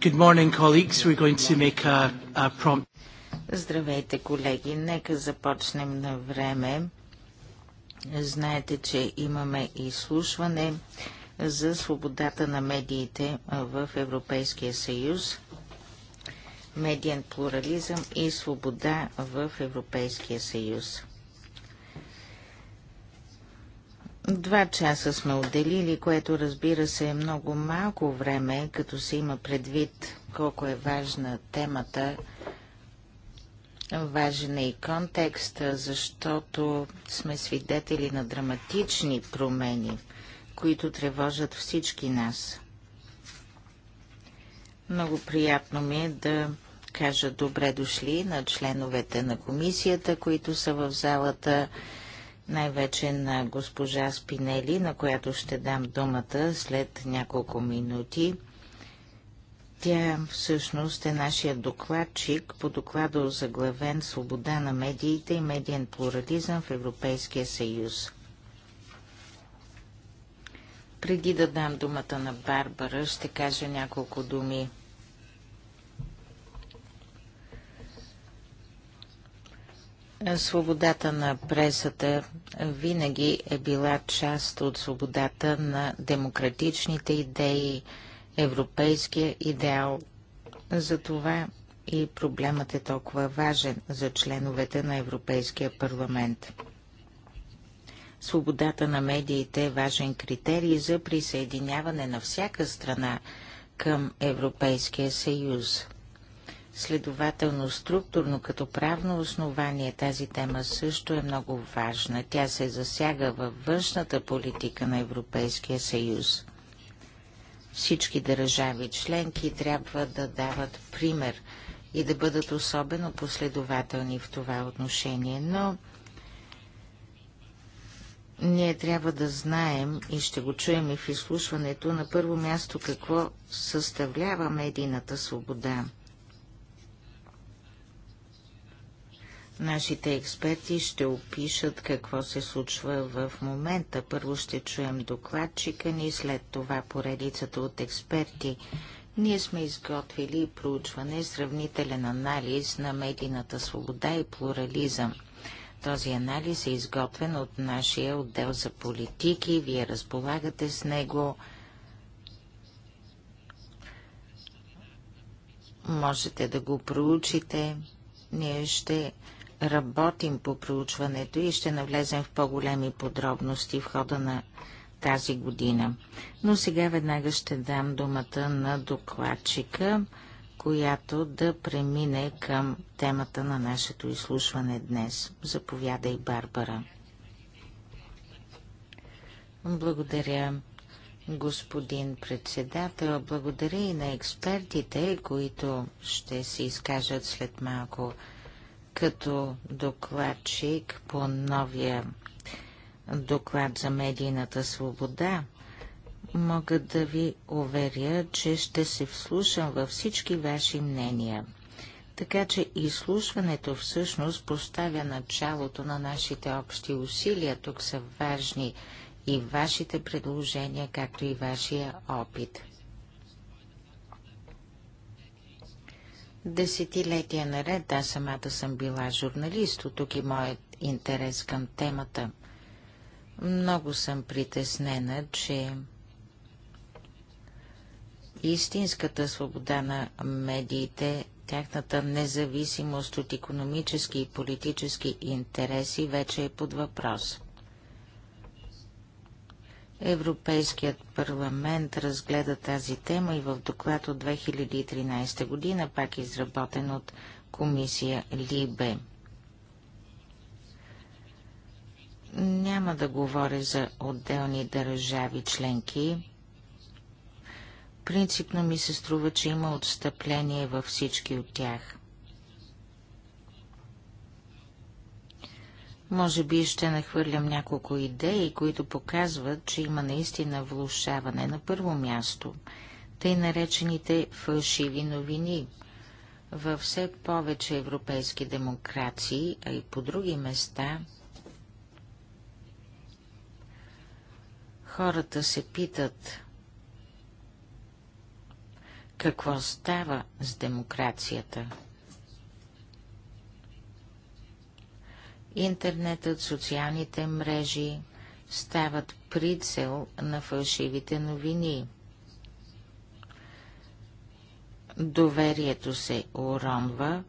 Good morning, colleagues. We're going to make a, a prompt. Здравейте, колеги. Нека започнем на време. Знаете, че имаме изслушване за свободата на медиите в Европейския съюз, медиен плурализъм и свобода в Европейския съюз. Два часа сме отделили, което разбира се е много малко време, като се има предвид колко е важна темата. Важен е и контекст, защото сме свидетели на драматични промени, които тревожат всички нас. Много приятно ми е да кажа добре дошли на членовете на комисията, които са в залата най-вече на госпожа Спинели, на която ще дам думата след няколко минути. Тя всъщност е нашия докладчик по доклада заглавен Свобода на медиите и медиен плурализъм в Европейския съюз. Преди да дам думата на Барбара, ще кажа няколко думи. Свободата на пресата винаги е била част от свободата на демократичните идеи, европейския идеал. Затова и проблемът е толкова важен за членовете на Европейския парламент. Свободата на медиите е важен критерий за присъединяване на всяка страна към Европейския съюз. Следователно, структурно като правно основание тази тема също е много важна. Тя се засяга във външната политика на Европейския съюз. Всички държави членки трябва да дават пример и да бъдат особено последователни в това отношение, но ние трябва да знаем и ще го чуем и в изслушването на първо място какво съставлява медийната свобода – Нашите експерти ще опишат какво се случва в момента. Първо ще чуем докладчика ни, след това поредицата от експерти. Ние сме изготвили проучване, сравнителен анализ на медийната свобода и плурализъм. Този анализ е изготвен от нашия отдел за политики. Вие разполагате с него. Можете да го проучите. Ние ще работим по проучването и ще навлезем в по-големи подробности в хода на тази година. Но сега веднага ще дам думата на докладчика, която да премине към темата на нашето изслушване днес. Заповядай, Барбара. Благодаря, господин председател. Благодаря и на експертите, които ще се изкажат след малко като докладчик по новия доклад за медийната свобода, мога да ви уверя, че ще се вслушам във всички ваши мнения. Така че изслушването всъщност поставя началото на нашите общи усилия. Тук са важни и вашите предложения, както и вашия опит. Десетилетия наред аз самата съм била журналист, от тук и моят интерес към темата. Много съм притеснена, че истинската свобода на медиите, тяхната независимост от економически и политически интереси вече е под въпрос. Европейският парламент разгледа тази тема и в доклад от 2013 година, пак изработен от комисия Либе. Няма да говоря за отделни държави членки. Принципно ми се струва, че има отстъпление във всички от тях – Може би ще нахвърлям няколко идеи, които показват, че има наистина влушаване на първо място. Тъй наречените фалшиви новини. Във все повече европейски демокрации, а и по други места, хората се питат какво става с демокрацията. Интернетът, социалните мрежи стават прицел на фалшивите новини. Доверието се уронва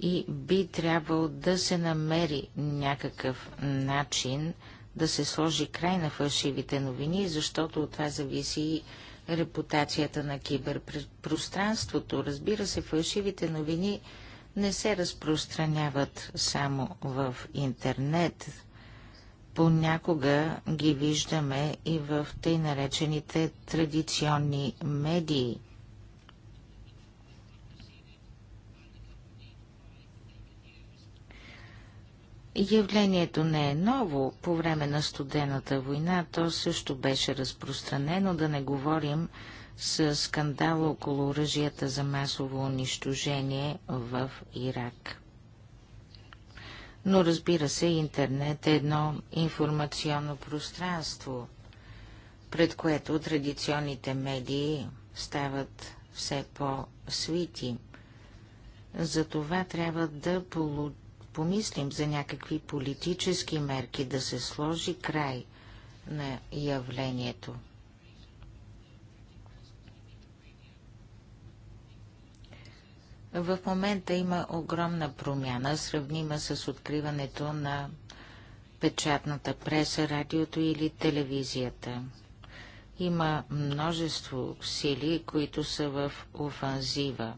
и би трябвало да се намери някакъв начин да се сложи край на фалшивите новини, защото от това зависи и репутацията на киберпространството. Разбира се, фалшивите новини не се разпространяват само в интернет. Понякога ги виждаме и в тъй наречените традиционни медии. Явлението не е ново. По време на студената война то също беше разпространено, да не говорим с скандала около оръжията за масово унищожение в Ирак. Но разбира се, интернет е едно информационно пространство, пред което традиционните медии стават все по-свити. Затова трябва да получим помислим за някакви политически мерки, да се сложи край на явлението. В момента има огромна промяна, сравнима с откриването на печатната преса, радиото или телевизията. Има множество сили, които са в офанзива.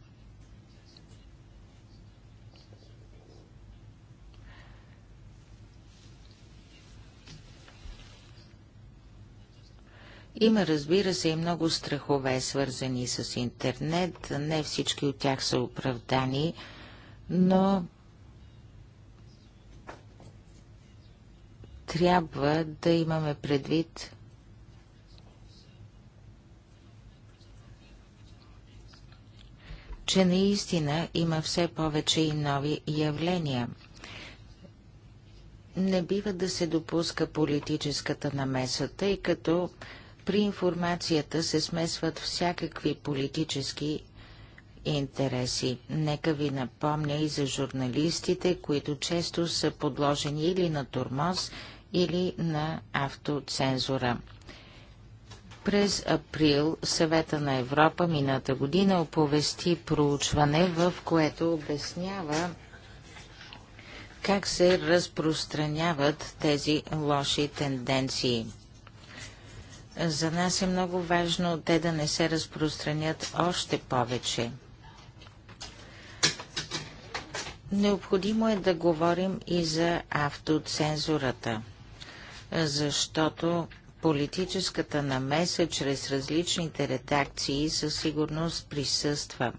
Има, разбира се, и много страхове, свързани с интернет. Не всички от тях са оправдани, но трябва да имаме предвид че наистина има все повече и нови явления. Не бива да се допуска политическата намеса, тъй като при информацията се смесват всякакви политически интереси. Нека ви напомня и за журналистите, които често са подложени или на турмоз, или на автоцензура. През април Съвета на Европа мината година оповести проучване, в което обяснява как се разпространяват тези лоши тенденции. За нас е много важно те да не се разпространят още повече. Необходимо е да говорим и за автоцензурата, защото политическата намеса чрез различните редакции със сигурност присъства.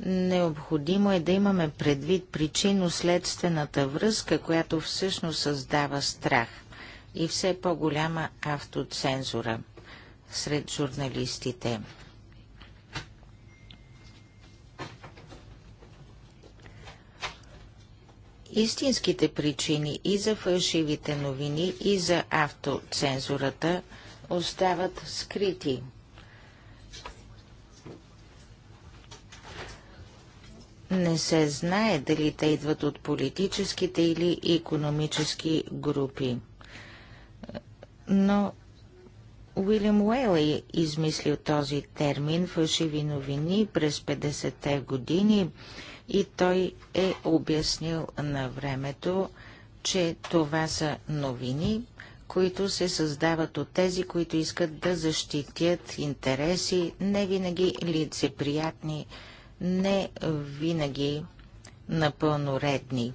Необходимо е да имаме предвид причинно-следствената връзка, която всъщност създава страх – и все по-голяма автоцензура сред журналистите. Истинските причини и за фалшивите новини, и за автоцензурата остават скрити. Не се знае дали те идват от политическите или економически групи но Уилям Уейл е измислил този термин фалшиви новини през 50-те години и той е обяснил на времето, че това са новини, които се създават от тези, които искат да защитят интереси, не винаги лицеприятни, не винаги напълноредни.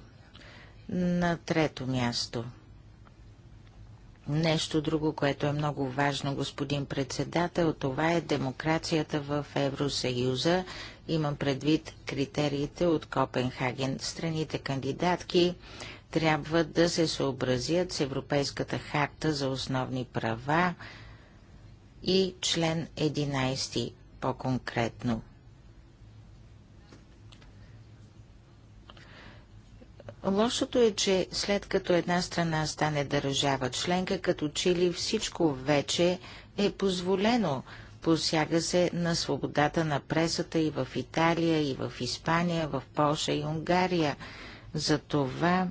На трето място – Нещо друго, което е много важно, господин председател, това е демокрацията в Евросъюза. Имам предвид критериите от Копенхаген. Страните кандидатки трябва да се съобразят с Европейската харта за основни права и член 11 по-конкретно. Лошото е, че след като една страна стане държава членка, като Чили всичко вече е позволено. Посяга се на свободата на пресата и в Италия, и в Испания, в Польша и Унгария. Затова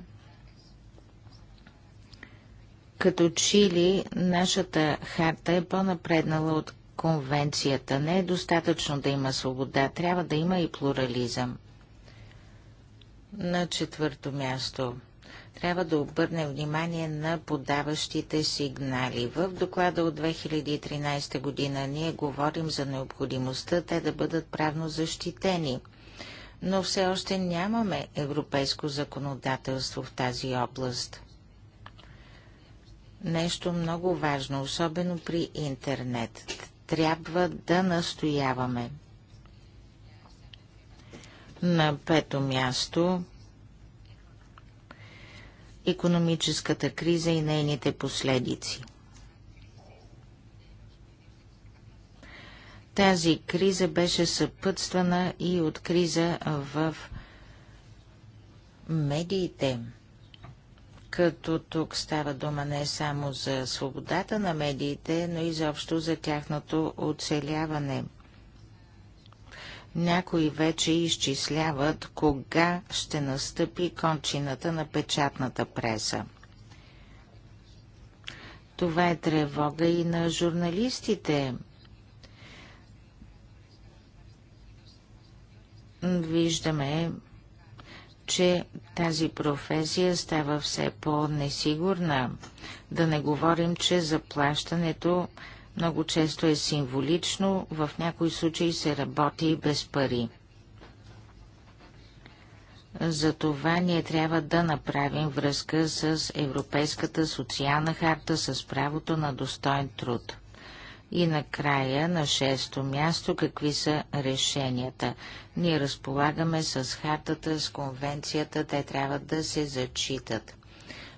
като Чили нашата харта е по-напреднала от конвенцията. Не е достатъчно да има свобода, трябва да има и плурализъм. На четвърто място трябва да обърне внимание на подаващите сигнали. В доклада от 2013 година ние говорим за необходимостта те да бъдат правно защитени, но все още нямаме европейско законодателство в тази област. Нещо много важно, особено при интернет. Трябва да настояваме на пето място економическата криза и нейните последици. Тази криза беше съпътствана и от криза в медиите. Като тук става дума не само за свободата на медиите, но и заобщо за тяхното оцеляване – някои вече изчисляват кога ще настъпи кончината на печатната преса. Това е тревога и на журналистите. Виждаме, че тази професия става все по-несигурна. Да не говорим, че заплащането много често е символично, в някои случаи се работи и без пари. Затова ние трябва да направим връзка с Европейската социална харта с правото на достоен труд. И накрая, на шесто място, какви са решенията? Ние разполагаме с хартата, с конвенцията, те трябва да се зачитат.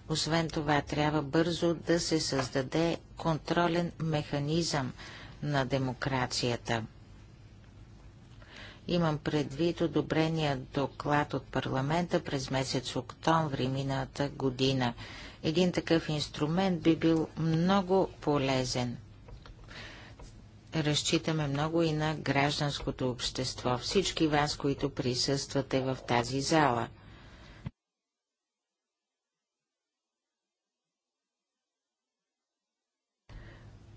Освен това, трябва бързо да се създаде контролен механизъм на демокрацията. Имам предвид одобрения доклад от парламента през месец октомври миналата година. Един такъв инструмент би бил много полезен. Разчитаме много и на гражданското общество, всички вас, които присъствате в тази зала –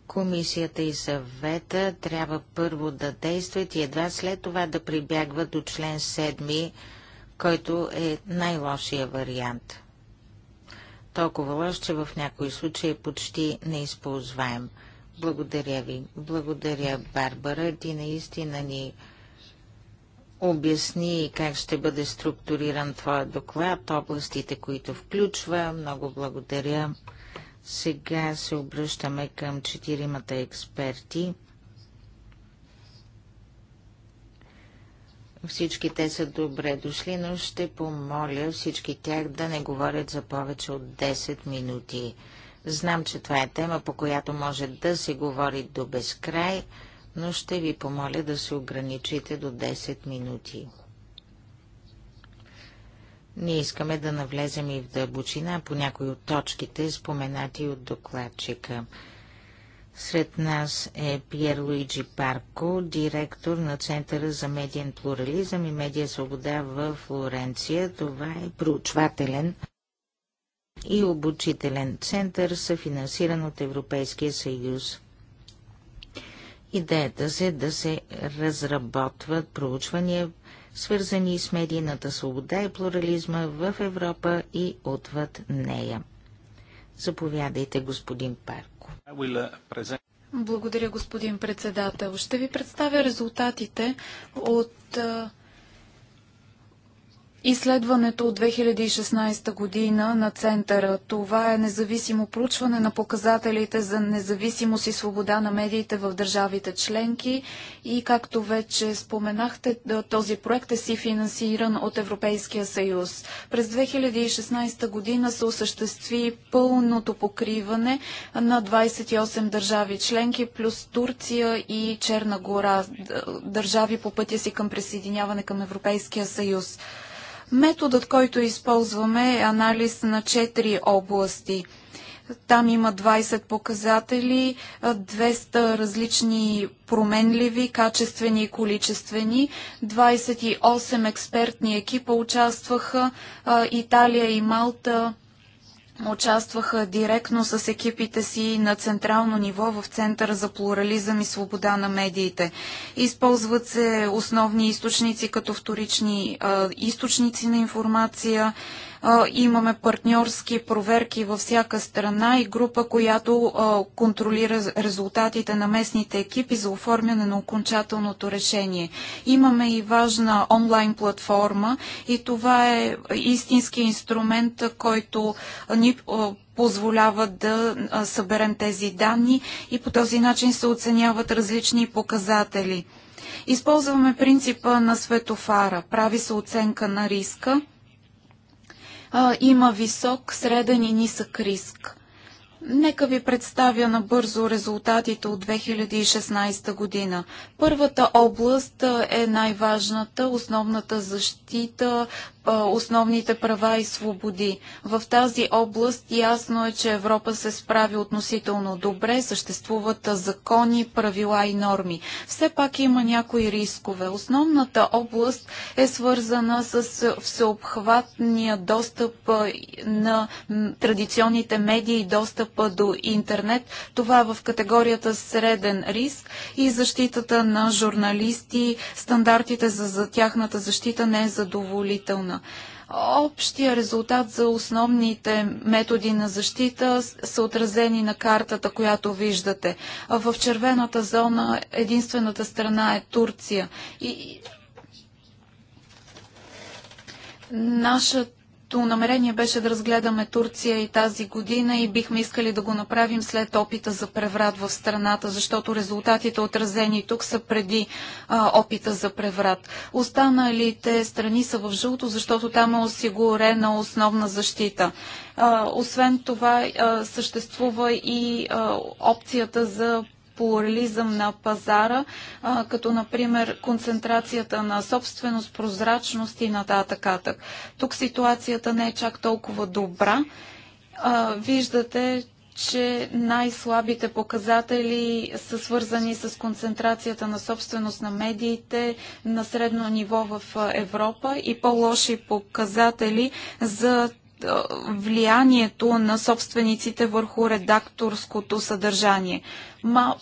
Комисията и съвета трябва първо да действат и едва след това да прибягва до член 7, който е най-лошия вариант. Толкова лош, че в някои случаи е почти неизползваем. Благодаря ви. Благодаря, Барбара. Ти наистина ни обясни как ще бъде структуриран твоя доклад, областите, които включва. Много благодаря. Сега се обръщаме към четиримата експерти. Всички те са добре дошли, но ще помоля всички тях да не говорят за повече от 10 минути. Знам, че това е тема, по която може да се говори до безкрай, но ще ви помоля да се ограничите до 10 минути. Ние искаме да навлезем и в дълбочина по някои от точките, споменати от докладчика. Сред нас е Пьер Луиджи Парко, директор на Центъра за медиен плурализъм и медия свобода в Флоренция. Това е проучвателен и обучителен център, съфинансиран от Европейския съюз. Идеята се е да се разработват проучвания свързани с медийната свобода и плурализма в Европа и отвъд нея. Заповядайте, господин Парко. Uh, Благодаря, господин председател. Ще ви представя резултатите от uh, изследването от 2016 година на Центъра. Това е независимо проучване на показателите за независимост и свобода на медиите в държавите членки и както вече споменахте, този проект е си финансиран от Европейския съюз. През 2016 година се осъществи пълното покриване на 28 държави членки, плюс Турция и Черна гора, държави по пътя си към присъединяване към Европейския съюз. Методът, който използваме е анализ на 4 области. Там има 20 показатели, 200 различни променливи, качествени и количествени. 28 експертни екипа участваха. Италия и Малта участваха директно с екипите си на централно ниво в Центъра за плурализъм и свобода на медиите. Използват се основни източници като вторични а, източници на информация, Имаме партньорски проверки във всяка страна и група, която контролира резултатите на местните екипи за оформяне на окончателното решение. Имаме и важна онлайн платформа и това е истински инструмент, който ни позволява да съберем тези данни и по този начин се оценяват различни показатели. Използваме принципа на светофара. Прави се оценка на риска а, има висок, среден и нисък риск. Нека ви представя набързо резултатите от 2016 година. Първата област е най-важната, основната защита основните права и свободи. В тази област ясно е, че Европа се справи относително добре, съществуват закони, правила и норми. Все пак има някои рискове. Основната област е свързана с всеобхватния достъп на традиционните медии и достъпа до интернет. Това е в категорията среден риск и защитата на журналисти, стандартите за, за тяхната защита не е задоволителна година. Общия резултат за основните методи на защита са отразени на картата, която виждате. В червената зона единствената страна е Турция. И Нашата Нашето намерение беше да разгледаме Турция и тази година и бихме искали да го направим след опита за преврат в страната, защото резултатите отразени тук са преди а, опита за преврат. Останалите страни са в жълто, защото там е осигурена основна защита. А, освен това а, съществува и а, опцията за плурализъм на пазара, а, като например концентрацията на собственост, прозрачност и нататък. Тук ситуацията не е чак толкова добра. А, виждате, че най-слабите показатели са свързани с концентрацията на собственост на медиите на средно ниво в Европа и по-лоши показатели за влиянието на собствениците върху редакторското съдържание.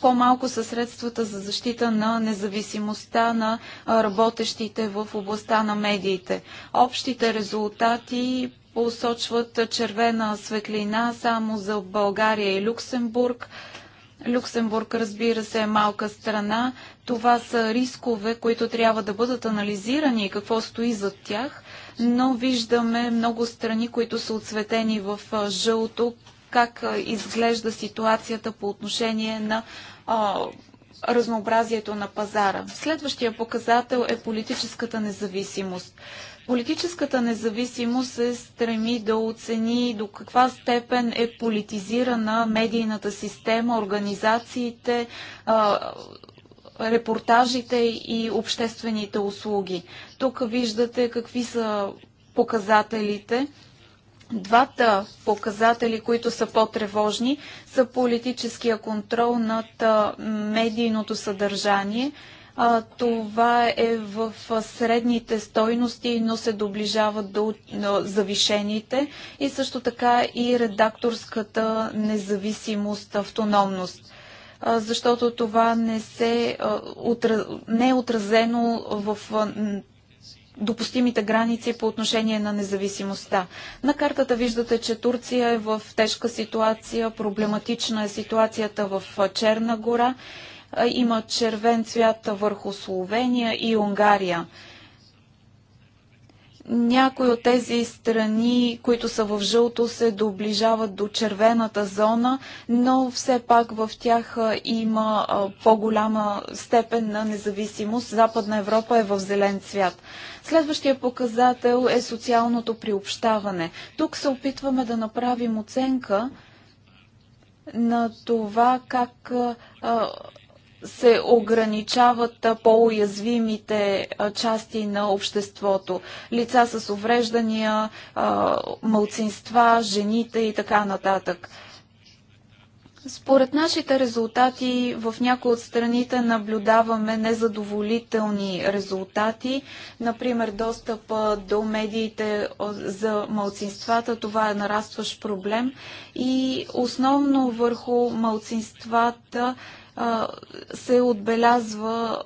По-малко са средствата за защита на независимостта на работещите в областта на медиите. Общите резултати посочват червена светлина само за България и Люксембург, Люксембург, разбира се, е малка страна. Това са рискове, които трябва да бъдат анализирани и какво стои зад тях, но виждаме много страни, които са отсветени в жълто, как изглежда ситуацията по отношение на а, разнообразието на пазара. Следващия показател е политическата независимост. Политическата независимост се стреми да оцени до каква степен е политизирана медийната система, организациите, репортажите и обществените услуги. Тук виждате какви са показателите. Двата показатели, които са по-тревожни, са политическия контрол над медийното съдържание – а, това е в средните стойности, но се доближава до завишените и също така и редакторската независимост, автономност защото това не, се, не е отразено в допустимите граници по отношение на независимостта. На картата виждате, че Турция е в тежка ситуация, проблематична е ситуацията в Черна гора има червен цвят върху Словения и Унгария. Някои от тези страни, които са в жълто, се доближават до червената зона, но все пак в тях има по-голяма степен на независимост. Западна Европа е в зелен цвят. Следващия показател е социалното приобщаване. Тук се опитваме да направим оценка на това как а, се ограничават по-уязвимите части на обществото. Лица с увреждания, мълцинства, жените и така нататък. Според нашите резултати в някои от страните наблюдаваме незадоволителни резултати, например достъп до медиите за малцинствата, това е нарастващ проблем и основно върху малцинствата се отбелязва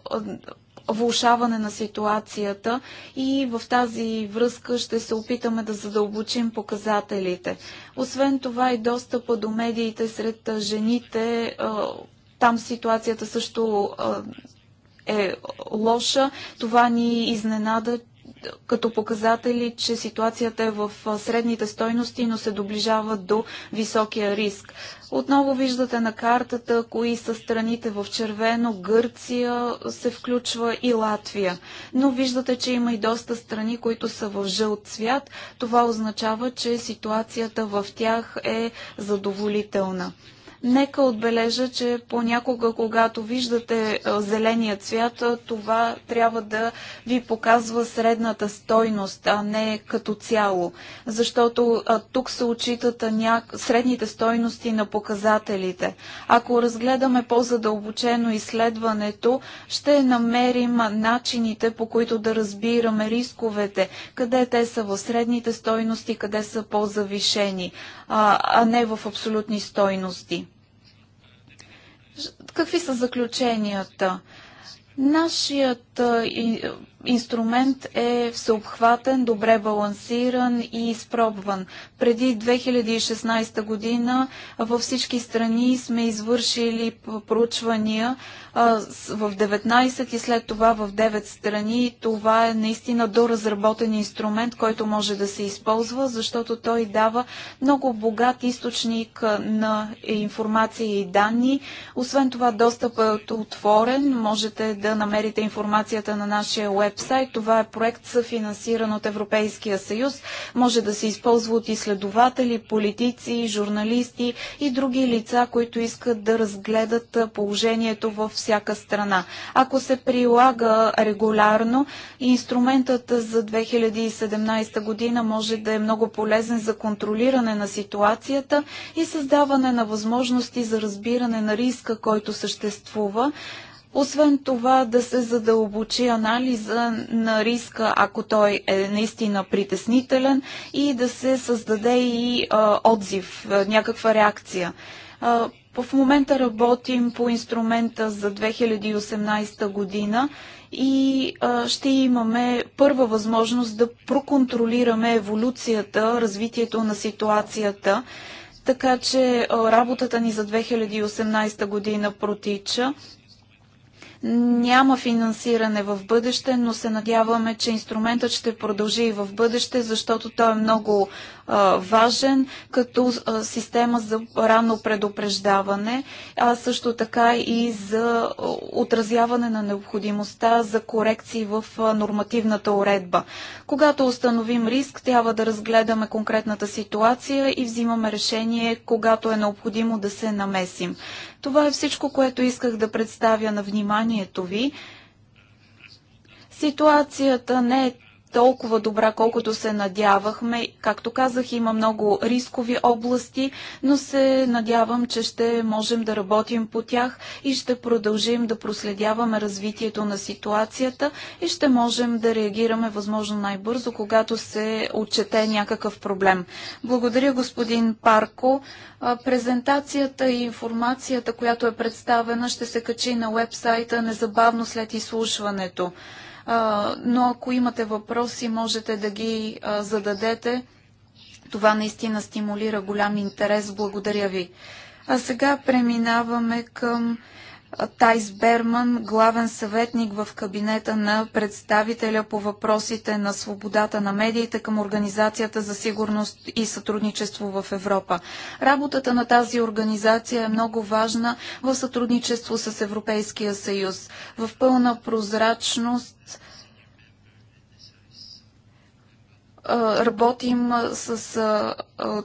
влушаване на ситуацията и в тази връзка ще се опитаме да задълбочим показателите. Освен това и достъпа до медиите сред жените, там ситуацията също е лоша. Това ни изненада, като показатели, че ситуацията е в средните стойности, но се доближава до високия риск. Отново виждате на картата, кои са страните в червено, Гърция се включва и Латвия. Но виждате, че има и доста страни, които са в жълт цвят. Това означава, че ситуацията в тях е задоволителна. Нека отбележа, че понякога, когато виждате зеления цвят, това трябва да ви показва средната стойност, а не като цяло. Защото тук се очитат средните стойности на показателите. Ако разгледаме по-задълбочено изследването, ще намерим начините, по които да разбираме рисковете, къде те са в средните стойности, къде са по-завишени, а, а не в абсолютни стойности. Какви са заключенията? Нашият инструмент е всеобхватен, добре балансиран и изпробван. Преди 2016 година във всички страни сме извършили проучвания в 19 и след това в 9 страни. Това е наистина доразработен инструмент, който може да се използва, защото той дава много богат източник на информация и данни. Освен това, достъпът е отворен. Можете да намерите информацията на нашия веб вебсайт. Това е проект съфинансиран от Европейския съюз. Може да се използва от изследователи, политици, журналисти и други лица, които искат да разгледат положението във всяка страна. Ако се прилага регулярно, инструментът за 2017 година може да е много полезен за контролиране на ситуацията и създаване на възможности за разбиране на риска, който съществува, освен това да се задълбочи анализа на риска, ако той е наистина притеснителен и да се създаде и а, отзив, а, някаква реакция. А, в момента работим по инструмента за 2018 година и а, ще имаме първа възможност да проконтролираме еволюцията, развитието на ситуацията. Така че а, работата ни за 2018 година протича. Няма финансиране в бъдеще, но се надяваме, че инструментът ще продължи и в бъдеще, защото той е много важен като система за ранно предупреждаване, а също така и за отразяване на необходимостта за корекции в нормативната уредба. Когато установим риск, трябва да разгледаме конкретната ситуация и взимаме решение, когато е необходимо да се намесим. Това е всичко, което исках да представя на вниманието ви. Ситуацията не е толкова добра, колкото се надявахме. Както казах, има много рискови области, но се надявам, че ще можем да работим по тях и ще продължим да проследяваме развитието на ситуацията и ще можем да реагираме възможно най-бързо, когато се отчете някакъв проблем. Благодаря, господин Парко. Презентацията и информацията, която е представена, ще се качи на вебсайта незабавно след изслушването но ако имате въпроси, можете да ги зададете. Това наистина стимулира голям интерес. Благодаря ви. А сега преминаваме към Тайс Берман, главен съветник в кабинета на представителя по въпросите на свободата на медиите към Организацията за сигурност и сътрудничество в Европа. Работата на тази организация е много важна в сътрудничество с Европейския съюз. В пълна прозрачност работим с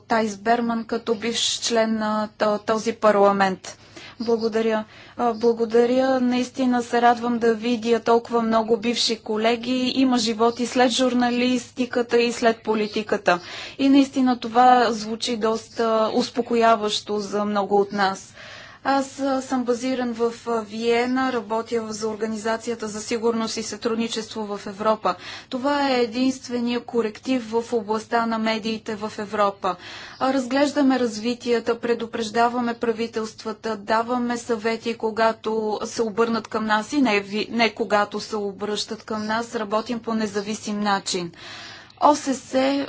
Тайс Берман като бивш член на този парламент. Благодаря. Благодаря. Наистина се радвам да видя толкова много бивши колеги. Има живот и след журналистиката, и след политиката. И наистина това звучи доста успокояващо за много от нас. Аз съм базиран в Виена, работя за Организацията за сигурност и сътрудничество в Европа. Това е единствения коректив в областта на медиите в Европа. Разглеждаме развитията, предупреждаваме правителствата, даваме съвети, когато се обърнат към нас и не, не когато се обръщат към нас, работим по независим начин. ОССЕ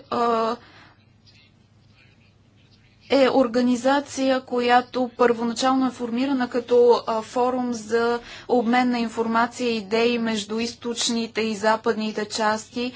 е организация, която първоначално е формирана като форум за обмен на информация и идеи между източните и западните части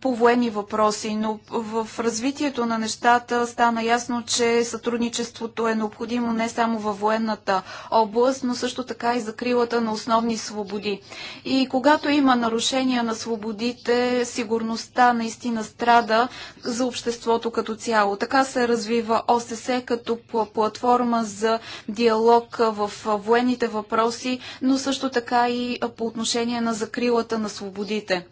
по военни въпроси. Но в развитието на нещата стана ясно, че сътрудничеството е необходимо не само във военната област, но също така и закрилата на основни свободи. И когато има нарушения на свободите, сигурността наистина страда за обществото като цяло. Така се развива ОС ОССЕ като платформа за диалог в военните въпроси, но също така и по отношение на закрилата на свободите.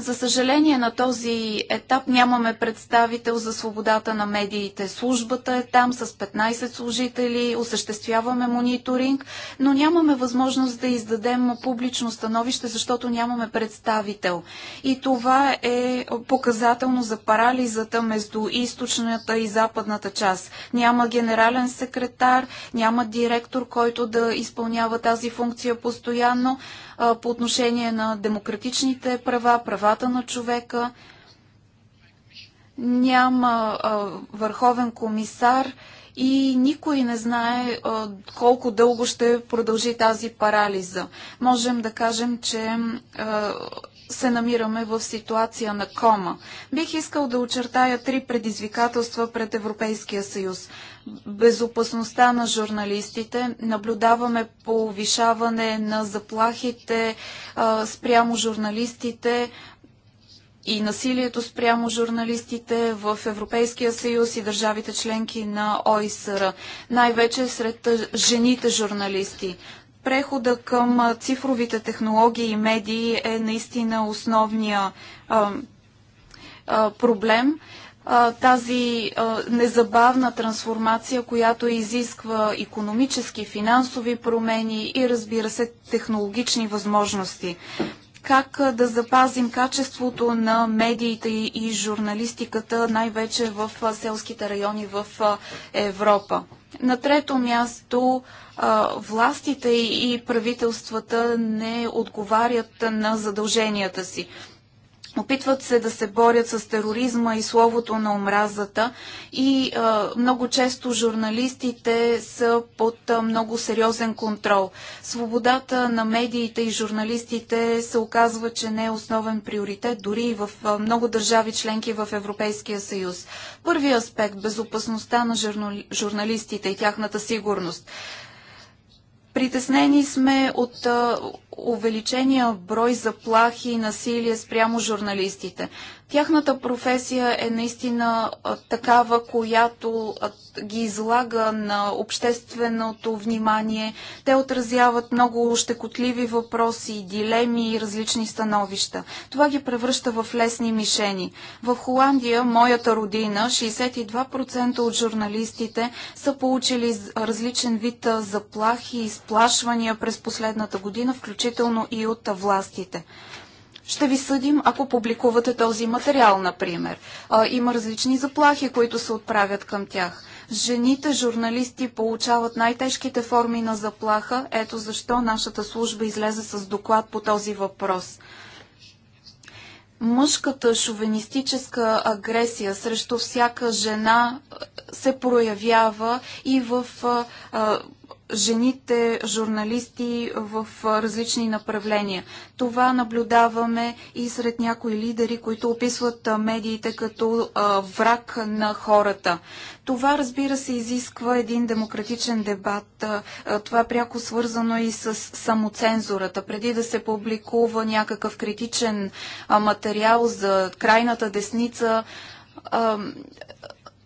За съжаление на този етап нямаме представител за свободата на медиите. Службата е там с 15 служители, осъществяваме мониторинг, но нямаме възможност да издадем публично становище, защото нямаме представител. И това е показателно за парализата между източната и западната част. Няма генерален секретар, няма директор, който да изпълнява тази функция постоянно по отношение на демократичните права, права правата на човека, няма а, върховен комисар и никой не знае а, колко дълго ще продължи тази парализа. Можем да кажем, че а, се намираме в ситуация на кома. Бих искал да очертая три предизвикателства пред Европейския съюз. Безопасността на журналистите, наблюдаваме повишаване на заплахите а, спрямо журналистите, и насилието спрямо журналистите в Европейския съюз и държавите членки на ОИСР, най-вече сред жените журналисти. Прехода към цифровите технологии и медии е наистина основния а, а, проблем тази незабавна трансформация, която изисква економически, финансови промени и разбира се технологични възможности как да запазим качеството на медиите и журналистиката, най-вече в селските райони в Европа. На трето място, властите и правителствата не отговарят на задълженията си. Опитват се да се борят с тероризма и словото на омразата и а, много често журналистите са под а, много сериозен контрол. Свободата на медиите и журналистите се оказва, че не е основен приоритет дори и в а, много държави членки в Европейския съюз. Първият аспект – безопасността на журнали... журналистите и тяхната сигурност. Притеснени сме от увеличения брой заплахи и насилие спрямо журналистите. Тяхната професия е наистина такава, която ги излага на общественото внимание. Те отразяват много щекотливи въпроси, дилеми и различни становища. Това ги превръща в лесни мишени. В Холандия, моята родина, 62% от журналистите са получили различен вид заплахи и изплашвания през последната година, включително и от властите ще ви съдим, ако публикувате този материал, например. А, има различни заплахи, които се отправят към тях. Жените журналисти получават най-тежките форми на заплаха. Ето защо нашата служба излезе с доклад по този въпрос. Мъжката шовинистическа агресия срещу всяка жена се проявява и в а, жените журналисти в различни направления. Това наблюдаваме и сред някои лидери, които описват медиите като враг на хората. Това, разбира се, изисква един демократичен дебат. Това е пряко свързано и с самоцензурата. Преди да се публикува някакъв критичен материал за крайната десница,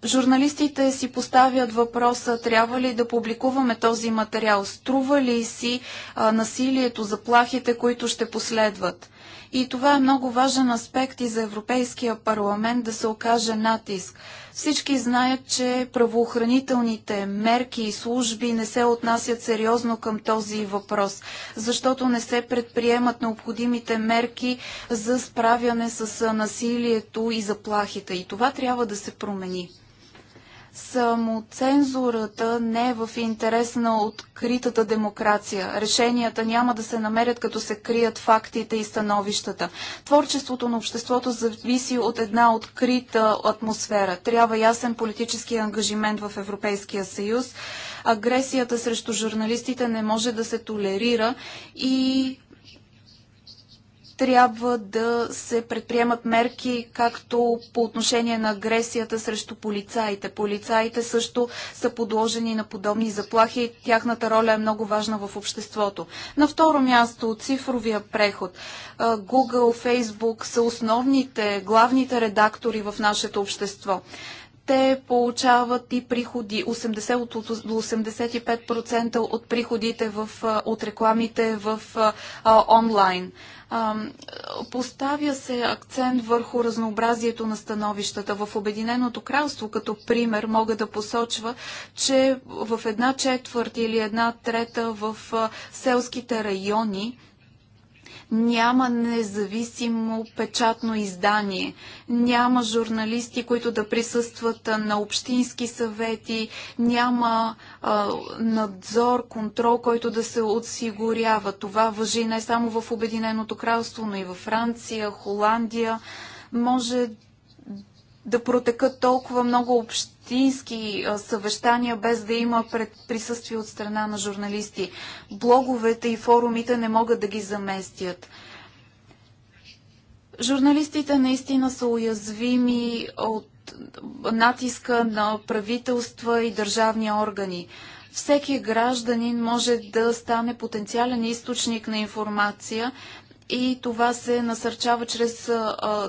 Журналистите си поставят въпроса, трябва ли да публикуваме този материал, струва ли си а, насилието, заплахите, които ще последват. И това е много важен аспект и за Европейския парламент да се окаже натиск. Всички знаят, че правоохранителните мерки и служби не се отнасят сериозно към този въпрос, защото не се предприемат необходимите мерки за справяне с насилието и заплахите. И това трябва да се промени самоцензурата не е в интерес на откритата демокрация. Решенията няма да се намерят, като се крият фактите и становищата. Творчеството на обществото зависи от една открита атмосфера. Трябва ясен политически ангажимент в Европейския съюз. Агресията срещу журналистите не може да се толерира и трябва да се предприемат мерки както по отношение на агресията срещу полицаите. Полицаите също са подложени на подобни заплахи. Тяхната роля е много важна в обществото. На второ място цифровия преход. Google, Facebook са основните, главните редактори в нашето общество те получават и приходи 80 до 85% от приходите в, от рекламите в а, онлайн. А, поставя се акцент върху разнообразието на становищата. В Обединеното кралство, като пример, мога да посочва, че в една четвърт или една трета в селските райони няма независимо печатно издание, няма журналисти, които да присъстват на общински съвети, няма а, надзор, контрол, който да се осигурява. Това въжи не само в Обединеното кралство, но и във Франция, Холандия. Може да протекат толкова много общински съвещания, без да има пред присъствие от страна на журналисти. Блоговете и форумите не могат да ги заместят. Журналистите наистина са уязвими от натиска на правителства и държавни органи. Всеки гражданин може да стане потенциален източник на информация, и това се насърчава чрез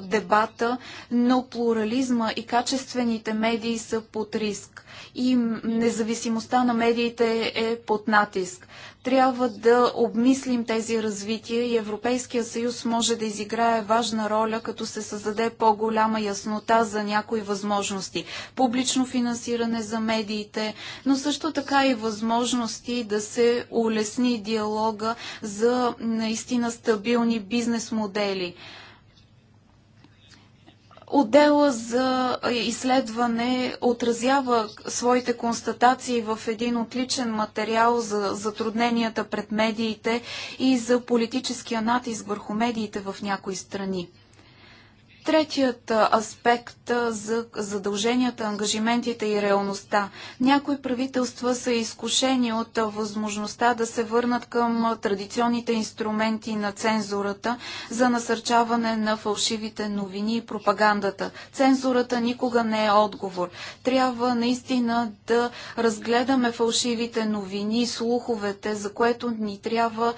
дебата, но плурализма и качествените медии са под риск и независимостта на медиите е под натиск. Трябва да обмислим тези развития и Европейския съюз може да изиграе важна роля, като се създаде по-голяма яснота за някои възможности. Публично финансиране за медиите, но също така и възможности да се улесни диалога за наистина стабилни бизнес модели. Отдела за изследване отразява своите констатации в един отличен материал за затрудненията пред медиите и за политическия натиск върху медиите в някои страни. Третият аспект за задълженията, ангажиментите и реалността. Някои правителства са изкушени от възможността да се върнат към традиционните инструменти на цензурата за насърчаване на фалшивите новини и пропагандата. Цензурата никога не е отговор. Трябва наистина да разгледаме фалшивите новини, слуховете, за което ни трябва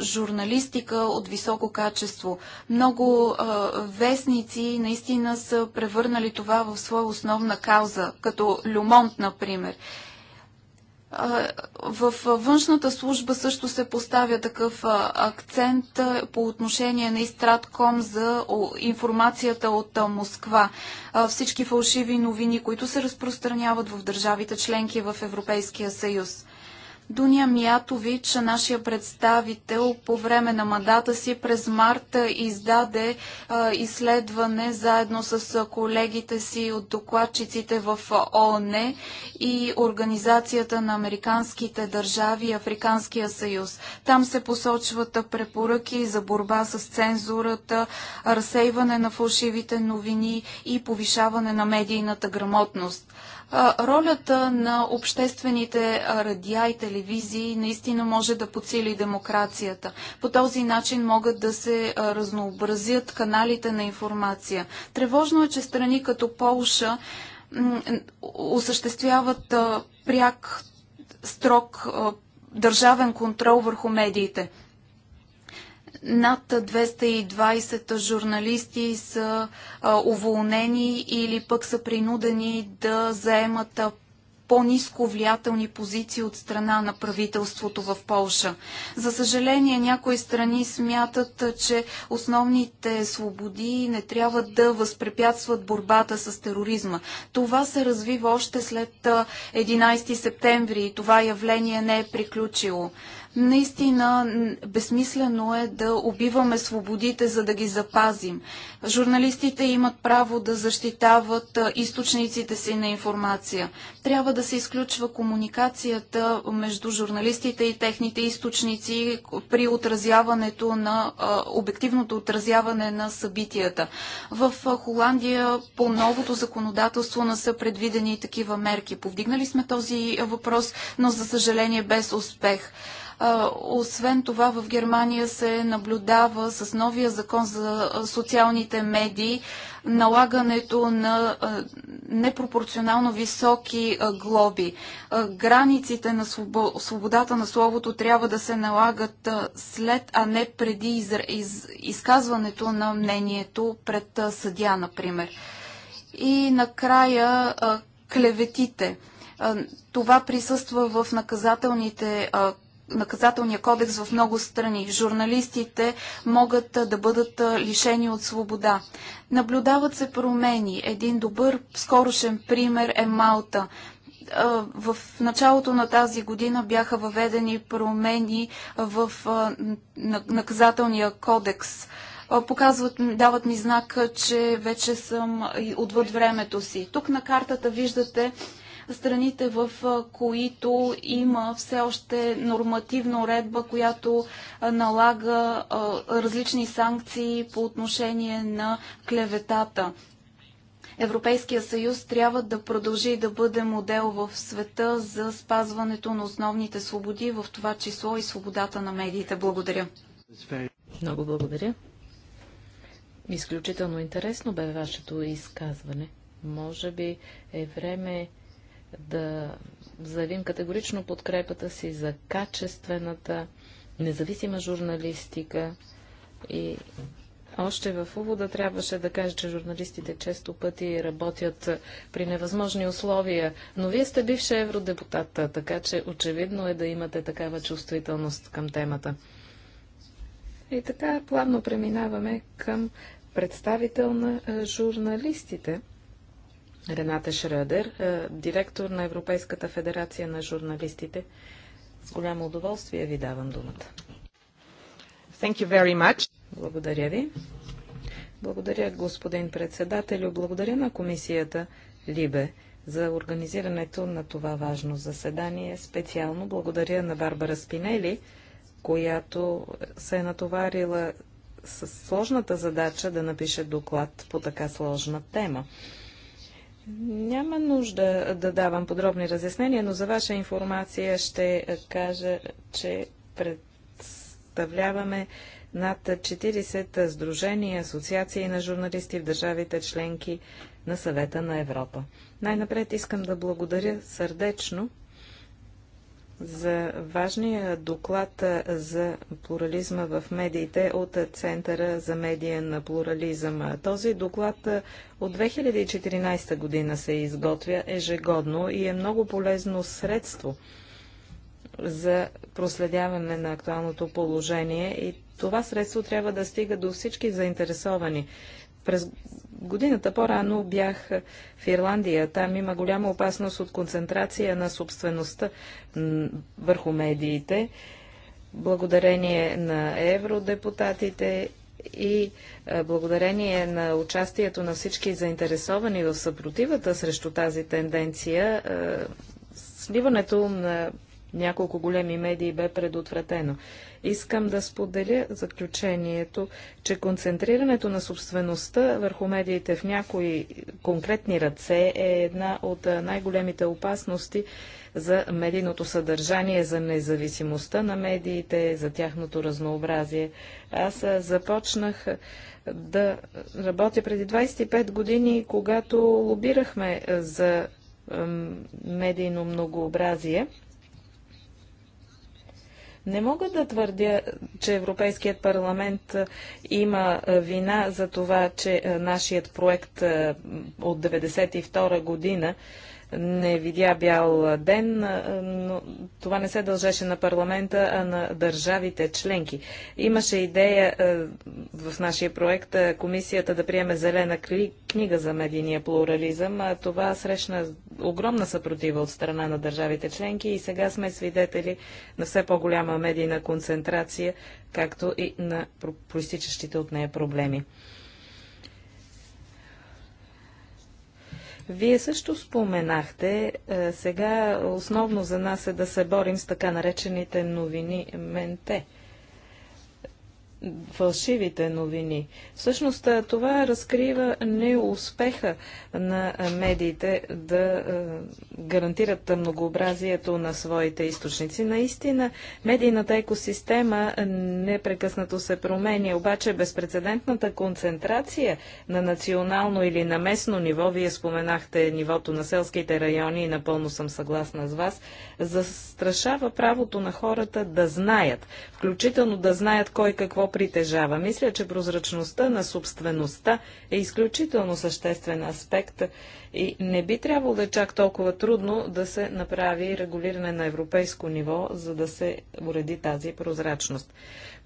журналистика от високо качество. Много вестни престъпници наистина са превърнали това в своя основна кауза, като Люмонт, например. В външната служба също се поставя такъв акцент по отношение на Истратком за информацията от Москва. Всички фалшиви новини, които се разпространяват в държавите членки в Европейския съюз. Дуня Миятович, нашия представител, по време на мандата си през март издаде а, изследване заедно с колегите си от докладчиците в ООН и Организацията на американските държави и Африканския съюз. Там се посочват препоръки за борба с цензурата, разсейване на фалшивите новини и повишаване на медийната грамотност ролята на обществените радиа и телевизии наистина може да подсили демокрацията. По този начин могат да се разнообразят каналите на информация. Тревожно е, че страни като Полша осъществяват пряк, строг държавен контрол върху медиите. Над 220 журналисти са уволнени или пък са принудени да заемат по-низко влиятелни позиции от страна на правителството в Полша. За съжаление, някои страни смятат, че основните свободи не трябва да възпрепятстват борбата с тероризма. Това се развива още след 11 септември и това явление не е приключило. Наистина безсмислено е да убиваме свободите, за да ги запазим. Журналистите имат право да защитават източниците си на информация. Трябва да се изключва комуникацията между журналистите и техните източници при отразяването на обективното отразяване на събитията. В Холандия по новото законодателство не са предвидени такива мерки. Повдигнали сме този въпрос, но за съжаление без успех. Освен това, в Германия се наблюдава с новия закон за социалните медии налагането на непропорционално високи глоби. Границите на свободата на словото трябва да се налагат след, а не преди изказването на мнението пред съдя, например. И накрая клеветите. Това присъства в наказателните наказателния кодекс в много страни. Журналистите могат да бъдат лишени от свобода. Наблюдават се промени. Един добър, скорошен пример е Малта в началото на тази година бяха въведени промени в наказателния кодекс. Показват, дават ми знак, че вече съм отвъд времето си. Тук на картата виждате страните, в които има все още нормативна уредба, която налага различни санкции по отношение на клеветата. Европейския съюз трябва да продължи да бъде модел в света за спазването на основните свободи, в това число и свободата на медиите. Благодаря. Много благодаря. Изключително интересно бе вашето изказване. Може би е време да заявим категорично подкрепата си за качествената, независима журналистика и още в увода трябваше да кажа, че журналистите често пъти работят при невъзможни условия, но вие сте бивши евродепутат, така че очевидно е да имате такава чувствителност към темата. И така плавно преминаваме към представител на журналистите – Рената Шрадер, е, директор на Европейската федерация на журналистите. С голямо удоволствие ви давам думата. Thank you very much. Благодаря ви. Благодаря, господин председател, Благодаря на комисията Либе за организирането на това важно заседание. Специално благодаря на Барбара Спинели, която се е натоварила с сложната задача да напише доклад по така сложна тема. Няма нужда да давам подробни разяснения, но за ваша информация ще кажа, че представляваме над 40 сдружения и асоциации на журналисти в държавите членки на Съвета на Европа. Най-напред искам да благодаря сърдечно за важния доклад за плурализма в медиите от Центъра за медиен плурализъм. Този доклад от 2014 година се изготвя ежегодно и е много полезно средство за проследяване на актуалното положение и това средство трябва да стига до всички заинтересовани. През Годината по-рано бях в Ирландия. Там има голяма опасност от концентрация на собствеността върху медиите, благодарение на евродепутатите и благодарение на участието на всички заинтересовани в съпротивата срещу тази тенденция, сливането на няколко големи медии бе предотвратено. Искам да споделя заключението, че концентрирането на собствеността върху медиите в някои конкретни ръце е една от най-големите опасности за медийното съдържание, за независимостта на медиите, за тяхното разнообразие. Аз започнах да работя преди 25 години, когато лобирахме за медийно многообразие. Не мога да твърдя, че Европейският парламент има вина за това, че нашият проект от 1992 година не видя бял ден, но това не се дължеше на парламента, а на държавите членки. Имаше идея в нашия проект комисията да приеме зелена книга за медийния плурализъм. Това срещна огромна съпротива от страна на държавите членки и сега сме свидетели на все по-голяма медийна концентрация, както и на проистичащите от нея проблеми. Вие също споменахте, е, сега основно за нас е да се борим с така наречените новини МНТ фалшивите новини. Всъщност това разкрива неуспеха на медиите да гарантират многообразието на своите източници. Наистина, медийната екосистема непрекъснато се променя, обаче безпредседентната концентрация на национално или на местно ниво, вие споменахте нивото на селските райони и напълно съм съгласна с вас, застрашава правото на хората да знаят, включително да знаят кой какво притежава. Мисля, че прозрачността на собствеността е изключително съществен аспект и не би трябвало да е чак толкова трудно да се направи регулиране на европейско ниво, за да се уреди тази прозрачност.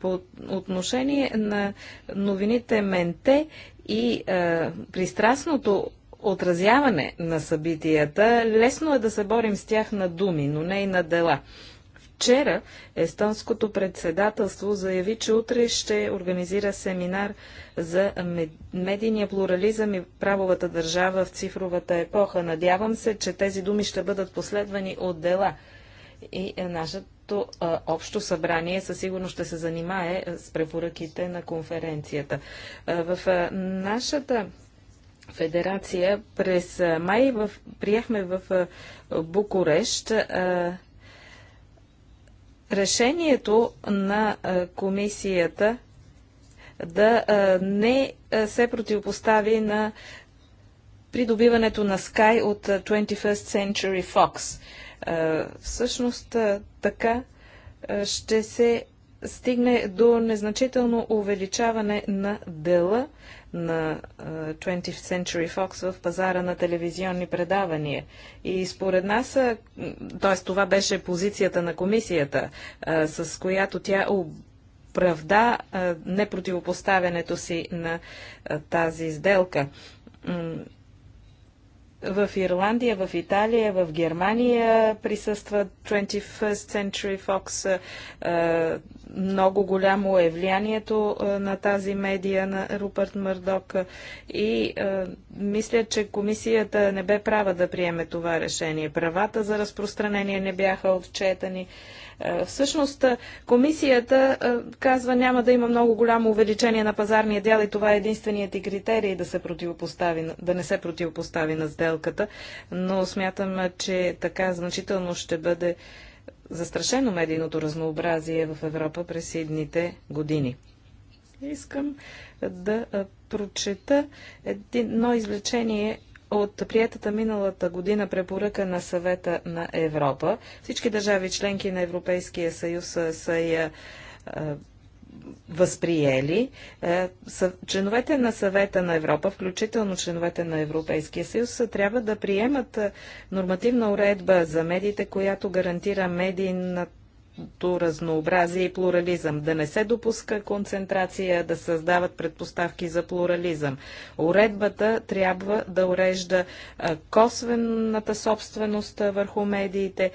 По отношение на новините Менте и е, пристрастното отразяване на събитията, лесно е да се борим с тях на думи, но не и на дела. Вчера естонското председателство заяви, че утре ще организира семинар за медийния плурализъм и правовата държава в цифровата епоха. Надявам се, че тези думи ще бъдат последвани от дела. И е, нашето а, общо събрание със сигурност ще се занимае с препоръките на конференцията. А, в а, нашата федерация през май в, приехме в Букурещ решението на комисията да не се противопостави на придобиването на Sky от 21st Century Fox. Всъщност така ще се стигне до незначително увеличаване на дела на 20th Century Fox в пазара на телевизионни предавания. И според нас, т.е. това беше позицията на комисията, с която тя оправда непротивопоставянето си на тази сделка в Ирландия, в Италия, в Германия присъства 21st Century Fox. Е, много голямо е влиянието е, на тази медия на Рупърт Мърдок. И е, мисля, че комисията не бе права да приеме това решение. Правата за разпространение не бяха отчетани. Е, всъщност, е, комисията е, казва няма да има много голямо увеличение на пазарния дял и това е единственият и критерий да, се противопостави, да не се противопостави на сделката, но смятам, че така значително ще бъде застрашено медийното разнообразие в Европа през едните години. Искам да прочета едно извлечение от приятата миналата година препоръка на съвета на Европа. Всички държави членки на Европейския съюз са, я е, възприели. Е, членовете на съвета на Европа, включително членовете на Европейския съюз, трябва да приемат е, нормативна уредба за медиите, която гарантира медийната биологичното разнообразие и плурализъм, да не се допуска концентрация, да създават предпоставки за плурализъм. Уредбата трябва да урежда косвената собственост върху медиите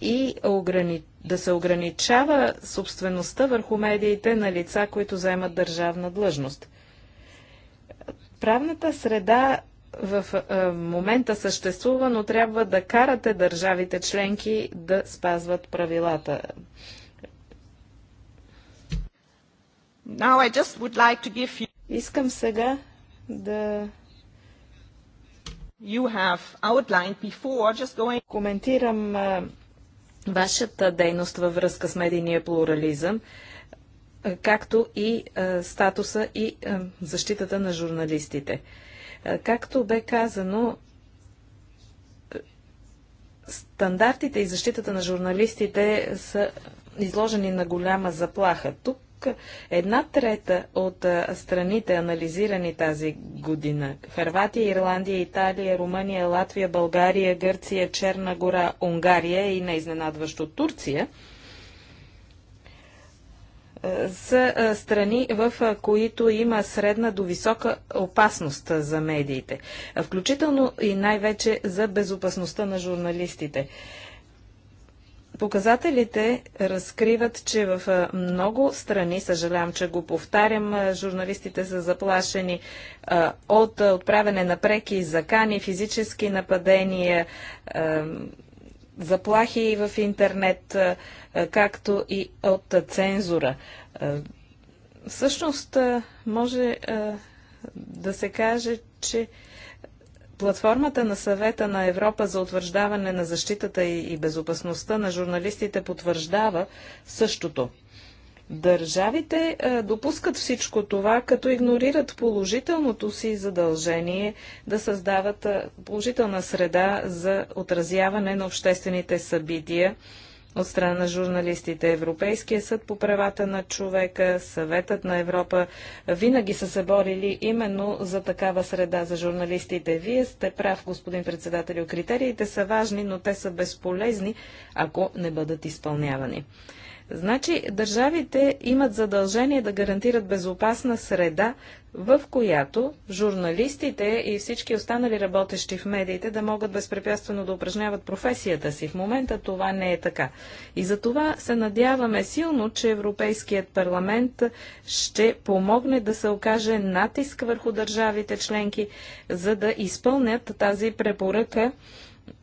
и ограничението да се ограничава собствеността върху медиите на лица, които заемат държавна длъжност правната среда в е, момента съществува, но трябва да карате държавите членки да спазват правилата. Like you... Искам сега да before, going... коментирам а, е, вашата дейност във връзка с медийния плурализъм, а, е, както и а, статуса и защитата на журналистите. Е, както бе казано, стандартите и защитата на журналистите са изложени на голяма заплаха. Тук една трета от е, страните, анализирани тази година Харватия, Ирландия, Италия, Румъния, Латвия, България, Гърция, Черна гора, Унгария и неизненадващо Турция – са страни, в които има средна до висока опасност за медиите, включително и най-вече за безопасността на журналистите. Показателите разкриват, че в много страни, съжалявам, че го повтарям, журналистите са заплашени от отправяне на преки, закани, физически нападения, заплахи в интернет, както и от цензура. Всъщност, може да се каже, че Платформата на съвета на Европа за утвърждаване на защитата и безопасността на журналистите потвърждава същото. Държавите е, допускат всичко това, като игнорират положителното си задължение да създават е, положителна среда за отразяване на обществените събития от страна на журналистите. Европейския съд по правата на човека, Съветът на Европа винаги са се борили именно за такава среда за журналистите. Вие сте прав, господин председател, Критериите са важни, но те са безполезни, ако не бъдат изпълнявани. Значи държавите имат задължение да гарантират безопасна среда, в която журналистите и всички останали работещи в медиите да могат безпрепятствено да упражняват професията си. В момента това не е така. И за това се надяваме силно, че Европейският парламент ще помогне да се окаже натиск върху държавите членки, за да изпълнят тази препоръка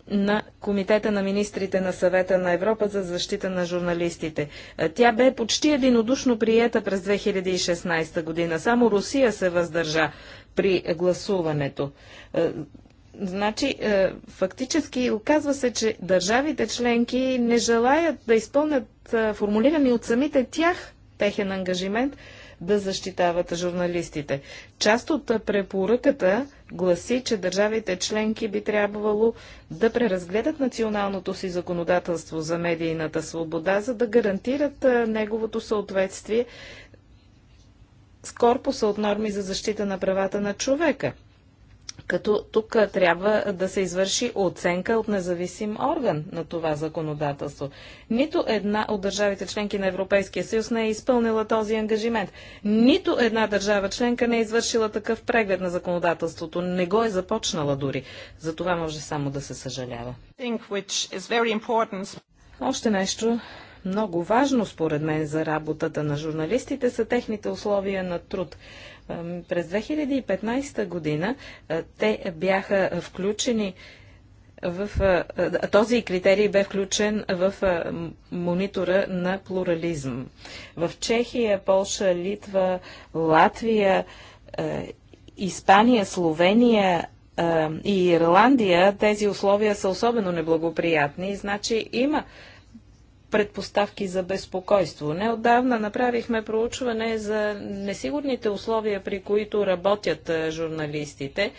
на Комитета на министрите на съвета на Европа за защита на журналистите. Е, тя бе почти единодушно приета през 2016 година. Само Русия се въздържа при гласуването. Е, значи, е, фактически оказва се, че държавите членки не желаят да изпълнят формулирани от самите тях техен ангажимент да защитават журналистите. Част от препоръката гласи, че държавите членки би трябвало да преразгледат националното си законодателство за медийната свобода, за да гарантират неговото съответствие с корпуса от норми за защита на правата на човека – като тук трябва да се извърши оценка от независим орган на това законодателство. Нито една от държавите членки на Европейския съюз не е изпълнила този ангажимент. Нито една държава членка не е извършила такъв преглед на законодателството. Не го е започнала дори. За това може само да се съжалява. Още нещо, много важно, според мен, за работата на журналистите са техните условия на труд. През 2015 година те бяха включени в, този критерий бе включен в монитора на плурализъм. В Чехия, Полша, Литва, Латвия, Испания, Словения и Ирландия тези условия са особено неблагоприятни. Значи има предпоставки за безпокойство. Неодавна направихме проучване за несигурните условия, при които работят журналистите.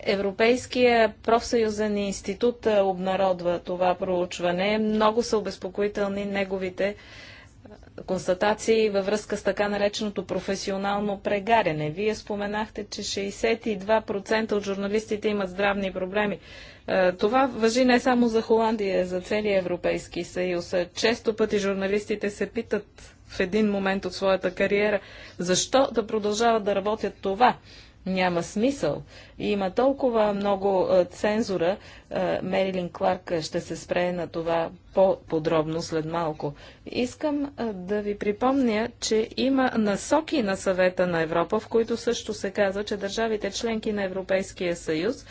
Европейския профсъюзен институт обнародва това проучване. Много са обезпокоителни неговите констатации във връзка с така нареченото професионално прегаряне. Вие споменахте, че 62% от журналистите имат здравни проблеми. Е, това въжи не само за Холандия, за целия Европейски съюз. Често пъти журналистите се питат в един момент от своята кариера, защо да продължават да работят това, няма смисъл. И има толкова много е, цензура. Е, Мерилин Кларк ще се спре на това по-подробно след малко. Искам е, да ви припомня, че има насоки на съвета на Европа, в които също се казва, че държавите членки на Европейския съюз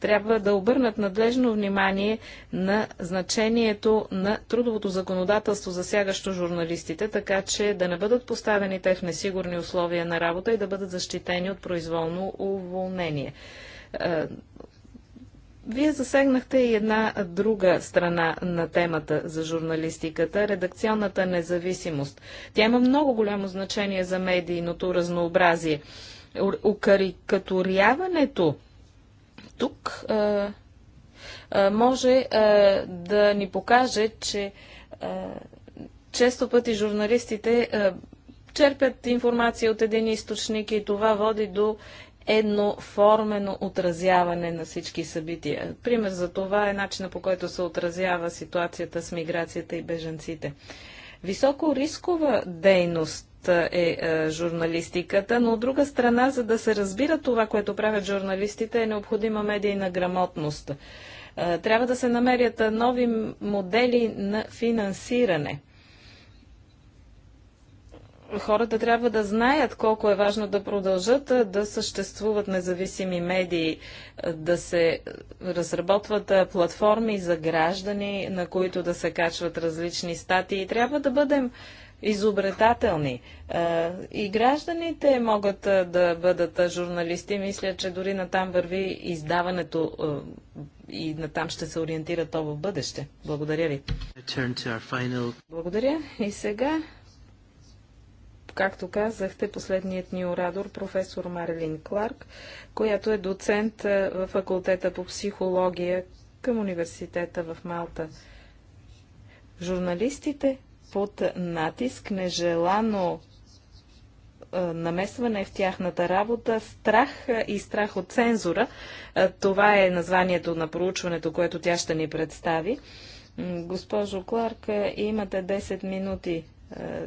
трябва да обърнат надлежно внимание на значението на трудовото законодателство, засягащо журналистите, така че да не бъдат поставени те в несигурни условия на работа и да бъдат защитени от произволно уволнение. Е, вие засегнахте и една друга страна на темата за журналистиката – редакционната независимост. Тя има много голямо значение за медийното разнообразие. Укарикатуряването тук може да ни покаже, че често пъти журналистите черпят информация от един източник и това води до едноформено отразяване на всички събития. Пример за това е начина по който се отразява ситуацията с миграцията и беженците. Високо рискова дейност е журналистиката, но от друга страна, за да се разбира това, което правят журналистите, е необходима медийна грамотност. Трябва да се намерят нови модели на финансиране хората трябва да знаят колко е важно да продължат да съществуват независими медии, да се разработват платформи за граждани, на които да се качват различни статии. Трябва да бъдем изобретателни. Е, и гражданите могат е, да бъдат е, журналисти. Мисля, че дори натам върви издаването и натам ще се ориентира то в бъдеще. Благодаря ви. Благодаря. И сега, както казахте, последният ни орадор, професор Марлин Кларк, която е доцент в факултета по психология към университета в Малта. Журналистите под натиск, нежелано намесване в тяхната работа, страх и страх от цензура. Това е названието на проучването, което тя ще ни представи. Госпожо Кларк, имате 10 минути е,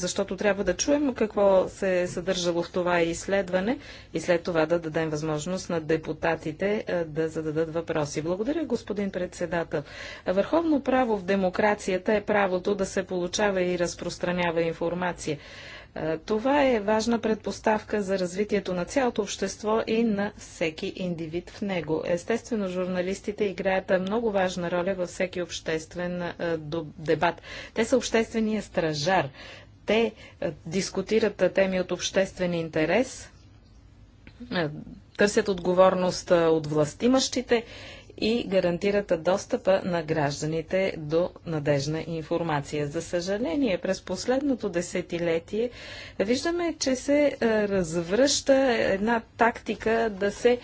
защото трябва да чуем какво се е съдържало в това изследване и след това да дадем възможност на депутатите е, да зададат въпроси. Благодаря, господин председател. Върховно право в демокрацията е правото да се получава и разпространява информация. Е, това е важна предпоставка за развитието на цялото общество и на всеки индивид в него. Естествено, журналистите играят много важна роля във всеки обществен е, дебат. Те са обществения стражар. Те е, дискутират теми от обществен интерес, търсят отговорност от властимащите и гарантират достъпа на гражданите до надежна информация. За съжаление, през последното десетилетие виждаме, че се развръща една тактика да се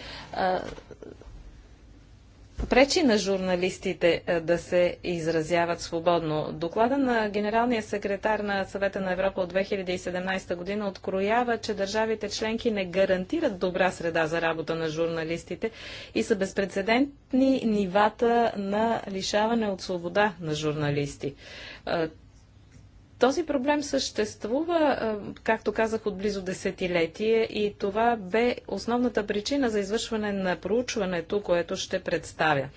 попречи на журналистите е, да се изразяват свободно. Доклада на генералния секретар на Съвета на Европа от 2017 година откроява, че държавите членки не гарантират добра среда за работа на журналистите и са безпредседентни нивата на лишаване от свобода на журналисти. Е, този проблем съществува, както казах, от близо десетилетие и това бе основната причина за извършване на проучването, което ще представя.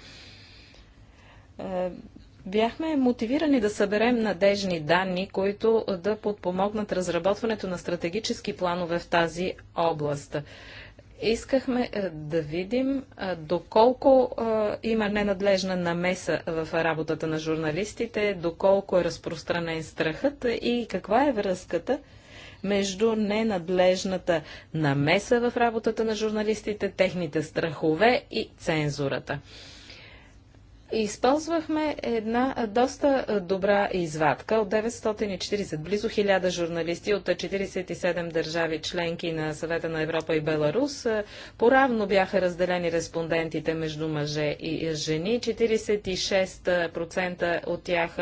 Бяхме мотивирани да съберем надежни данни, които да подпомогнат разработването на стратегически планове в тази област. Искахме е, да видим е, доколко е, има ненадлежна намеса в работата на журналистите, доколко е разпространен страхът и каква е връзката между ненадлежната намеса в работата на журналистите, техните страхове и цензурата. Използвахме една доста добра извадка от 940, близо 1000 журналисти от 47 държави членки на Съвета на Европа и Беларус. Поравно бяха разделени респондентите между мъже и жени. 46% от тях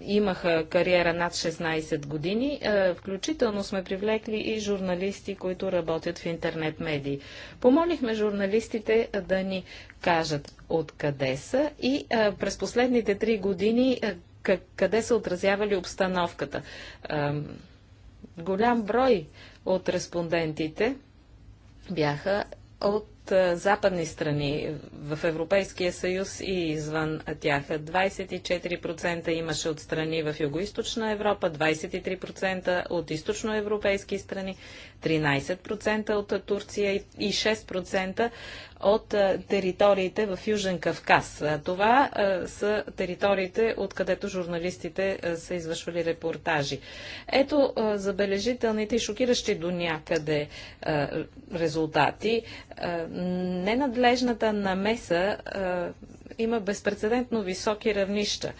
имаха кариера над 16 години. Е, включително сме привлекли и журналисти, които работят в интернет медии. Помолихме журналистите е, да ни кажат откъде са и е, през последните три години къде са отразявали обстановката. Голям брой от респондентите бяха от западни страни в Европейския съюз и извън тях. 24% имаше от страни в Юго-Источна Европа, 23% от източноевропейски страни, 13% от Турция и 6% от териториите в Южен Кавказ. Това са териториите, откъдето журналистите са извършвали репортажи. Ето забележителните и шокиращи до някъде резултати. Ненадлежната намеса има безпредседентно високи равнища.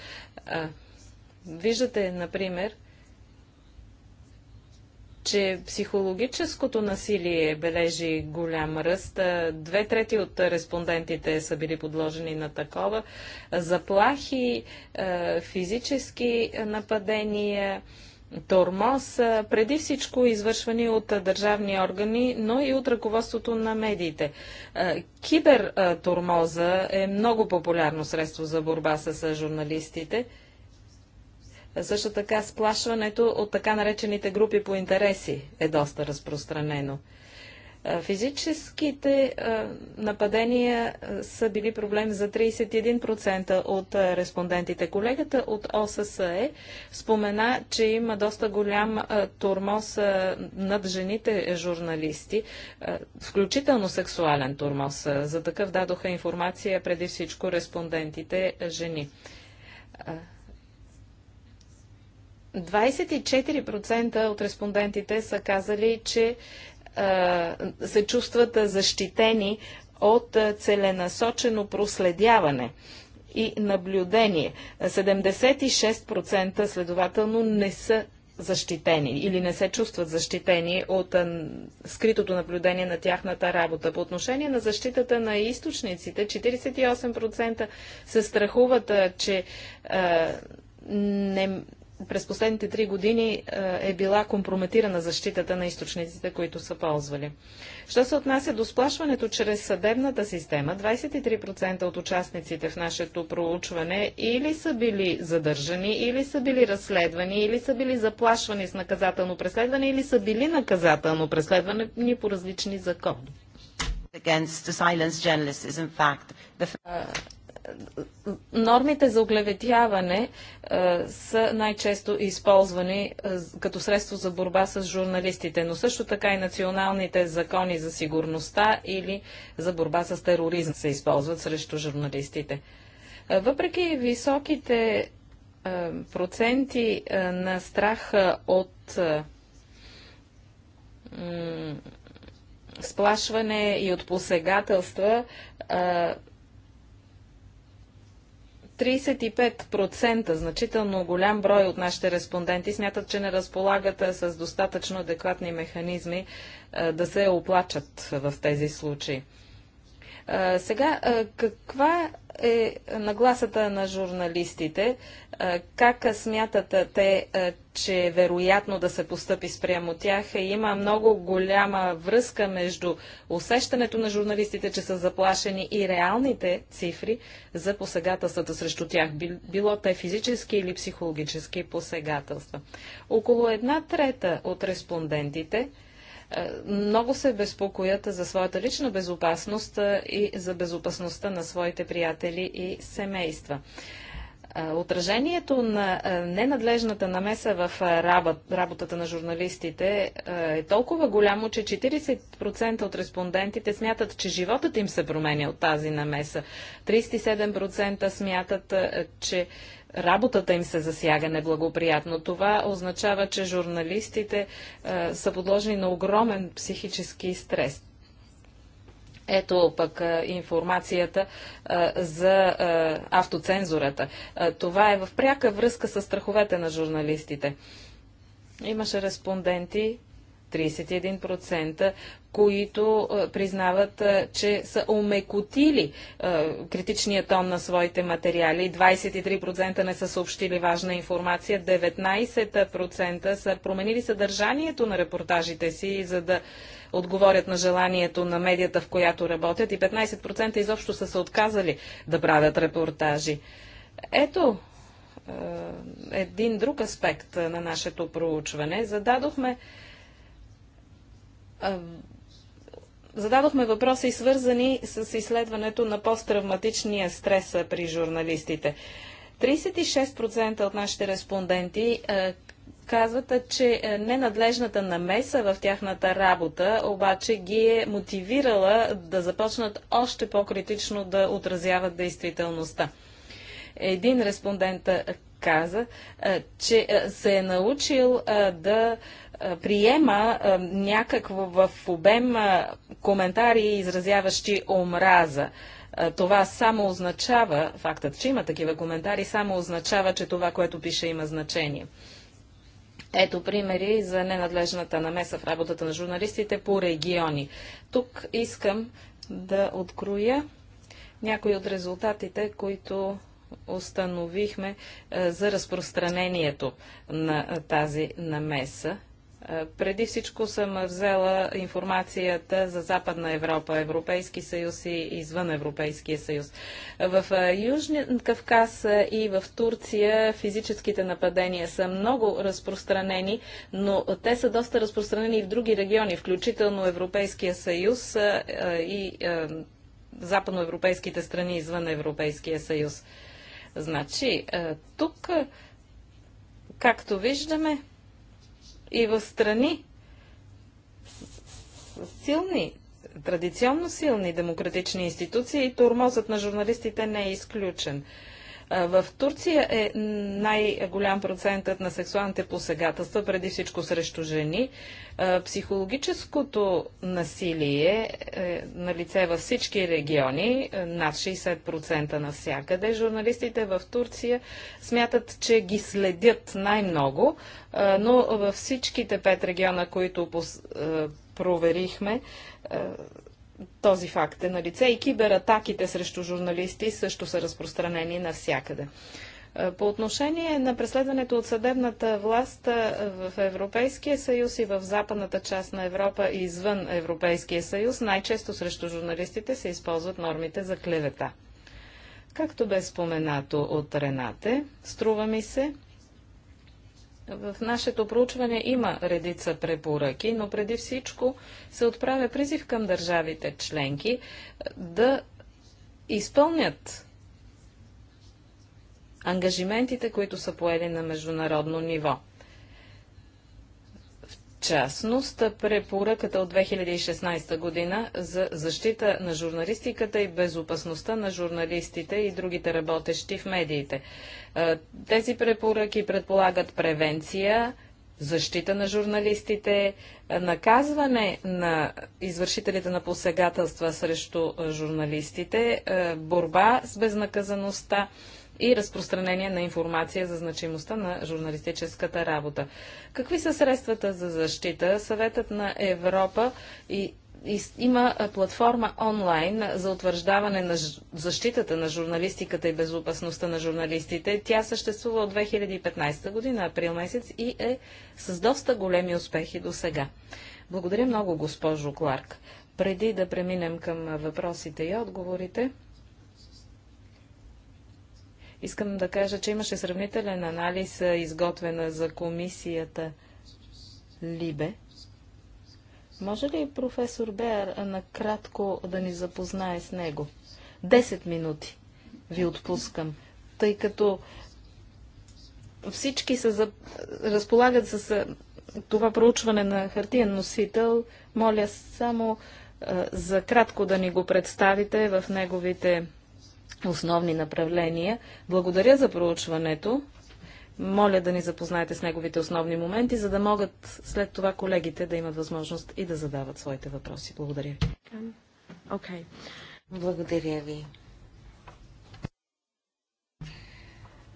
Виждате, например, че психологическото насилие бележи голям ръст. Две трети от респондентите са били подложени на такова. Заплахи, физически нападения, тормоз, преди всичко извършвани от държавни органи, но и от ръководството на медиите. Кибертормоза е много популярно средство за борба с журналистите – също така сплашването от така наречените групи по интереси е доста разпространено. Физическите нападения са били проблем за 31% от респондентите. Колегата от ОССЕ спомена, че има доста голям турмоз над жените журналисти, включително сексуален турмоз. За такъв дадоха информация преди всичко респондентите жени. 24% от респондентите са казали, че а, се чувстват защитени от целенасочено проследяване и наблюдение. 76% следователно не са защитени или не се чувстват защитени от а, скритото наблюдение на тяхната работа. По отношение на защитата на източниците, 48% се страхуват, а, че а, не през последните три години е, е била компрометирана защитата на източниците, които са ползвали. Що се отнася до сплашването чрез съдебната система, 23% от участниците в нашето проучване или са били задържани, или са били разследвани, или са били заплашвани с наказателно преследване, или са били наказателно преследвани по различни закони. Нормите за оглеветяване е, са най-често използвани е, като средство за борба с журналистите, но също така и националните закони за сигурността или за борба с тероризъм се използват срещу журналистите. Е, въпреки високите проценти на страх от сплашване и от посегателства, 35% значително голям брой от нашите респонденти смятат, че не разполагат е, с достатъчно адекватни механизми е, да се оплачат в тези случаи. Сега, каква е нагласата на журналистите? Как смятат те, че е вероятно да се постъпи спрямо тях? Има много голяма връзка между усещането на журналистите, че са заплашени и реалните цифри за посегателствата срещу тях, било те физически или психологически посегателства. Около една трета от респондентите – е, много се безпокоят за своята лична безопасност е, и за безопасността на своите приятели и семейства. Е, отражението на ненадлежната намеса в работата на журналистите е толкова голямо, че 40% от респондентите смятат, че животът им се променя от тази намеса. 37% смятат, че работата им се засяга неблагоприятно. Това означава, че журналистите а, е, са подложени на огромен психически стрес. Ето пък а, е, информацията а, е, за автоцензурата. Това е в пряка връзка с страховете на журналистите. Имаше респонденти, 31%, които е, признават, е, че са омекотили е, критичния тон на своите материали. 23% не са съобщили важна информация, 19% са променили съдържанието на репортажите си, за да отговорят на желанието на медията, в която работят и 15% изобщо са се отказали да правят репортажи. Ето един друг аспект на нашето проучване. Зададохме Зададохме въпроси, свързани с изследването на посттравматичния стрес при журналистите. 36% от нашите респонденти казват, че ненадлежната намеса в тяхната работа обаче ги е мотивирала да започнат още по-критично да отразяват действителността. Един респондент каза, че се е научил да приема някакво в обем коментари, изразяващи омраза. Това само означава, фактът, че има такива коментари, само означава, че това, което пише, има значение. Ето примери за ненадлежната намеса в работата на журналистите по региони. Тук искам да откроя някои от резултатите, които установихме за разпространението на тази намеса е, преди всичко съм взела информацията за Западна Европа, Европейски съюз и извън Европейския съюз. В е, Южния Кавказ и в Турция физическите нападения са много разпространени, но те са доста разпространени и в други региони, включително Европейския съюз е, и западноевропейските страни извън Европейския съюз. Значи, тук, както виждаме, и в страни с силни, традиционно силни демократични институции, тормозът на журналистите не е изключен. В Турция е най-голям процентът на сексуалните посегателства, преди всичко срещу жени. Психологическото насилие е, е на лице във всички региони, над 60% навсякъде. Журналистите в Турция смятат, че ги следят най-много, но във всичките пет региона, които проверихме, този факт е на лице и кибератаките срещу журналисти също са разпространени навсякъде. Е, по отношение на преследването от съдебната власт е, в Европейския съюз и в западната част на Европа и извън Европейския съюз, най-често срещу журналистите се използват нормите за клевета. Както бе споменато от Ренате, струва ми се, в нашето проучване има редица препоръки, но преди всичко се отправя призив към държавите членки е, да изпълнят ангажиментите, които са поели на международно ниво частност препоръката от 2016 година за защита на журналистиката и безопасността на журналистите и другите работещи в медиите. Тези препоръки предполагат превенция, защита на журналистите, наказване на извършителите на посегателства срещу журналистите, борба с безнаказаността и разпространение на информация за значимостта на журналистическата работа. Какви са средствата за защита? Съветът на Европа и има платформа онлайн за утвърждаване на защитата на журналистиката и безопасността на журналистите. Тя съществува от 2015 година, април месец, и е с доста големи успехи до сега. Благодаря много, госпожо Кларк. Преди да преминем към въпросите и отговорите, Искам да кажа, че имаше сравнителен анализ, изготвена за комисията Либе. Може ли професор Беар накратко да ни запознае с него? Десет минути ви отпускам, тъй като всички се за... разполагат с това проучване на хартиен носител. Моля само за кратко да ни го представите в неговите основни направления. Благодаря за проучването. Моля да ни запознаете с неговите основни моменти, за да могат след това колегите да имат възможност и да задават своите въпроси. Благодаря ви. Okay. Благодаря ви.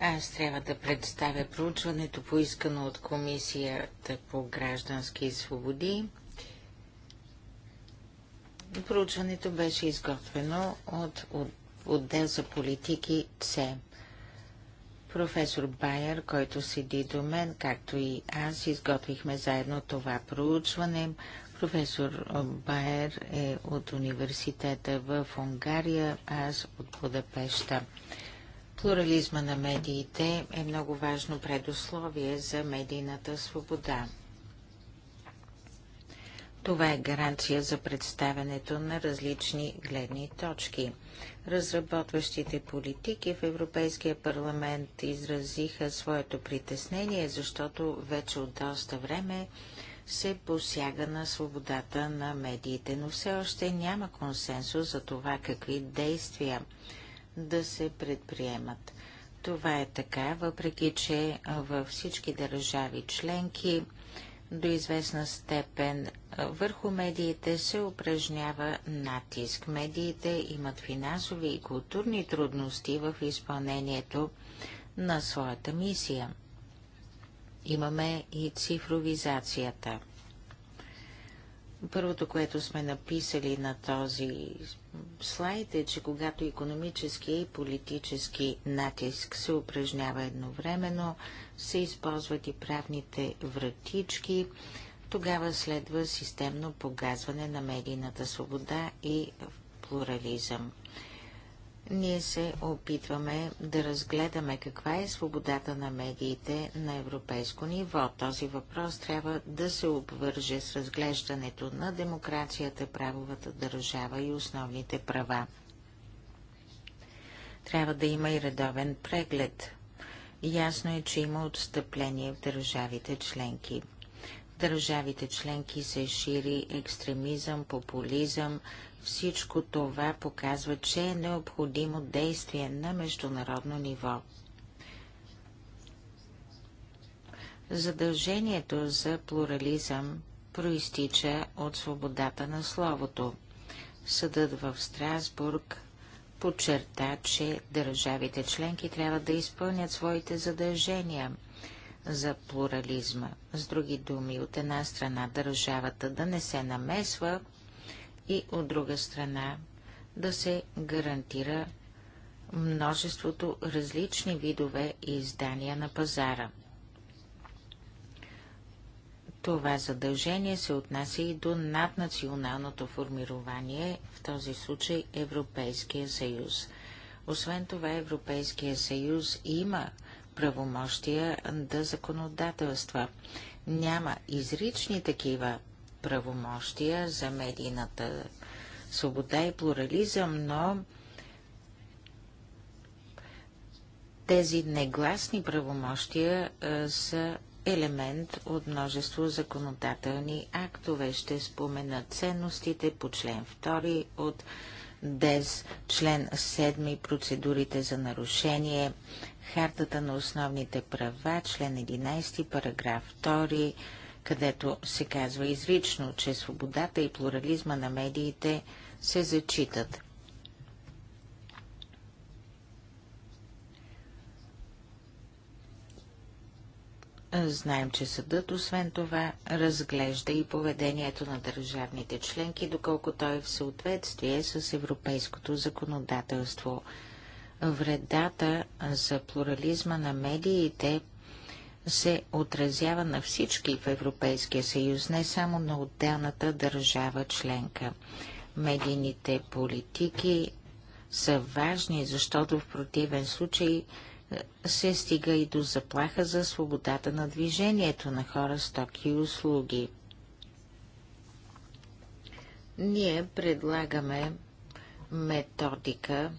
Аз трябва да представя проучването, поискано от Комисията по граждански свободи. Проучването беше изготвено от, от отдел за политики С. Професор Байер, който седи до мен, както и аз, изготвихме заедно това проучване. Професор Байер е от университета в Унгария, аз от Будапешта. Плурализма на медиите е много важно предусловие за медийната свобода. Това е гаранция за представянето на различни гледни точки. Разработващите политики в Европейския парламент изразиха своето притеснение, защото вече от доста време се посяга на свободата на медиите, но все още няма консенсус за това какви действия да се предприемат. Това е така, въпреки че във всички държави членки до известна степен върху медиите се упражнява натиск. Медиите имат финансови и културни трудности в изпълнението на своята мисия. Имаме и цифровизацията. Първото, което сме написали на този слайд е, че когато економически и политически натиск се упражнява едновременно, се използват и правните вратички, тогава следва системно погазване на медийната свобода и плурализъм ние се опитваме да разгледаме каква е свободата на медиите на европейско ниво. Този въпрос трябва да се обвърже с разглеждането на демокрацията, правовата държава и основните права. Трябва да има и редовен преглед. Ясно е, че има отстъпление в държавите членки. В държавите членки се шири екстремизъм, популизъм, всичко това показва, че е необходимо действие на международно ниво. Задължението за плурализъм проистича от свободата на словото. Съдът в Страсбург подчерта, че държавите членки трябва да изпълнят своите задължения за плурализма. С други думи, от една страна държавата да не се намесва и от друга страна да се гарантира множеството различни видове издания на пазара. Това задължение се отнася и до наднационалното формирование, в този случай Европейския съюз. Освен това, Европейския съюз има правомощия да законодателства. Няма изрични такива правомощия за медийната свобода и плурализъм, но тези негласни правомощия а, са елемент от множество законодателни актове. Ще спомена ценностите по член 2 от ДЕС, член 7 процедурите за нарушение, Хартата на основните права, член 11, параграф 2, където се казва изрично, че свободата и плурализма на медиите се зачитат. Знаем, че съдът, освен това, разглежда и поведението на държавните членки, доколко той е в съответствие с европейското законодателство. Вредата за плурализма на медиите се отразява на всички в Европейския съюз, не само на отделната държава членка. Медийните политики са важни, защото в противен случай е, се стига и до заплаха за свободата на движението на хора, стоки и услуги. Ние предлагаме методика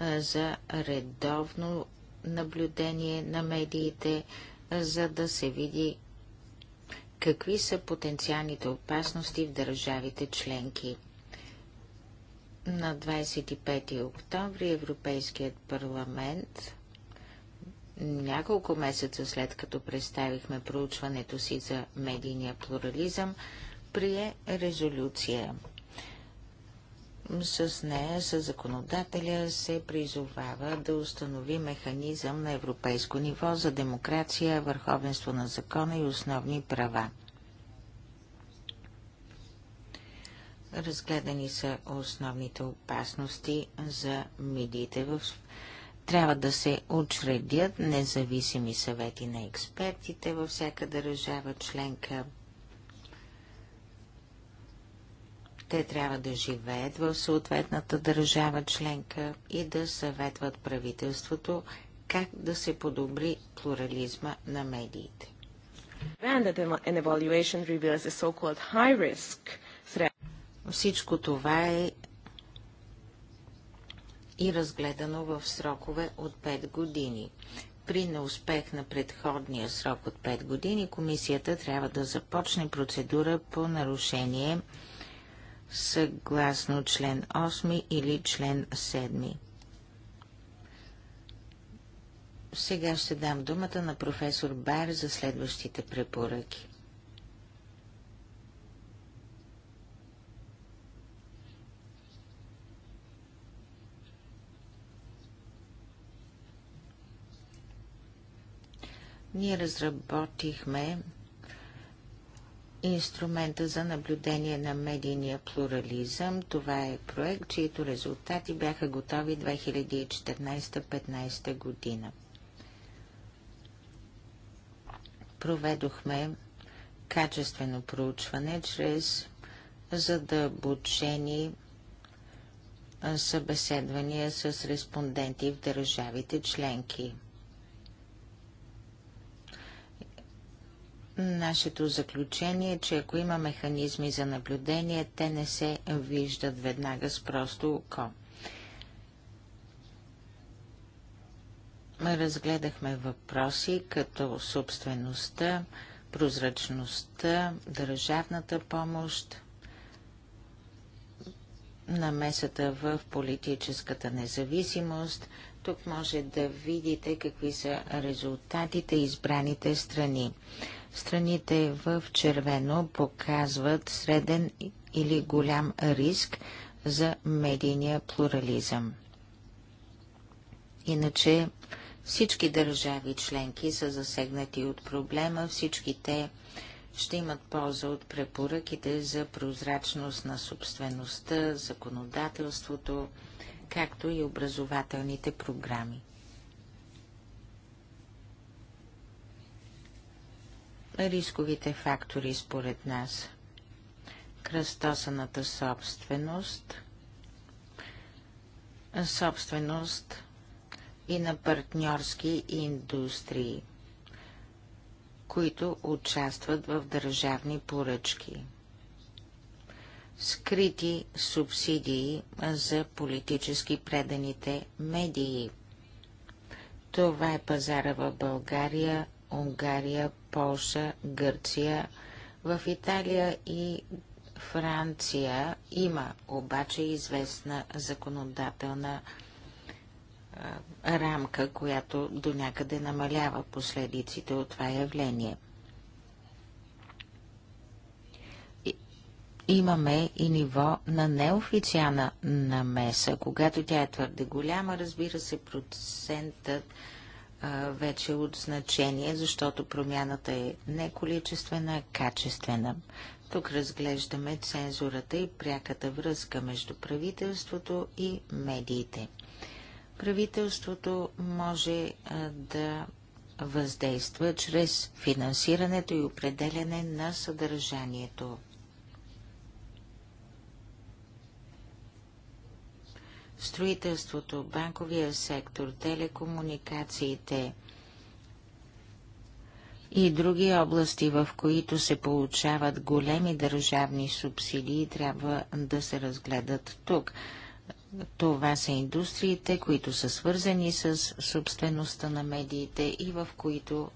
е, за редовно наблюдение на медиите, за да се види какви са потенциалните опасности в държавите членки. На 25 октомври Европейският парламент няколко месеца след като представихме проучването си за медийния плурализъм, прие резолюция с нея, с законодателя, се призовава да установи механизъм на европейско ниво за демокрация, върховенство на закона и основни права. Разгледани са основните опасности за медиите. Трябва да се учредят независими съвети на експертите във всяка държава членка – Те трябва да живеят в съответната държава членка и да съветват правителството как да се подобри плурализма на медиите. Всичко това е и разгледано в срокове от 5 години. При неуспех на предходния срок от 5 години, комисията трябва да започне процедура по нарушение съгласно член 8 или член 7. Сега ще дам думата на професор Бар за следващите препоръки. Ние разработихме инструмента за наблюдение на медийния плурализъм. Това е проект, чието резултати бяха готови 2014-15 година. Проведохме качествено проучване чрез задълбочени събеседвания с респонденти в държавите членки – Нашето заключение е, че ако има механизми за наблюдение, те не се виждат веднага с просто око. Разгледахме въпроси като собствеността, прозрачността, държавната помощ, намесата в политическата независимост. Тук може да видите какви са резултатите избраните страни. Страните в червено показват среден или голям риск за медийния плурализъм. Иначе всички държави членки са засегнати от проблема, всички те ще имат полза от препоръките за прозрачност на собствеността, законодателството, както и образователните програми. рисковите фактори според нас. Кръстосаната собственост, собственост и на партньорски индустрии, които участват в държавни поръчки. Скрити субсидии за политически преданите медии. Това е пазара в България, Унгария, Полша, Гърция. В Италия и Франция има обаче известна законодателна рамка, която до някъде намалява последиците от това явление. имаме и ниво на неофициална намеса. Когато тя е твърде голяма, разбира се, процентът вече от значение, защото промяната е не количествена, а качествена. Тук разглеждаме цензурата и пряката връзка между правителството и медиите. Правителството може да въздейства чрез финансирането и определене на съдържанието. строителството, банковия сектор, телекомуникациите и други области, в които се получават големи държавни субсидии, трябва да се разгледат тук. Това са индустриите, които са свързани с собствеността на медиите и в които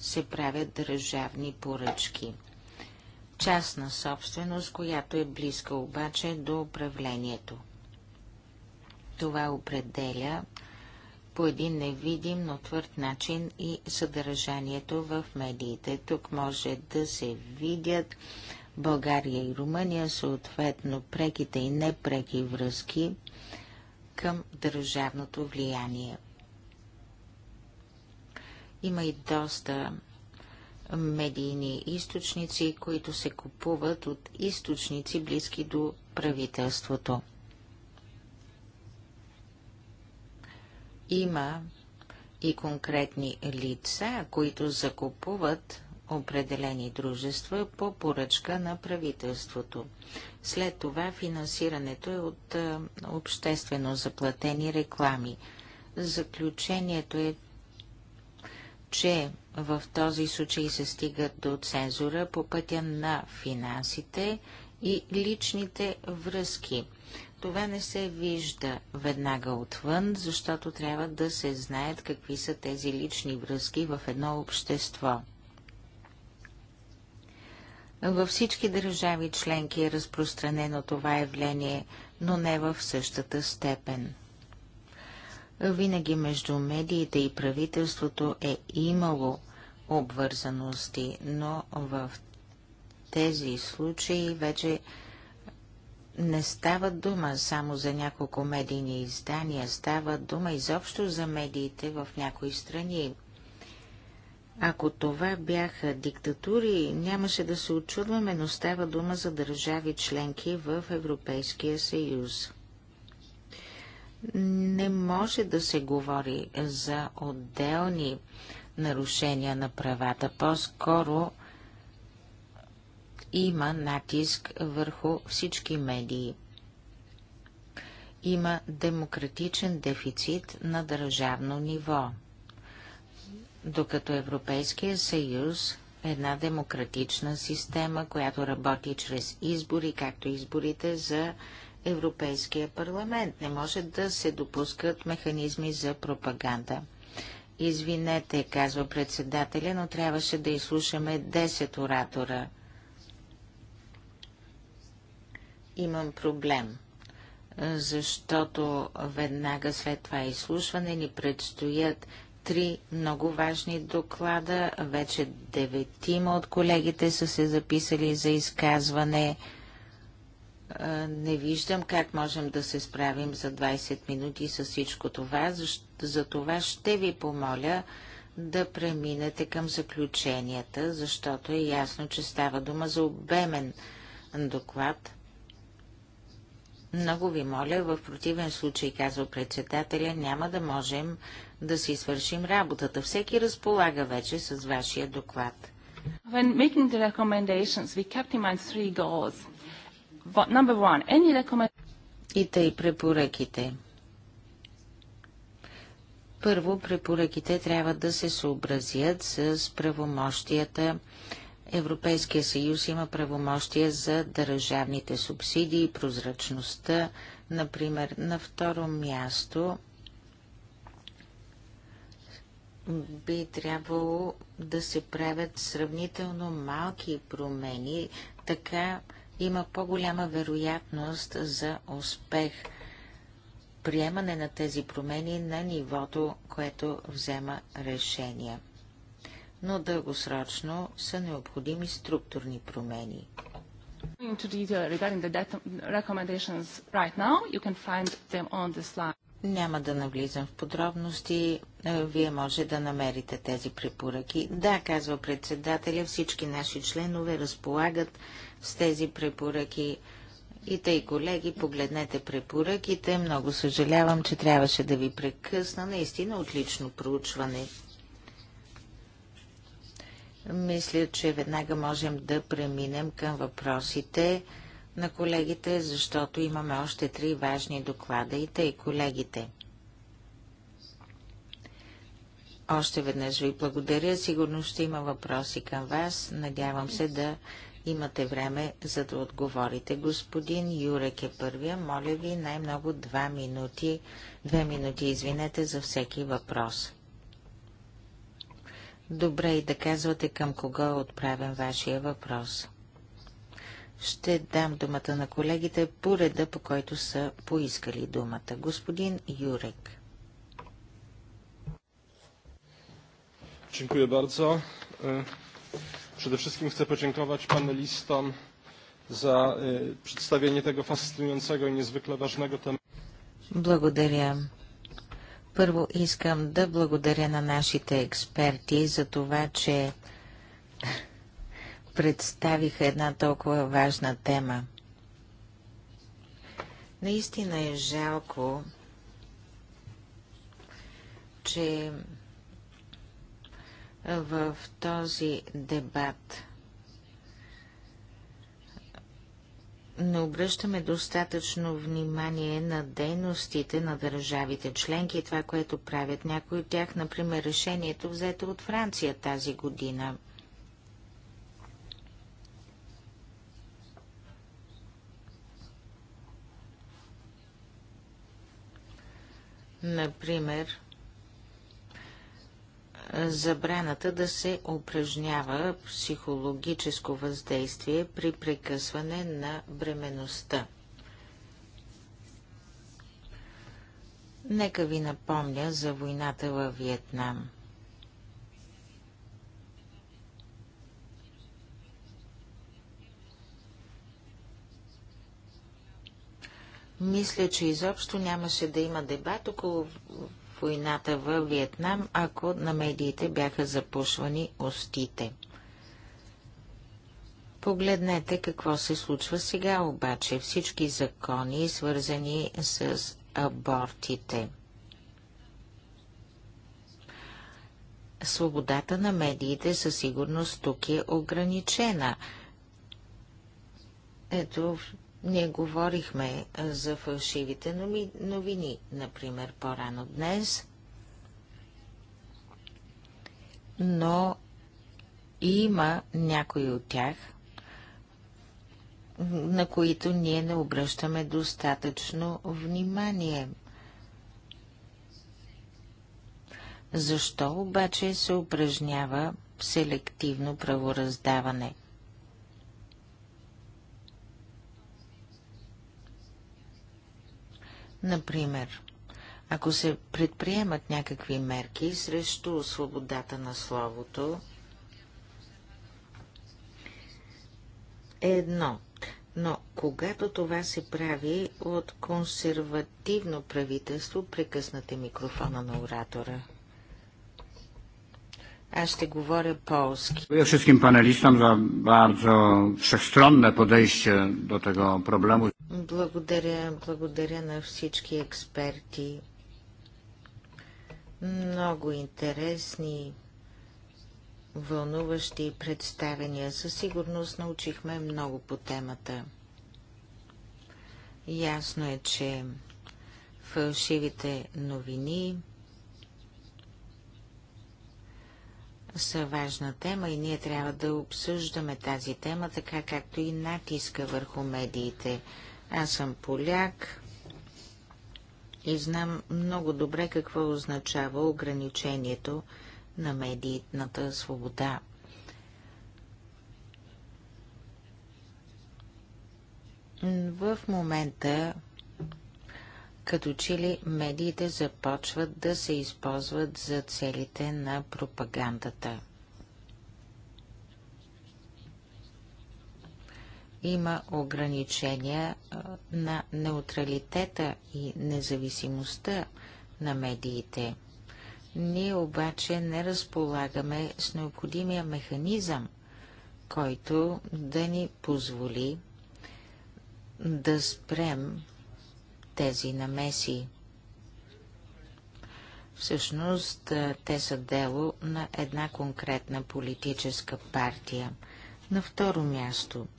се правят държавни поръчки. Частна собственост, която е близка обаче до управлението. Това определя по един невидим, но твърд начин и съдържанието в медиите. Тук може да се видят България и Румъния, съответно преките и непреки връзки към държавното влияние. Има и доста медийни източници, които се купуват от източници близки до правителството. Има и конкретни лица, които закупуват определени дружества по поръчка на правителството. След това финансирането е от обществено заплатени реклами. Заключението е, че в този случай се стигат до цензура по пътя на финансите и личните връзки. Това не се вижда веднага отвън, защото трябва да се знаят какви са тези лични връзки в едно общество. Във всички държави членки е разпространено това явление, но не в същата степен. Винаги между медиите и правителството е имало обвързаности, но в тези случаи вече не става дума само за няколко медийни издания, става дума изобщо за медиите в някои страни. Ако това бяха диктатури, нямаше да се очудваме, но става дума за държави членки в Европейския съюз. Не може да се говори за отделни нарушения на правата. По-скоро има натиск върху всички медии. Има демократичен дефицит на държавно ниво. Докато Европейския съюз е една демократична система, която работи чрез избори, както изборите за Европейския парламент. Не може да се допускат механизми за пропаганда. Извинете, казва председателя, но трябваше да изслушаме 10 оратора. имам проблем, защото веднага след това изслушване ни предстоят три много важни доклада. Вече деветима от колегите са се записали за изказване. Е, не виждам как можем да се справим за 20 минути с всичко това. За това ще ви помоля да преминете към заключенията, защото е ясно, че става дума за обемен доклад. Много ви моля, в противен случай, казва председателя, няма да можем да си свършим работата. Всеки разполага вече с вашия доклад. When making the recommendations, we kept in mind three goals. But number one, any recommend... И тъй препоръките. Първо, препоръките трябва да се съобразят с правомощията Европейския съюз има правомощия за държавните субсидии и прозрачността, например. На второ място би трябвало да се правят сравнително малки промени, така има по-голяма вероятност за успех приемане на тези промени на нивото, което взема решения но дългосрочно са необходими структурни промени. Няма да навлизам в подробности. Е, вие може да намерите тези препоръки. Да, казва председателя, всички наши членове разполагат с тези препоръки. И тъй, колеги, погледнете препоръките. Много съжалявам, че трябваше да ви прекъсна. Наистина отлично проучване. Мисля, че веднага можем да преминем към въпросите на колегите, защото имаме още три важни доклада и тъй колегите. Още веднъж ви благодаря. Сигурно ще има въпроси към вас. Надявам се да имате време, за да отговорите. Господин Юрек е първия. Моля ви най-много два минути, две минути, извинете, за всеки въпрос. Добре и да казвате към кого е отправен вашия въпрос. Ще дам думата на колегите по реда, по който са поискали думата. Господин Юрек. Dziękuję bardzo. E, przede wszystkim chcę podziękować panelistom za e, przedstawienie tego fascynującego i niezwykle ważnego tematu. Благодаря първо искам да благодаря на нашите експерти за това, че представиха една толкова важна тема. Наистина е жалко, че в този дебат не обръщаме достатъчно внимание на дейностите на държавите членки и това, което правят някои от тях, например решението взето от Франция тази година. Например, забраната да се упражнява психологическо въздействие при прекъсване на бременността. Нека ви напомня за войната във Виетнам. Мисля, че изобщо нямаше да има дебат около войната в Виетнам, ако на медиите бяха запушвани устите. Погледнете какво се случва сега обаче. Всички закони, свързани с абортите. Свободата на медиите със сигурност тук е ограничена. Ето, ние говорихме за фалшивите новини, например, по-рано днес, но има някои от тях, на които ние не обръщаме достатъчно внимание. Защо обаче се упражнява селективно правораздаване? Например, ако се предприемат някакви мерки срещу свободата на словото, е едно. Но когато това се прави от консервативно правителство, прекъснате микрофона на оратора. Аз ще говоря полски. Благодаря wszystkim панелистам за bardzo wszechstronne podejście до тега problemu. Благодаря, благодаря на всички експерти. Много интересни, вълнуващи представения. Със сигурност научихме много по темата. Ясно е, че фалшивите новини са важна тема и ние трябва да обсъждаме тази тема, така както и натиска върху медиите – аз съм поляк и знам много добре какво означава ограничението на медийната свобода. В момента като че ли медиите започват да се използват за целите на пропагандата. има ограничения на неутралитета и независимостта на медиите. Ние обаче не разполагаме с необходимия механизъм, който да ни позволи да спрем тези намеси. Всъщност те са дело на една конкретна политическа партия. На второ място –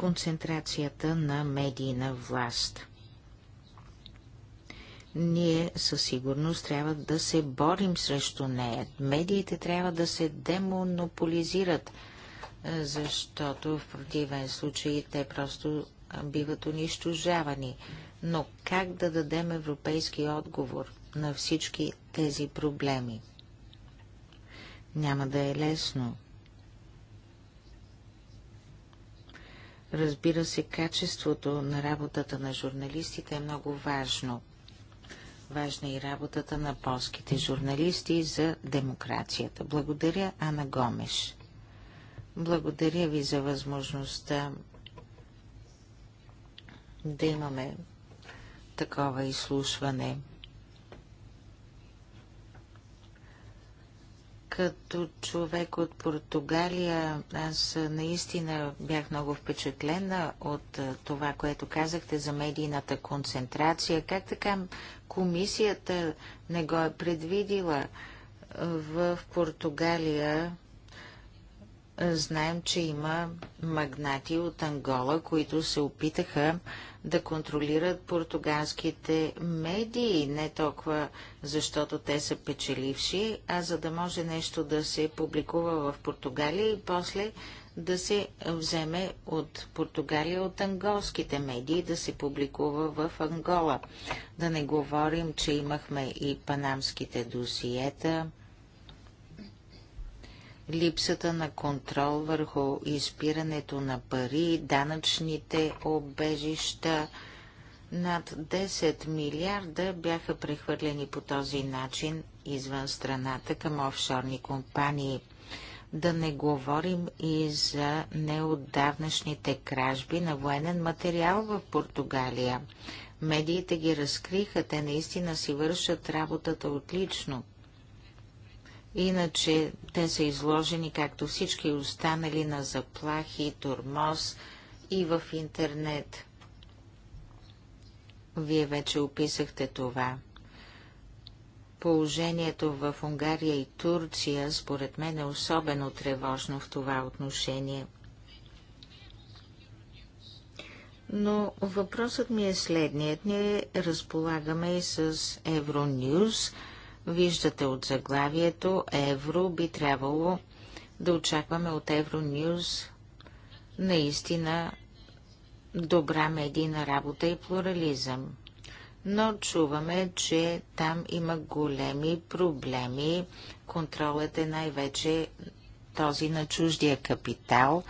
концентрацията на медийна власт. Ние със сигурност трябва да се борим срещу нея. Медиите трябва да се демонополизират, е, защото в противен случай те просто е, биват унищожавани. Но как да дадем европейски отговор на всички тези проблеми? Няма да е лесно. Разбира се, качеството на работата на журналистите е много важно. Важна е и работата на полските журналисти за демокрацията. Благодаря, Ана Гомеш. Благодаря ви за възможността да имаме такова изслушване. Като човек от Португалия, аз наистина бях много впечатлена от това, което казахте за медийната концентрация. Как така комисията не го е предвидила? В Португалия Знаем, че има магнати от Ангола, които се опитаха да контролират португалските медии, не толкова защото те са печеливши, а за да може нещо да се публикува в Португалия и после да се вземе от Португалия от анголските медии да се публикува в Ангола. Да не говорим, че имахме и панамските досиета, липсата на контрол върху изпирането на пари, данъчните обежища. Над 10 милиарда бяха прехвърлени по този начин извън страната към офшорни компании. Да не говорим и за неотдавнашните кражби на военен материал в Португалия. Медиите ги разкриха, те наистина си вършат работата отлично. Иначе те са изложени, както всички останали, на заплахи, турмоз и в интернет. Вие вече описахте това. Положението в Унгария и Турция, според мен, е особено тревожно в това отношение. Но въпросът ми е следният. Ние разполагаме и с Евронюс – Виждате от заглавието Евро би трябвало да очакваме от Евронюз наистина добра медийна работа и плурализъм. Но чуваме, че там има големи проблеми. Контролът е най-вече този на чуждия капитал.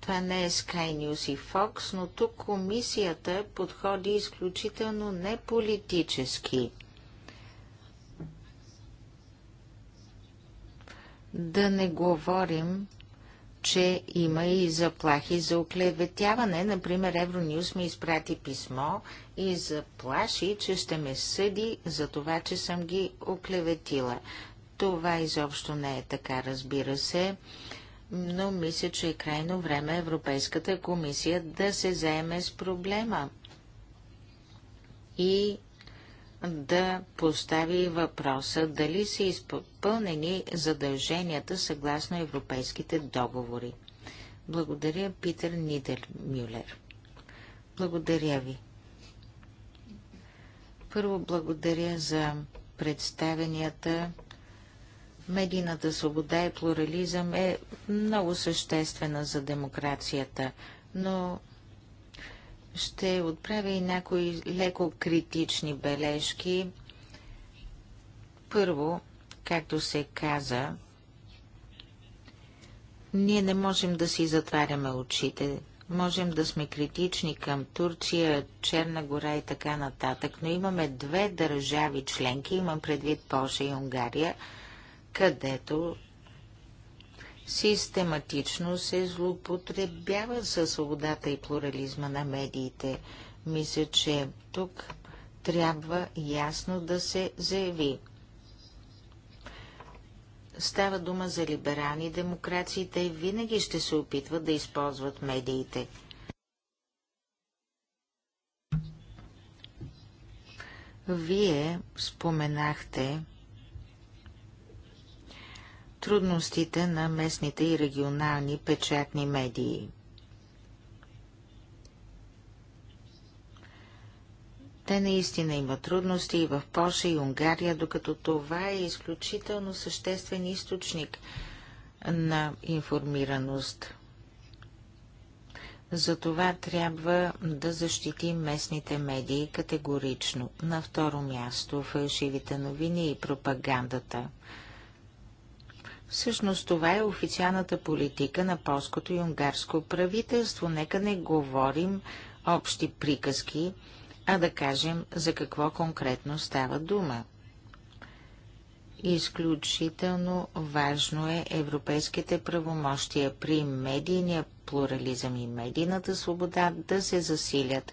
Това не е Sky News и Fox, но тук комисията подходи изключително неполитически. политически Да не говорим, че има и заплахи за оклеветяване. Например, Евронюс ми изпрати писмо и заплаши, че ще ме съди за това, че съм ги оклеветила. Това изобщо не е така, разбира се, но мисля, че е крайно време Европейската комисия да се заеме с проблема и да постави въпроса дали са изпълнени задълженията съгласно европейските договори. Благодаря, Питер Нидер Мюлер. Благодаря ви. Първо благодаря за представенията. Медийната свобода и плурализъм е много съществена за демокрацията, но ще отправя и някои леко критични бележки. Първо, както се каза, ние не можем да си затваряме очите. Можем да сме критични към Турция, Черна гора и така нататък, но имаме две държави членки, имам предвид Польша и Унгария, където систематично се злоупотребява със свободата и плурализма на медиите. Мисля, че тук трябва ясно да се заяви. Става дума за либерални демокрации, те винаги ще се опитват да използват медиите. Вие споменахте трудностите на местните и регионални печатни медии. Те наистина имат трудности и в Польша и Унгария, докато това е изключително съществен източник на информираност. Затова трябва да защитим местните медии категорично. На второ място фалшивите новини и пропагандата – Всъщност това е официалната политика на полското и унгарско правителство. Нека не говорим общи приказки, а да кажем за какво конкретно става дума. Изключително важно е европейските правомощия при медийния плурализъм и медийната свобода да се засилят.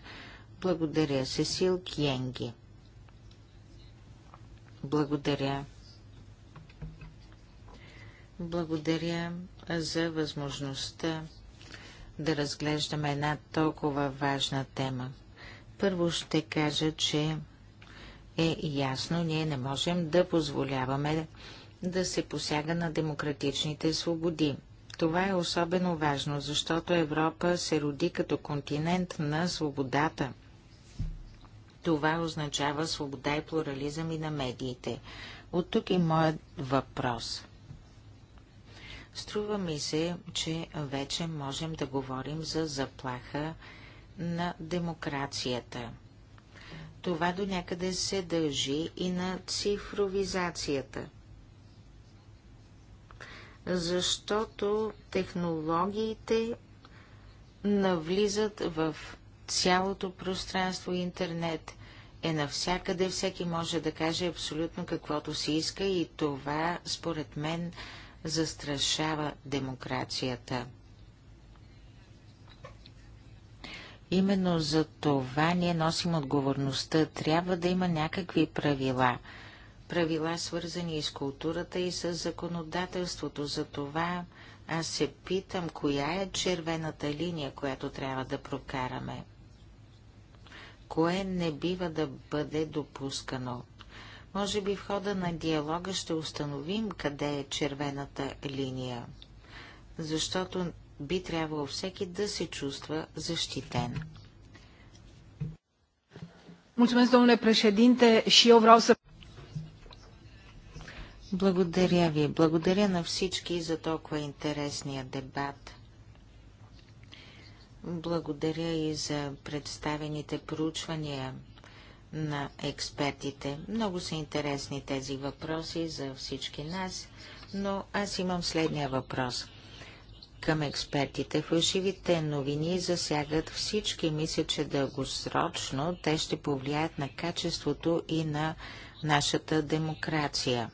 Благодаря, Сесил Кенги. Благодаря. Благодаря за възможността да разглеждаме една толкова важна тема. Първо ще кажа, че е ясно, ние не можем да позволяваме да се посяга на демократичните свободи. Това е особено важно, защото Европа се роди като континент на свободата. Това означава свобода и плурализъм и на медиите. От тук и моят въпрос – Струва ми се, че вече можем да говорим за заплаха на демокрацията. Това до някъде се дължи и на цифровизацията. Защото технологиите навлизат в цялото пространство интернет е навсякъде, всеки може да каже абсолютно каквото си иска и това, според мен, застрашава демокрацията. Именно за това ние носим отговорността. Трябва да има някакви правила. Правила свързани с културата и с законодателството. За това аз се питам, коя е червената линия, която трябва да прокараме. Кое не бива да бъде допускано? Може би в хода на диалога ще установим къде е червената линия, защото би трябвало всеки да се чувства защитен. domnule președinte, și eu vreau să... Благодаря ви. Благодаря на всички за толкова интересния дебат. Благодаря и за представените проучвания на експертите. Много са интересни тези въпроси за всички нас, но аз имам следния въпрос. Към експертите фалшивите новини засягат всички. Мисля, че дългосрочно те ще повлияят на качеството и на нашата демокрация.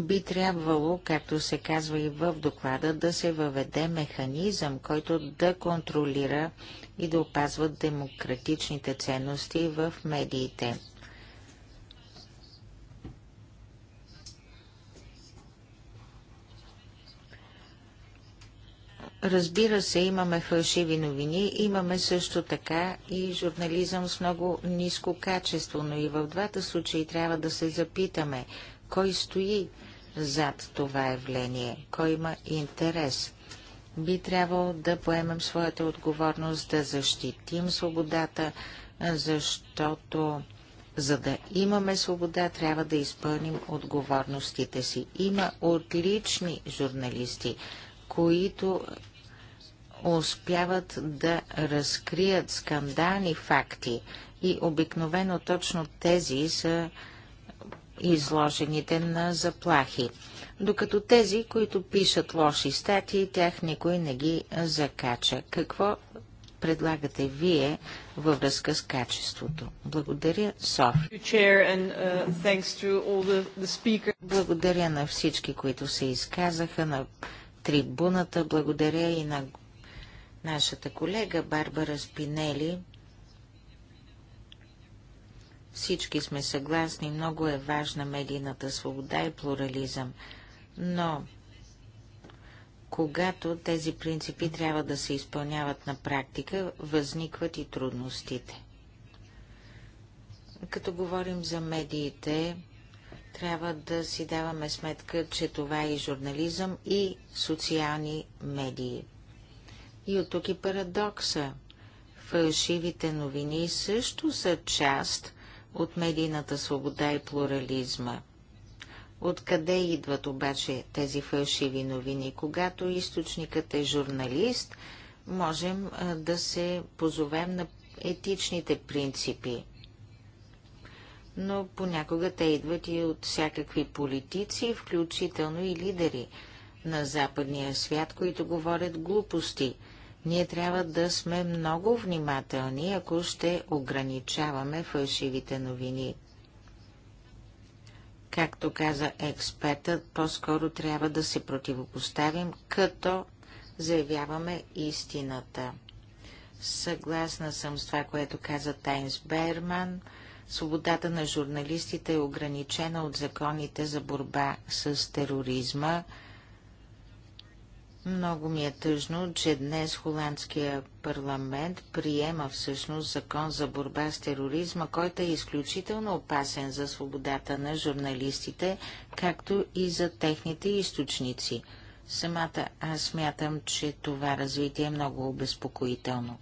Би трябвало, както се казва и в доклада, да се въведе механизъм, който да контролира и да опазва демократичните ценности в медиите. Разбира се, имаме фалшиви новини, имаме също така и журнализъм с много ниско качество, но и в двата случаи трябва да се запитаме – кой стои зад това явление, кой има интерес. Би трябвало да поемем своята отговорност, да защитим свободата, защото за да имаме свобода, трябва да изпълним отговорностите си. Има отлични журналисти, които успяват да разкрият скандални факти и обикновено точно тези са изложените на заплахи. Докато тези, които пишат лоши статии, тях никой не ги закача. Какво предлагате вие във връзка с качеството. Благодаря, Софи. Uh, Благодаря на всички, които се изказаха на трибуната. Благодаря и на нашата колега Барбара Спинели. Всички сме съгласни, много е важна медийната свобода и плурализъм. Но когато тези принципи трябва да се изпълняват на практика, възникват и трудностите. Като говорим за медиите, трябва да си даваме сметка, че това е и журнализъм, и социални медии. И от тук и парадокса. Фалшивите новини също са част от медийната свобода и плурализма. Откъде идват обаче тези фалшиви новини? Когато източникът е журналист, можем да се позовем на етичните принципи. Но понякога те идват и от всякакви политици, включително и лидери на западния свят, които говорят глупости – ние трябва да сме много внимателни, ако ще ограничаваме фалшивите новини. Както каза експертът, по-скоро трябва да се противопоставим, като заявяваме истината. Съгласна съм с това, което каза Тайнс Берман. Свободата на журналистите е ограничена от законите за борба с тероризма. Много ми е тъжно, че днес холандския парламент приема всъщност закон за борба с тероризма, който е изключително опасен за свободата на журналистите, както и за техните източници. Самата аз смятам, че това развитие е много обезпокоително.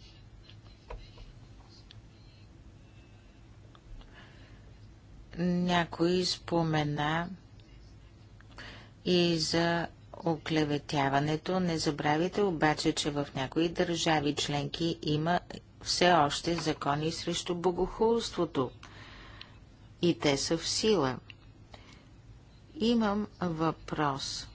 Някой спомена и за оклеветяването. Не забравяйте обаче, че в някои държави членки има все още закони срещу богохулството. И те са в сила. Имам въпрос.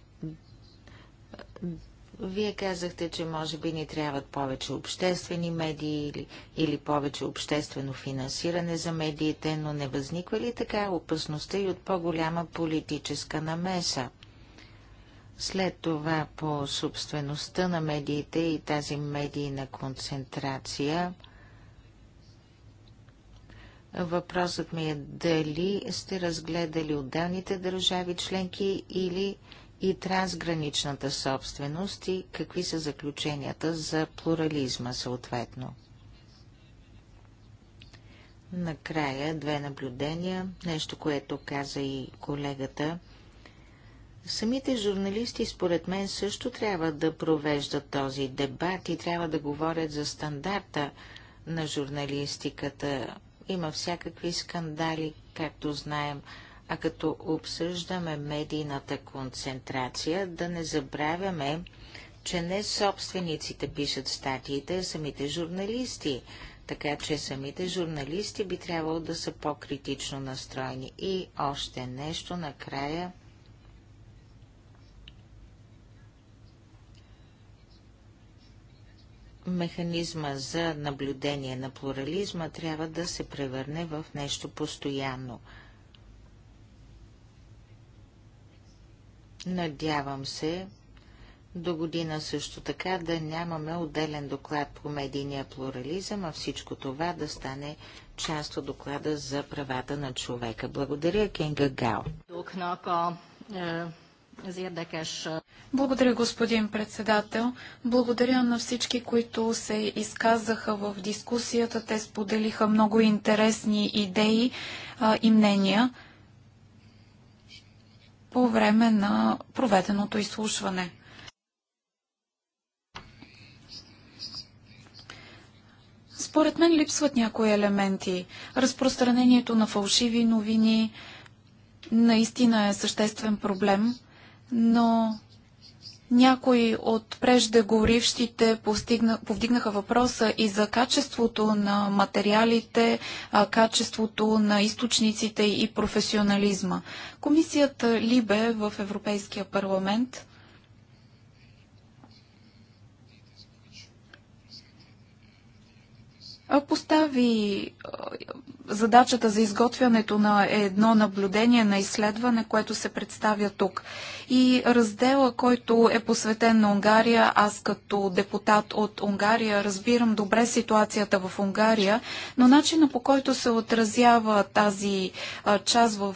Вие казахте, че може би ни трябват повече обществени медии или, или повече обществено финансиране за медиите, но не възниква ли така опасността и от по-голяма политическа намеса? След това по собствеността на медиите и тази медийна концентрация. Въпросът ми е дали сте разгледали отделните държави членки или и трансграничната собственост и какви са заключенията за плурализма съответно. Накрая две наблюдения, нещо, което каза и колегата – Самите журналисти, според мен, също трябва да провеждат този дебат и трябва да говорят за стандарта на журналистиката. Има всякакви скандали, както знаем, а като обсъждаме медийната концентрация, да не забравяме, че не собствениците пишат статиите, а самите журналисти. Така че самите журналисти би трябвало да са по-критично настроени. И още нещо накрая – механизма за наблюдение на плурализма трябва да се превърне в нещо постоянно. Надявам се до година също така да нямаме отделен доклад по медийния плурализъм, а всичко това да стане част от доклада за правата на човека. Благодаря, Кенга Гао. Благодаря, господин председател. Благодаря на всички, които се изказаха в дискусията. Те споделиха много интересни идеи а, и мнения по време на проведеното изслушване. Според мен липсват някои елементи. Разпространението на фалшиви новини наистина е съществен проблем но някои от преждеговорившите повдигнаха въпроса и за качеството на материалите, качеството на източниците и професионализма. Комисията Либе в Европейския парламент постави е, задачата за изготвянето на едно наблюдение на изследване, което се представя тук. И раздела, който е посветен на Унгария, аз като депутат от Унгария разбирам добре ситуацията в Унгария, но начина по който се отразява тази част в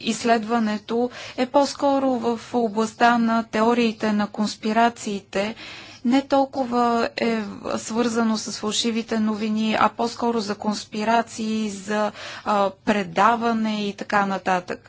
изследването е по-скоро в областта на теориите на конспирациите не толкова е свързано с фалшивите новини, а по-скоро за конспирации, за а, предаване и така нататък.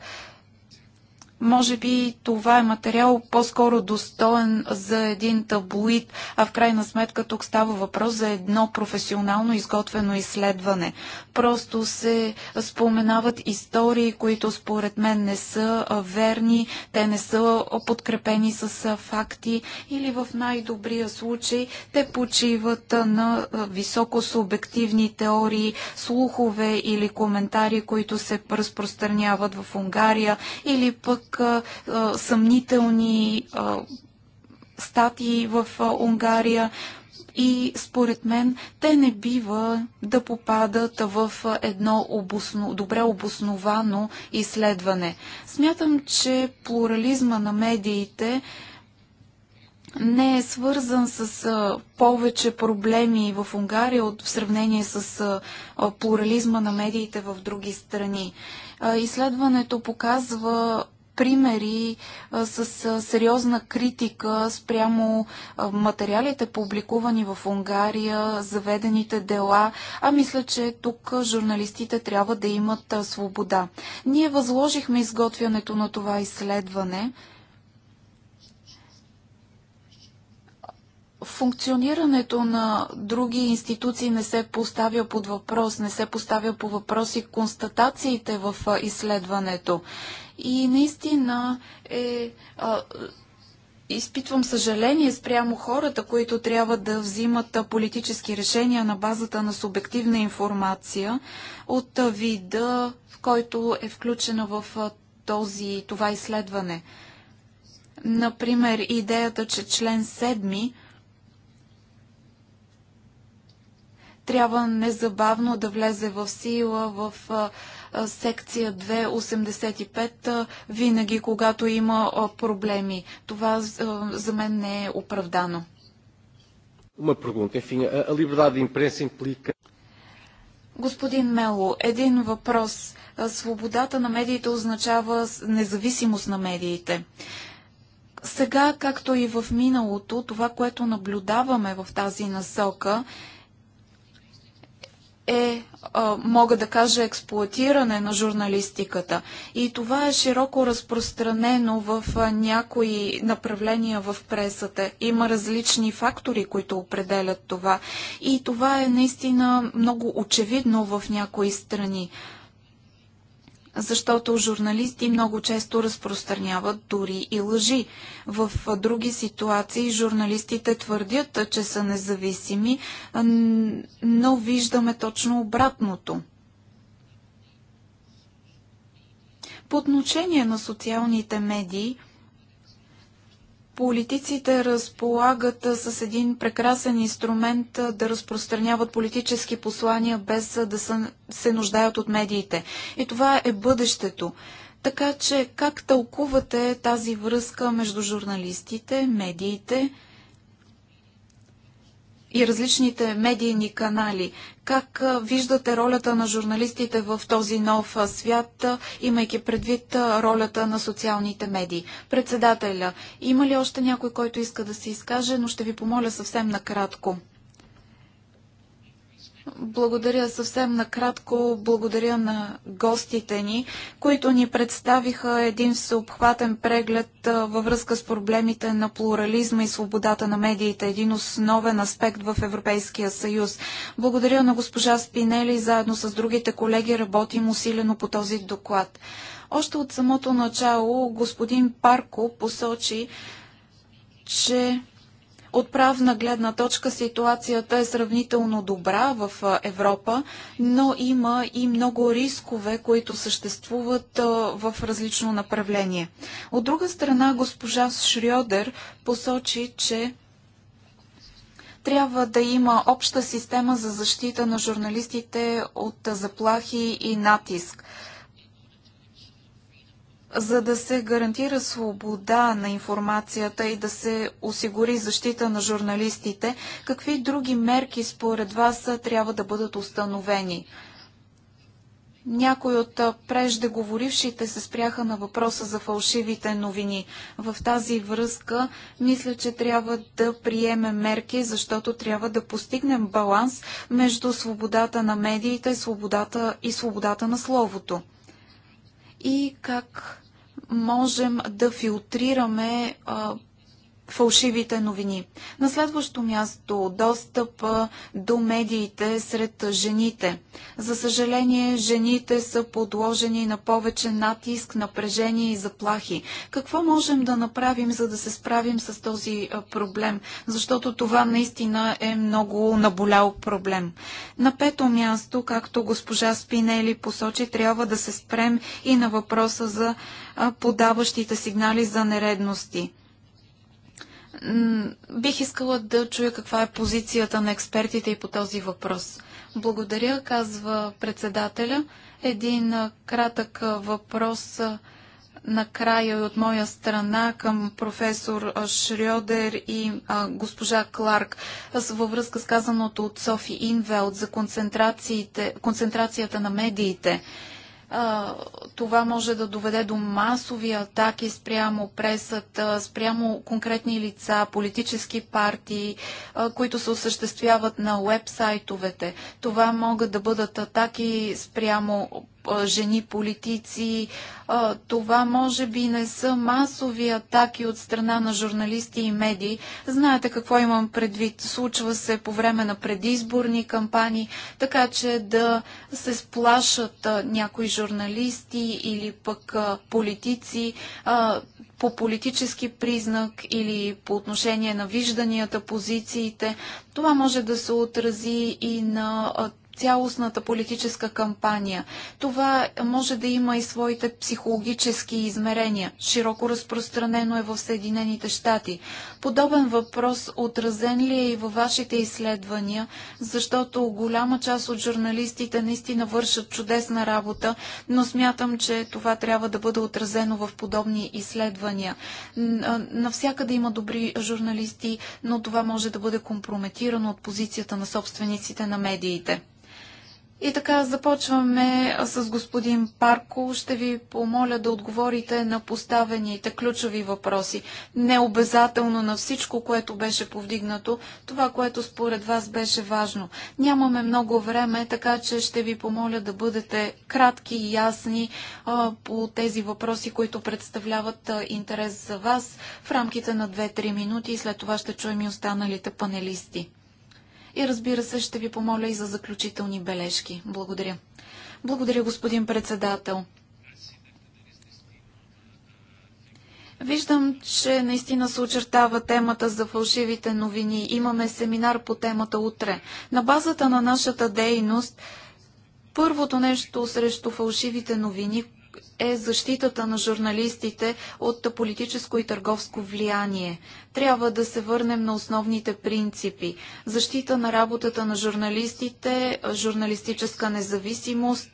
Може би това е материал по-скоро достоен за един таблоид, а в крайна сметка тук става въпрос за едно професионално изготвено изследване. Просто се споменават истории, които според мен не са верни, те не са подкрепени с факти или в най-добрия случай те почиват на високо субективни теории, слухове или коментари, които се разпространяват в Унгария или пък пък а, съмнителни а, статии в а, Унгария. И според мен те не бива да попадат в едно обосно, добре обосновано изследване. Смятам, че плурализма на медиите не е свързан с а, повече проблеми в Унгария от, в сравнение с а, плурализма на медиите в други страни. А, изследването показва примери с сериозна критика спрямо материалите публикувани в Унгария, заведените дела, а мисля, че тук журналистите трябва да имат свобода. Ние възложихме изготвянето на това изследване функционирането на други институции не се поставя под въпрос, не се поставя по въпроси констатациите в изследването. И наистина е. А, изпитвам съжаление спрямо хората, които трябва да взимат политически решения на базата на субективна информация от вида, в който е включена в този, това изследване. Например, идеята, че член 7 трябва незабавно да влезе в сила в секция 285 винаги, когато има проблеми. Това за мен не е оправдано. Uma pergunta, enfim, a liberdade de imprensa implica... Господин Мело, един въпрос. Свободата на медиите означава независимост на медиите. Сега, както и в миналото, това, което наблюдаваме в тази насока, е, мога да кажа, експлуатиране на журналистиката. И това е широко разпространено в някои направления в пресата. Има различни фактори, които определят това. И това е наистина много очевидно в някои страни защото журналисти много често разпространяват дори и лъжи. В други ситуации журналистите твърдят, че са независими, но виждаме точно обратното. По отношение на социалните медии – Политиците разполагат с един прекрасен инструмент да разпространяват политически послания без да са, се нуждаят от медиите. И това е бъдещето. Така че как тълкувате тази връзка между журналистите, медиите и различните медийни канали. Как виждате ролята на журналистите в този нов свят, имайки предвид ролята на социалните медии? Председателя, има ли още някой, който иска да се изкаже, но ще ви помоля съвсем накратко. Благодаря съвсем накратко. Благодаря на гостите ни, които ни представиха един всеобхватен преглед във връзка с проблемите на плурализма и свободата на медиите, един основен аспект в Европейския съюз. Благодаря на госпожа Спинели. Заедно с другите колеги работим усилено по този доклад. Още от самото начало господин Парко посочи, че от правна гледна точка ситуацията е сравнително добра в Европа, но има и много рискове, които съществуват в различно направление. От друга страна, госпожа Шриодер посочи, че трябва да има обща система за защита на журналистите от заплахи и натиск за да се гарантира свобода на информацията и да се осигури защита на журналистите, какви други мерки според вас трябва да бъдат установени? Някои от преждеговорившите се спряха на въпроса за фалшивите новини. В тази връзка мисля, че трябва да приемем мерки, защото трябва да постигнем баланс между свободата на медиите свободата и свободата на словото. И как можем да филтрираме а, фалшивите новини. На следващо място достъп до медиите сред жените. За съжаление, жените са подложени на повече натиск, напрежение и заплахи. Какво можем да направим, за да се справим с този проблем? Защото това наистина е много наболял проблем. На пето място, както госпожа Спинели посочи, трябва да се спрем и на въпроса за подаващите сигнали за нередности. Бих искала да чуя каква е позицията на експертите и по този въпрос. Благодаря, казва председателя. Един кратък въпрос накрая и от моя страна към професор Шрьодер и а, госпожа Кларк във връзка с казаното от Софи Инвелт за концентрацията на медиите това може да доведе до масови атаки спрямо пресата, спрямо конкретни лица, политически партии, които се осъществяват на уебсайтовете. Това могат да бъдат атаки спрямо жени политици. Това може би не са масови атаки от страна на журналисти и медии. Знаете какво имам предвид. Случва се по време на предизборни кампании, така че да се сплашат някои журналисти или пък политици по политически признак или по отношение на вижданията, позициите. Това може да се отрази и на цялостната политическа кампания. Това може да има и своите психологически измерения. Широко разпространено е в Съединените щати. Подобен въпрос отразен ли е и във вашите изследвания, защото голяма част от журналистите наистина вършат чудесна работа, но смятам, че това трябва да бъде отразено в подобни изследвания. Навсякъде има добри журналисти, но това може да бъде компрометирано от позицията на собствениците на медиите. И така започваме с господин Парко. Ще ви помоля да отговорите на поставените ключови въпроси. Не обязателно на всичко, което беше повдигнато, това, което според вас беше важно. Нямаме много време, така че ще ви помоля да бъдете кратки и ясни а, по тези въпроси, които представляват а, интерес за вас в рамките на 2-3 минути и след това ще чуем и останалите панелисти. И разбира се, ще ви помоля и за заключителни бележки. Благодаря. Благодаря, господин председател. Виждам, че наистина се очертава темата за фалшивите новини. Имаме семинар по темата утре. На базата на нашата дейност, първото нещо срещу фалшивите новини, е защитата на журналистите от политическо и търговско влияние. Трябва да се върнем на основните принципи. Защита на работата на журналистите, журналистическа независимост,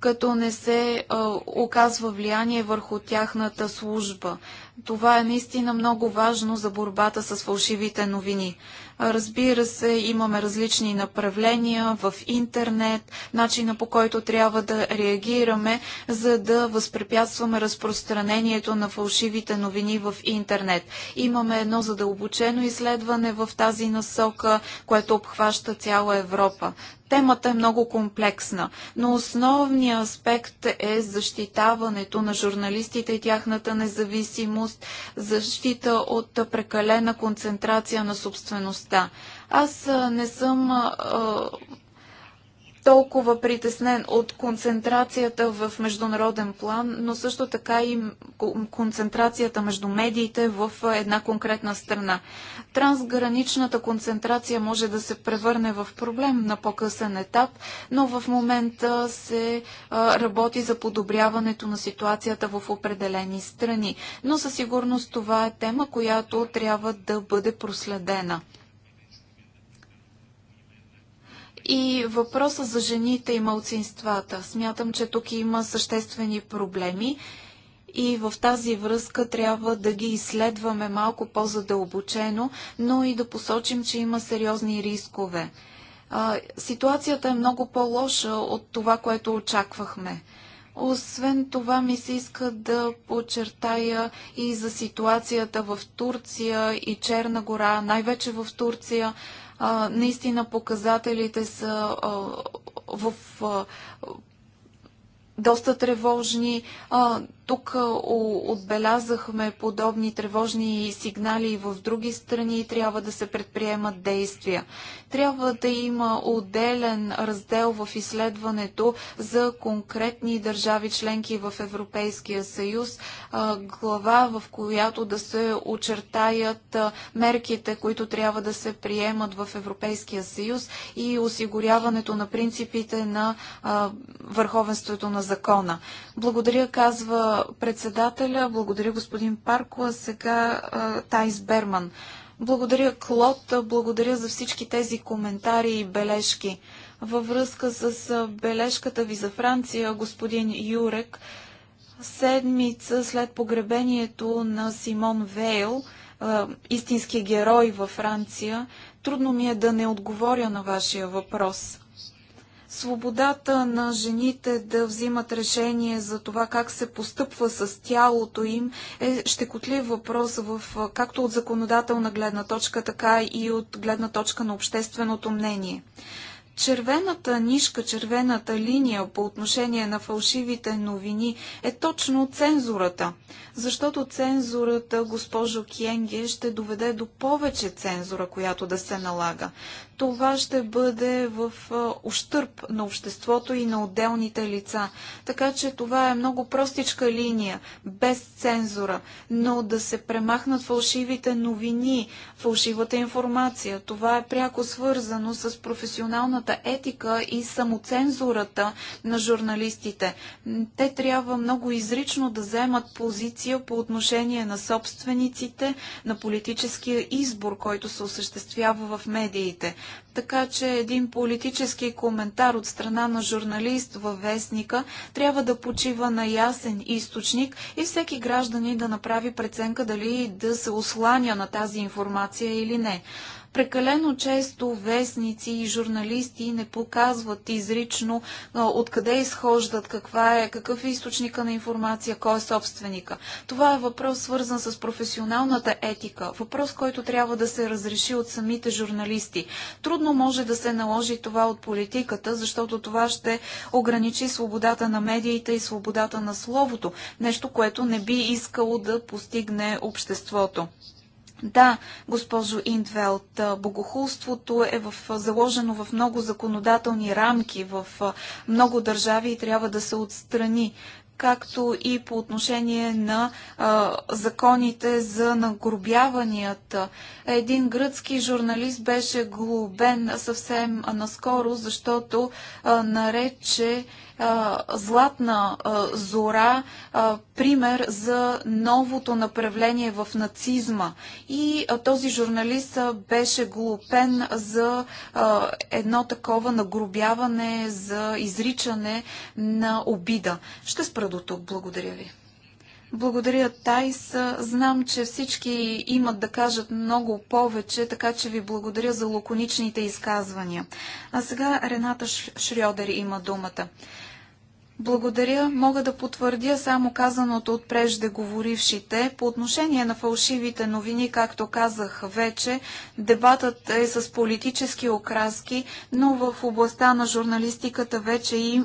като не се а, оказва влияние върху тяхната служба. Това е наистина много важно за борбата с фалшивите новини. Разбира се, имаме различни направления в интернет, начина по който трябва да реагираме, за да възпрепятстваме разпространението на фалшивите новини в интернет. Имаме едно задълбочено изследване в тази насока, което обхваща цяла Европа. Темата е много комплексна, но основният аспект е защитаването на журналистите и тяхната независимост, защита от прекалена концентрация на собствеността. Аз не съм а, толкова притеснен от концентрацията в международен план, но също така и концентрацията между медиите в една конкретна страна. Трансграничната концентрация може да се превърне в проблем на по-късен етап, но в момента се работи за подобряването на ситуацията в определени страни. Но със сигурност това е тема, която трябва да бъде проследена. И въпроса за жените и малцинствата. Смятам, че тук има съществени проблеми и в тази връзка трябва да ги изследваме малко по-задълбочено, но и да посочим, че има сериозни рискове. ситуацията е много по-лоша от това, което очаквахме. Освен това ми се иска да подчертая и за ситуацията в Турция и Черна гора, най-вече в Турция а, наистина показателите са а, в а, доста тревожни. А, тук отбелязахме подобни тревожни сигнали и в други страни и трябва да се предприемат действия. Трябва да има отделен раздел в изследването за конкретни държави членки в Европейския съюз, глава в която да се очертаят мерките, които трябва да се приемат в Европейския съюз и осигуряването на принципите на върховенството на закона. Благодаря, казва председателя. Благодаря господин Парко, а сега Тайс Берман. Благодаря Клод, благодаря за всички тези коментари и бележки. Във връзка с бележката ви за Франция, господин Юрек, седмица след погребението на Симон Вейл, истински герой във Франция, трудно ми е да не отговоря на вашия въпрос свободата на жените да взимат решение за това как се постъпва с тялото им е щекотлив въпрос в, както от законодателна гледна точка, така и от гледна точка на общественото мнение. Червената нишка, червената линия по отношение на фалшивите новини е точно цензурата. Защото цензурата, госпожо Кенге, ще доведе до повече цензура, която да се налага това ще бъде в ущърп на обществото и на отделните лица. Така че това е много простичка линия, без цензура, но да се премахнат фалшивите новини, фалшивата информация. Това е пряко свързано с професионалната етика и самоцензурата на журналистите. Те трябва много изрично да вземат позиция по отношение на собствениците, на политическия избор, който се осъществява в медиите. Така че един политически коментар от страна на журналист във вестника трябва да почива на ясен източник и всеки гражданин да направи преценка дали да се осланя на тази информация или не. Прекалено често вестници и журналисти не показват изрично откъде изхождат, каква е, какъв е източника на информация, кой е собственика. Това е въпрос свързан с професионалната етика, въпрос, който трябва да се разреши от самите журналисти. Трудно може да се наложи това от политиката, защото това ще ограничи свободата на медиите и свободата на словото, нещо, което не би искало да постигне обществото. Да, госпожо Индвелт, богохулството е в, заложено в много законодателни рамки в много държави и трябва да се отстрани както и по отношение на а, законите за нагробяванията. Един гръцки журналист беше глобен съвсем наскоро, защото а, нарече Златна зора, пример за новото направление в нацизма. И този журналист беше глупен за едно такова нагробяване, за изричане на обида. Ще спра до тук. Благодаря ви. Благодаря, Тайс. Знам, че всички имат да кажат много повече, така че ви благодаря за лаконичните изказвания. А сега Рената Шрьодер има думата. Благодаря. Мога да потвърдя само казаното от преждеговорившите. По отношение на фалшивите новини, както казах вече, дебатът е с политически окраски, но в областта на журналистиката вече и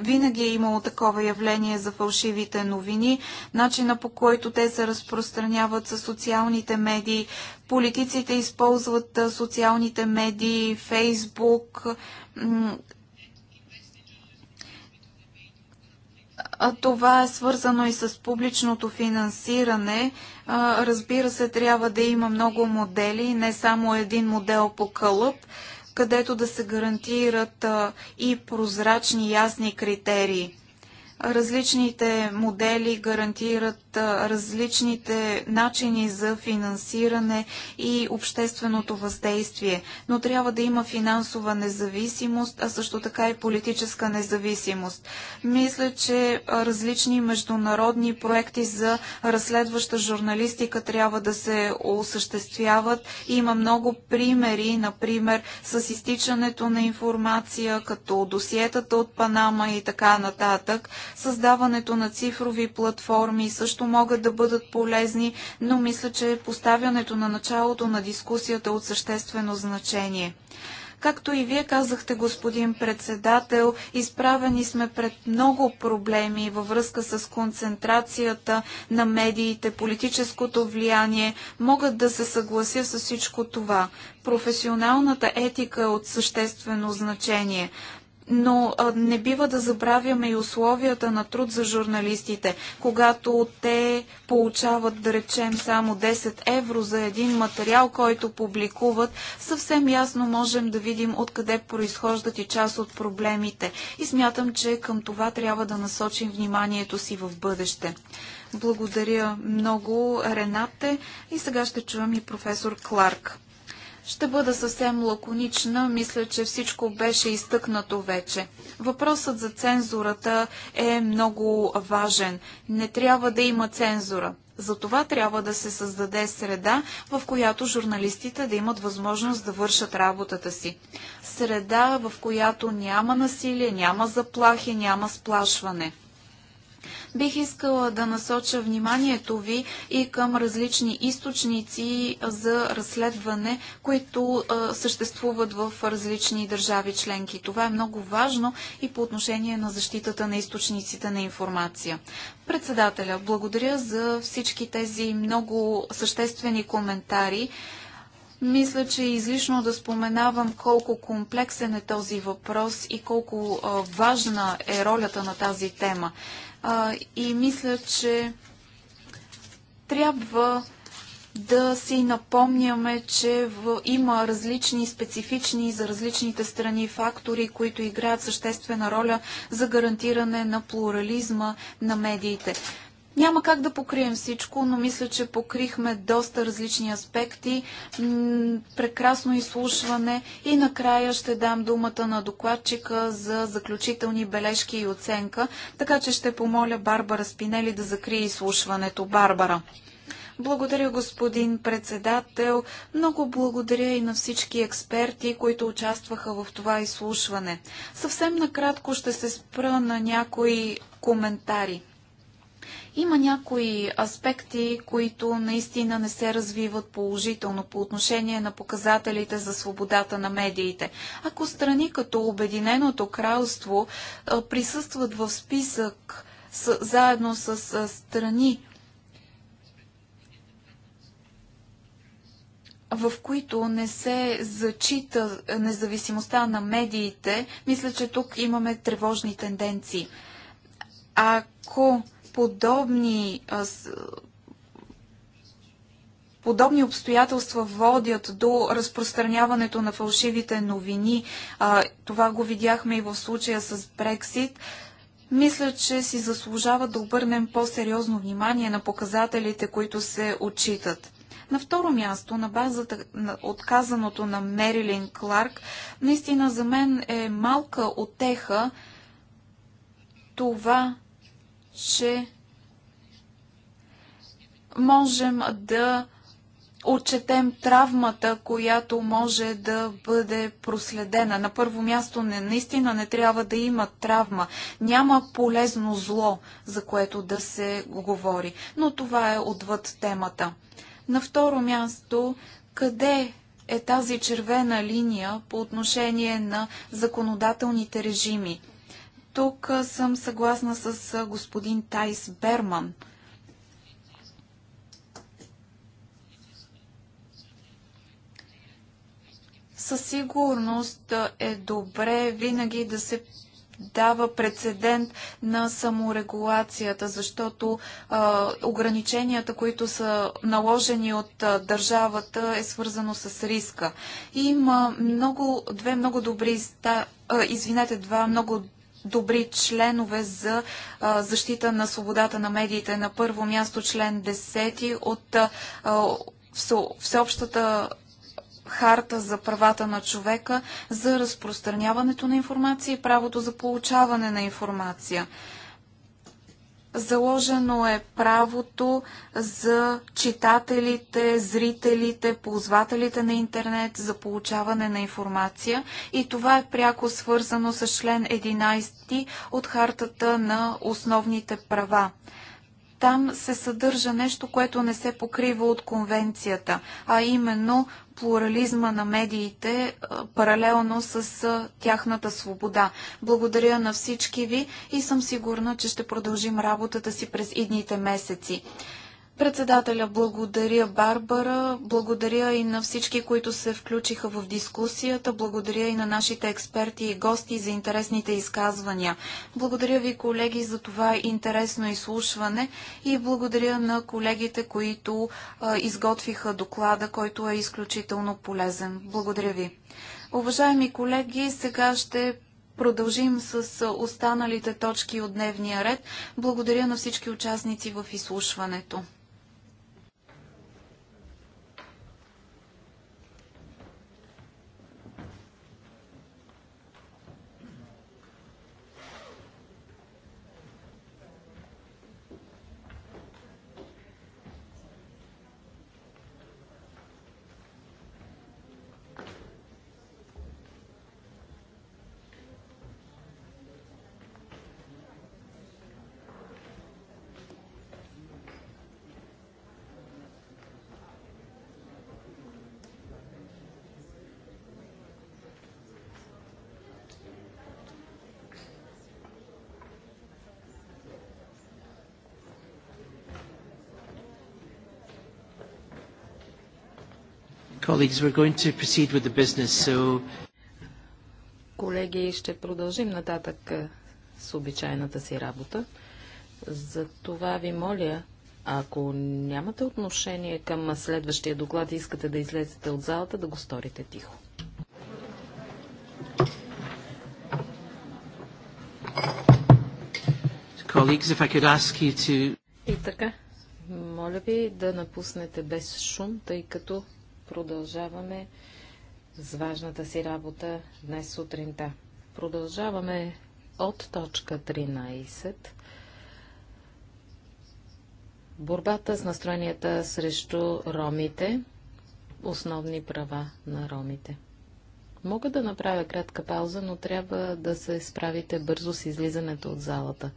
винаги е имало такова явление за фалшивите новини, начина по който те се разпространяват със социалните медии. Политиците използват социалните медии, Фейсбук, Това е свързано и с публичното финансиране. Разбира се, трябва да има много модели, не само един модел по кълъп, където да се гарантират и прозрачни, ясни критерии. Различните модели гарантират различните начини за финансиране и общественото въздействие, но трябва да има финансова независимост, а също така и политическа независимост. Мисля, че различни международни проекти за разследваща журналистика трябва да се осъществяват. Има много примери, например, с изтичането на информация, като досиетата от Панама и така нататък. Създаването на цифрови платформи също могат да бъдат полезни, но мисля, че поставянето на началото на дискусията е от съществено значение. Както и вие казахте, господин председател, изправени сме пред много проблеми във връзка с концентрацията на медиите, политическото влияние. Могат да се съглася с всичко това. Професионалната етика е от съществено значение но а, не бива да забравяме и условията на труд за журналистите. Когато те получават, да речем, само 10 евро за един материал, който публикуват, съвсем ясно можем да видим откъде произхождат и част от проблемите. И смятам, че към това трябва да насочим вниманието си в бъдеще. Благодаря много, Ренате. И сега ще чувам и професор Кларк. Ще бъда съвсем лаконична. Мисля, че всичко беше изтъкнато вече. Въпросът за цензурата е много важен. Не трябва да има цензура. Затова трябва да се създаде среда, в която журналистите да имат възможност да вършат работата си. Среда, в която няма насилие, няма заплахи, няма сплашване. Бих искала да насоча вниманието ви и към различни източници за разследване, които а, съществуват в различни държави членки. Това е много важно и по отношение на защитата на източниците на информация. Председателя, благодаря за всички тези много съществени коментари. Мисля, че е излишно да споменавам колко комплексен е този въпрос и колко а, важна е ролята на тази тема а, и мисля, че трябва да си напомняме, че в, има различни специфични за различните страни фактори, които играят съществена роля за гарантиране на плурализма на медиите. Няма как да покрием всичко, но мисля, че покрихме доста различни аспекти. Прекрасно изслушване и накрая ще дам думата на докладчика за заключителни бележки и оценка, така че ще помоля Барбара Спинели да закрие изслушването. Барбара. Благодаря, господин председател. Много благодаря и на всички експерти, които участваха в това изслушване. Съвсем накратко ще се спра на някои коментари. Има някои аспекти, които наистина не се развиват положително по отношение на показателите за свободата на медиите. Ако страни като Обединеното кралство присъстват в списък с, заедно с, с страни, в които не се зачита независимостта на медиите, мисля, че тук имаме тревожни тенденции. Ако подобни подобни обстоятелства водят до разпространяването на фалшивите новини. А, това го видяхме и в случая с Брексит. Мисля, че си заслужава да обърнем по-сериозно внимание на показателите, които се отчитат. На второ място, на базата на отказаното на Мерилин Кларк, наистина за мен е малка отеха това, че можем да отчетем травмата, която може да бъде проследена. На първо място, не, наистина не трябва да има травма. Няма полезно зло, за което да се говори. Но това е отвъд темата. На второ място, къде е тази червена линия по отношение на законодателните режими? Тук съм съгласна с господин Тайс Берман. Със сигурност е добре винаги да се дава прецедент на саморегулацията, защото а, ограниченията, които са наложени от а, държавата, е свързано с риска. Има много, две много добри, ста, а, извинете, два много добри членове за а, защита на свободата на медиите. На първо място член 10 от а, всеобщата харта за правата на човека за разпространяването на информация и правото за получаване на информация. Заложено е правото за читателите, зрителите, ползвателите на интернет за получаване на информация и това е пряко свързано с член 11 от Хартата на основните права там се съдържа нещо, което не се покрива от конвенцията, а именно плурализма на медиите паралелно с тяхната свобода. Благодаря на всички ви и съм сигурна, че ще продължим работата си през идните месеци. Председателя, благодаря Барбара, благодаря и на всички, които се включиха в дискусията, благодаря и на нашите експерти и гости за интересните изказвания. Благодаря ви, колеги, за това интересно изслушване и благодаря на колегите, които а, изготвиха доклада, който е изключително полезен. Благодаря ви. Уважаеми колеги, сега ще продължим с останалите точки от дневния ред. Благодаря на всички участници в изслушването. Colleagues, we're going to proceed with the business, so... Колеги, ще продължим нататък е, с обичайната си работа. За това ви моля, ако нямате отношение към следващия доклад и искате да излезете от залата, да го сторите тихо. Colleagues, if I could ask you to... И така, моля ви да напуснете без шум, тъй като Продължаваме с важната си работа днес сутринта. Продължаваме от точка 13. Борбата с настроенията срещу ромите. Основни права на ромите. Мога да направя кратка пауза, но трябва да се справите бързо с излизането от залата.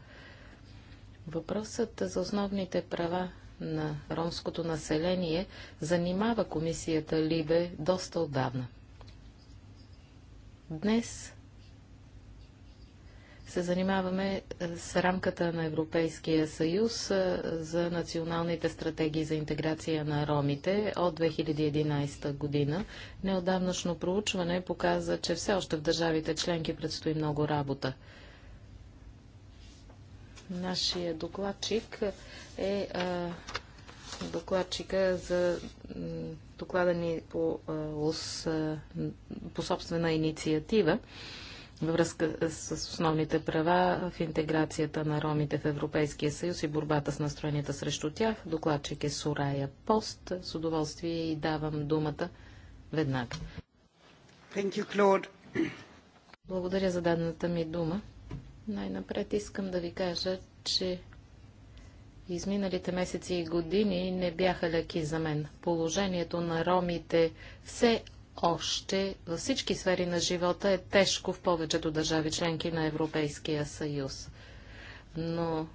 Въпросът за основните права на ромското население занимава комисията Либе доста отдавна. Днес се занимаваме е, с рамката на Европейския съюз е, за националните стратегии за интеграция на ромите от 2011 година. Неодавнашно проучване показа, че все още в държавите членки предстои много работа. Нашия докладчик е а, докладчика за доклада ни по, ОС, по собствена инициатива във връзка с основните права в интеграцията на ромите в Европейския съюз и борбата с настроенията срещу тях. Докладчик е Сурая Пост. С удоволствие и давам думата веднага. Thank you, Claude. Благодаря за дадената ми дума. Най-напред искам да ви кажа, че изминалите месеци и години не бяха леки за мен. Положението на ромите все още във всички сфери на живота е тежко в повечето държави членки на Европейския съюз. Но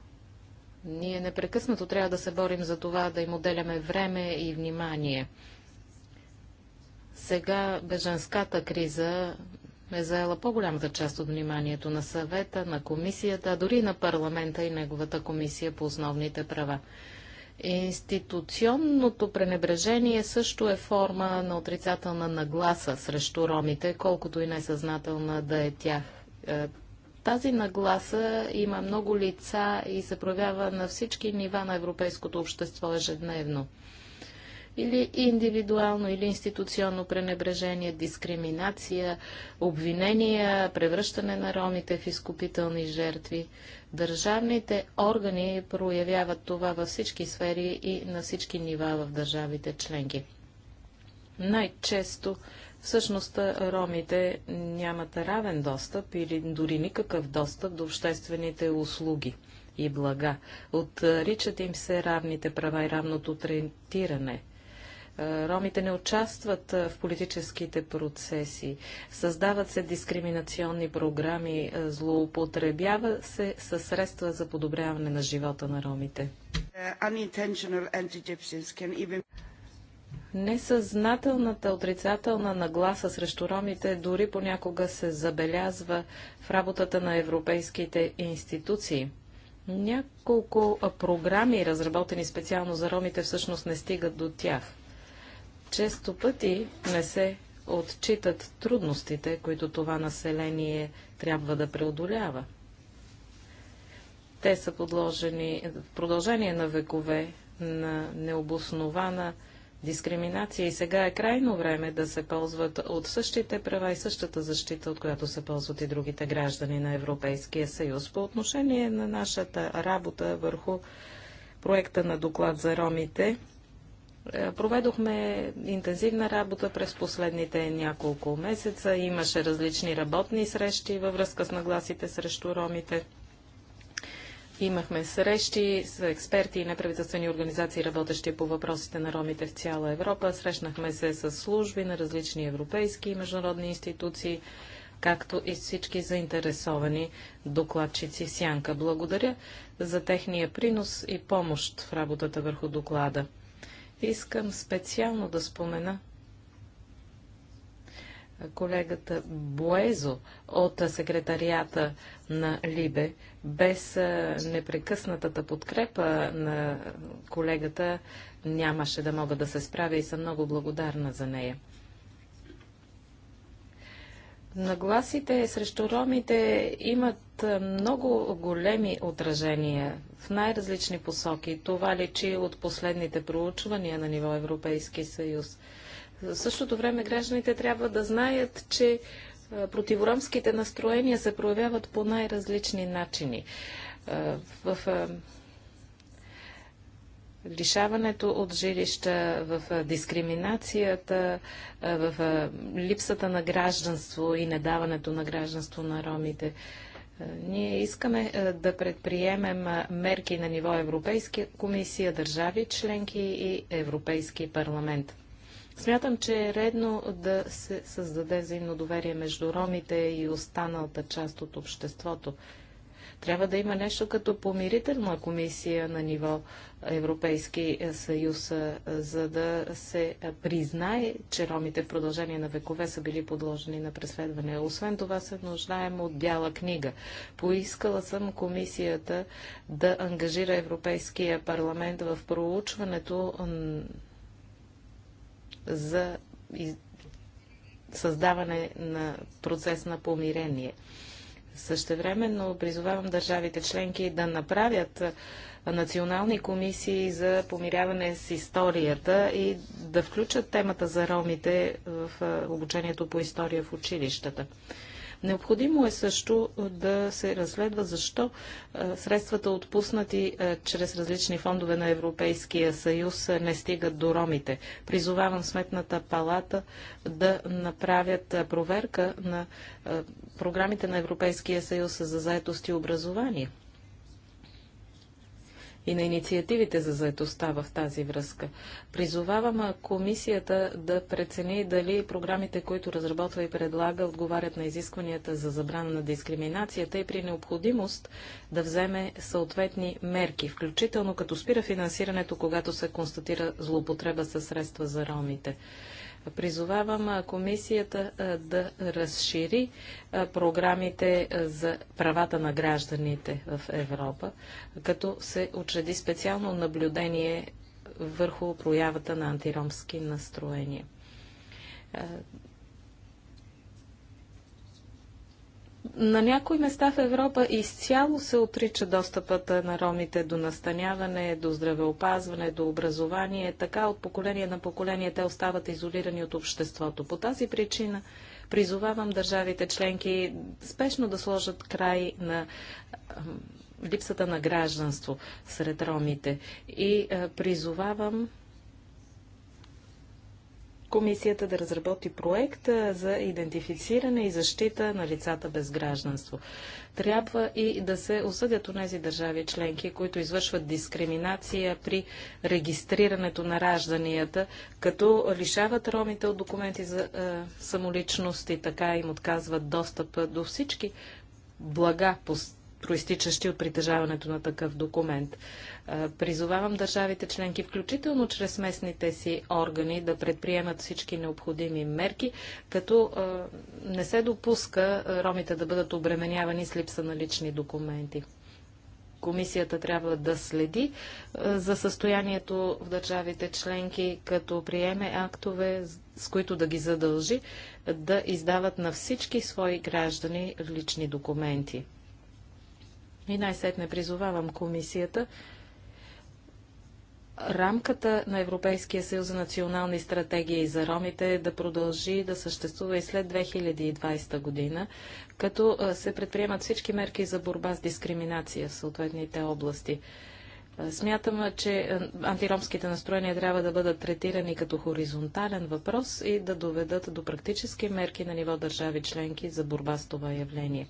ние непрекъснато трябва да се борим за това да им отделяме време и внимание. Сега беженската криза е заела по-голямата част от вниманието на съвета, на комисията, а дори на парламента и неговата комисия по основните права. Институционното пренебрежение също е форма на отрицателна нагласа срещу ромите, колкото и несъзнателна да е тях. Е, тази нагласа има много лица и се проявява на всички нива на европейското общество ежедневно или индивидуално или институционно пренебрежение, дискриминация, обвинения, превръщане на ромите в изкупителни жертви. Държавните органи проявяват това във всички сфери и на всички нива в държавите членки. Най-често Всъщност ромите нямат равен достъп или дори никакъв достъп до обществените услуги и блага. Отричат им се равните права и равното третиране. Е, ромите не участват е, в политическите процеси. Създават се дискриминационни програми, е, злоупотребява се със средства за подобряване на живота на ромите. Несъзнателната отрицателна нагласа срещу ромите дори понякога се забелязва в работата на европейските институции. Няколко програми, разработени специално за ромите, всъщност не стигат до тях. Често пъти не се отчитат трудностите, които това население трябва да преодолява. Те са подложени в продължение на векове на необоснована дискриминация и сега е крайно време да се ползват от същите права и същата защита, от която се ползват и другите граждани на Европейския съюз. По отношение на нашата работа върху проекта на доклад за ромите, е, проведохме интензивна работа през последните няколко месеца. Имаше различни работни срещи във връзка с нагласите срещу ромите. Имахме срещи с експерти и неправителствени организации, работещи по въпросите на ромите в цяла Европа. Срещнахме се с служби на различни европейски и международни институции, както и всички заинтересовани докладчици Сянка. Благодаря за техния принос и помощ в работата върху доклада. Искам специално да спомена колегата Боезо от секретарията на Либе. Без непрекъснатата подкрепа на колегата нямаше да мога да се справя и съм много благодарна за нея. Нагласите срещу ромите имат много големи отражения в най-различни посоки. Това лечи от последните проучвания на ниво Европейски съюз. В същото време гражданите трябва да знаят, че противоромските настроения се проявяват по най-различни начини. В лишаването от жилища, в дискриминацията, в липсата на гражданство и недаването на гражданство на ромите. Ние искаме да предприемем мерки на ниво Европейска комисия, държави членки и Европейски парламент. Смятам, че е редно да се създаде взаимно доверие между ромите и останалата част от обществото. Трябва да има нещо като помирителна комисия на ниво Европейски е, съюз, е, за да се е, признае, че ромите в продължение на векове са били подложени на преследване. Освен това се нуждаем от бяла книга. Поискала съм комисията да ангажира Европейския парламент в проучването за създаване на процес на помирение. Същевременно призовавам държавите членки да направят национални комисии за помиряване с историята и да включат темата за ромите в обучението по история в училищата. Необходимо е също да се разследва защо средствата отпуснати чрез различни фондове на Европейския съюз не стигат до ромите. Призовавам Сметната палата да направят проверка на програмите на Европейския съюз за заетост и образование и на инициативите за заетостта в тази връзка. Призовавам комисията да прецени дали програмите, които разработва и предлага, отговарят на изискванията за забрана на дискриминацията и при необходимост да вземе съответни мерки, включително като спира финансирането, когато се констатира злоупотреба със средства за ромите. Призовавам комисията да разшири програмите за правата на гражданите в Европа, като се учреди специално наблюдение върху проявата на антиромски настроения. На някои места в Европа изцяло се отрича достъпът на ромите до настаняване, до здравеопазване, до образование. Така от поколение на поколение те остават изолирани от обществото. По тази причина призовавам държавите членки спешно да сложат край на липсата на гражданство сред ромите и е, призовавам комисията да разработи проект за идентифициране и защита на лицата без гражданство. Трябва и да се осъдят онези държави членки, които извършват дискриминация при регистрирането на ражданията, като лишават ромите от документи за самоличност и така им отказват достъп до всички блага, проистичащи от притежаването на такъв документ. Призовавам държавите членки, включително чрез местните си органи, да предприемат всички необходими мерки, като не се допуска ромите да бъдат обременявани с липса на лични документи. Комисията трябва да следи за състоянието в държавите членки, като приеме актове, с които да ги задължи да издават на всички свои граждани лични документи. И най-сетне призовавам комисията рамката на Европейския съюз за национални стратегии за ромите да продължи да съществува и след 2020 година, като се предприемат всички мерки за борба с дискриминация в съответните области. Смятам, че антиромските настроения трябва да бъдат третирани като хоризонтален въпрос и да доведат до практически мерки на ниво държави членки за борба с това явление.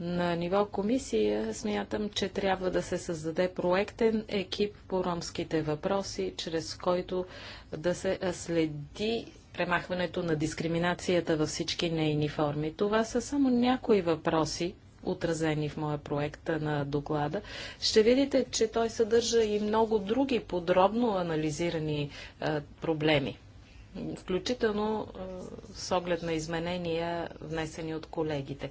На ниво комисия смятам, че трябва да се създаде проектен екип по ромските въпроси, чрез който да се следи премахването на дискриминацията във всички нейни форми. Това са само някои въпроси, отразени в моя проект на доклада. Ще видите, че той съдържа и много други подробно анализирани проблеми включително е, с оглед на изменения, внесени от колегите.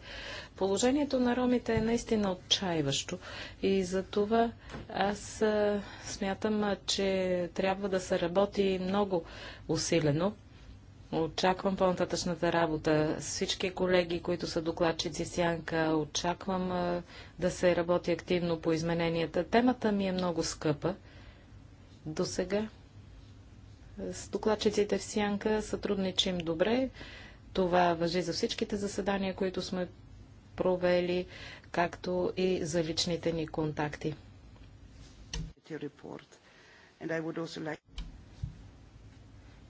Положението на ромите е наистина отчаиващо и за това аз е, смятам, е, че трябва да се работи много усилено. Очаквам по-нататъчната работа с всички колеги, които са докладчици Сянка. Очаквам да се работи активно по измененията. Темата ми е много скъпа. До сега с докладчиците в Сянка сътрудничим добре. Това въжи за всичките заседания, които сме провели, както и за личните ни контакти.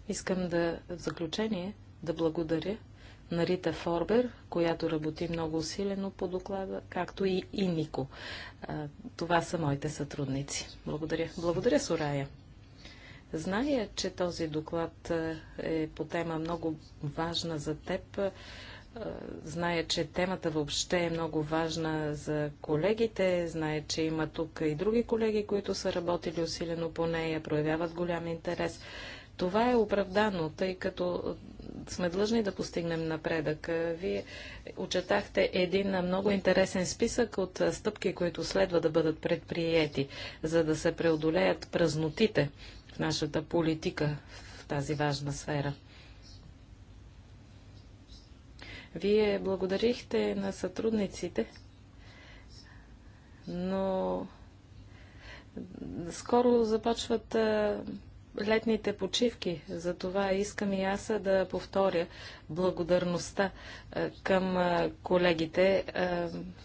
Искам да в заключение да благодаря на Рита Форбер, която работи много усилено по доклада, както и, и Нико. Това са моите сътрудници. Благодаря. Благодаря, Сорая. Зная, че този доклад е, е по тема много важна за теб. Е, зная, че темата въобще е много важна за колегите. Зная, че има тук и други колеги, които са работили усилено по нея, проявяват голям интерес. Това е оправдано, тъй като сме длъжни да постигнем напредък. Е, вие очетахте един много интересен списък от стъпки, които следва да бъдат предприети, за да се преодолеят празнотите в нашата политика в тази важна сфера. Вие благодарихте на сътрудниците, но скоро започват летните почивки. Затова искам и аз да повторя благодарността към колегите.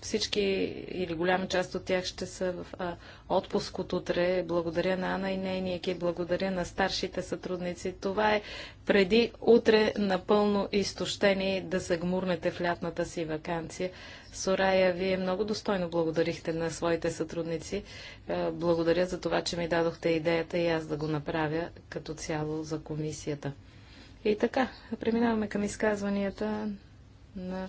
Всички или голяма част от тях ще са в отпуск от утре. Благодаря на Ана и нейния екип, благодаря на старшите сътрудници. Това е преди утре напълно изтощени да се гмурнете в лятната си вакансия. Сорая, вие много достойно благодарихте на своите сътрудници. Е, благодаря за това, че ми дадохте идеята и аз да го направя като цяло за комисията. И така, преминаваме към изказванията на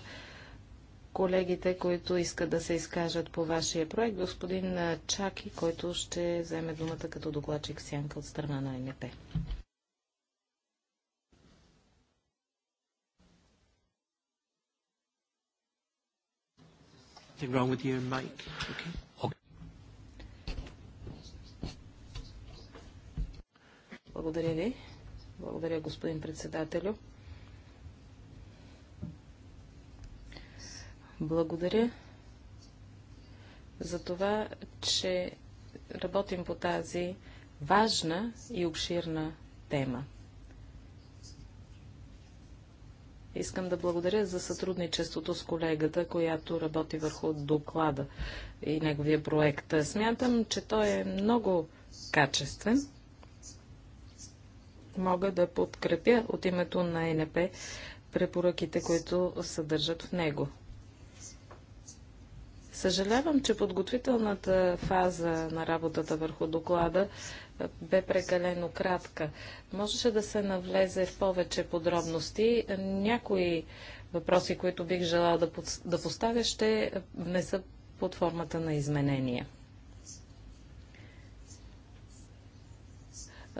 колегите, които искат да се изкажат по вашия проект. Господин Чаки, който ще вземе думата като докладчик сянка от страна на МП. Благодаря ви. Благодаря, господин председателю. Благодаря за това, че работим по тази важна и обширна тема. Искам да благодаря за сътрудничеството с колегата, която работи върху доклада и неговия проект. Смятам, че той е много качествен. Мога да подкрепя от името на НП препоръките, които съдържат в него. Съжалявам, че подготвителната фаза на работата върху доклада е, бе прекалено кратка. Можеше да се навлезе в повече подробности. Някои въпроси, които бих желала да, поставя, ще внеса под формата на изменения.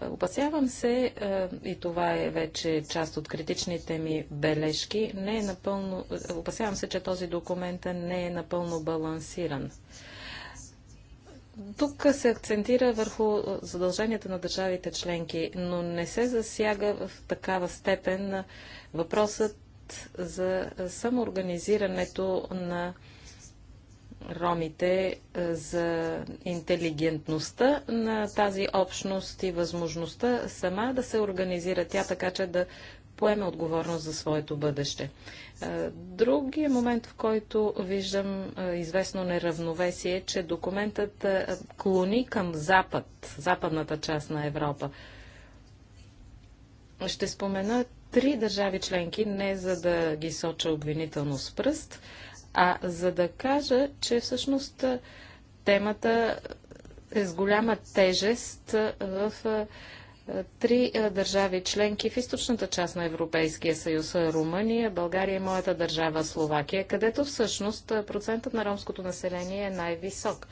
Опасявам се, е, и това е вече част от критичните ми бележки, не е напълно, опасявам се, че този документ не е напълно балансиран. Тук се акцентира върху задълженията на държавите членки, но не се засяга в такава степен въпросът за самоорганизирането на ромите е, за интелигентността на тази общност и възможността сама да се организира тя така, че да поеме отговорност за своето бъдеще. Е, Другият момент, в който виждам е, известно неравновесие, е, че документът клони към Запад, западната част на Европа. Ще спомена три държави членки, не за да ги соча обвинително с пръст, а за да кажа, че всъщност темата е с голяма тежест в три държави членки в източната част на Европейския съюз Румъния, България и моята държава Словакия, където всъщност процентът на ромското население е най-висок.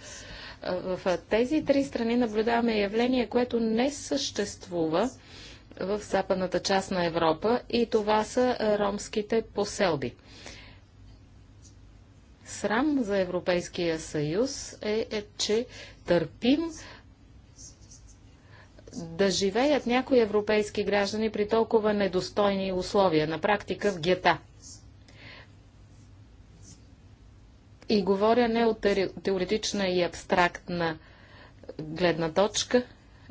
В тези три страни наблюдаваме явление, което не съществува в западната част на Европа и това са ромските поселби. Срам за Европейския съюз е, е че търпим да живеят някои европейски граждани при толкова недостойни условия, на практика в гета. И говоря не от теоретична и абстрактна гледна точка.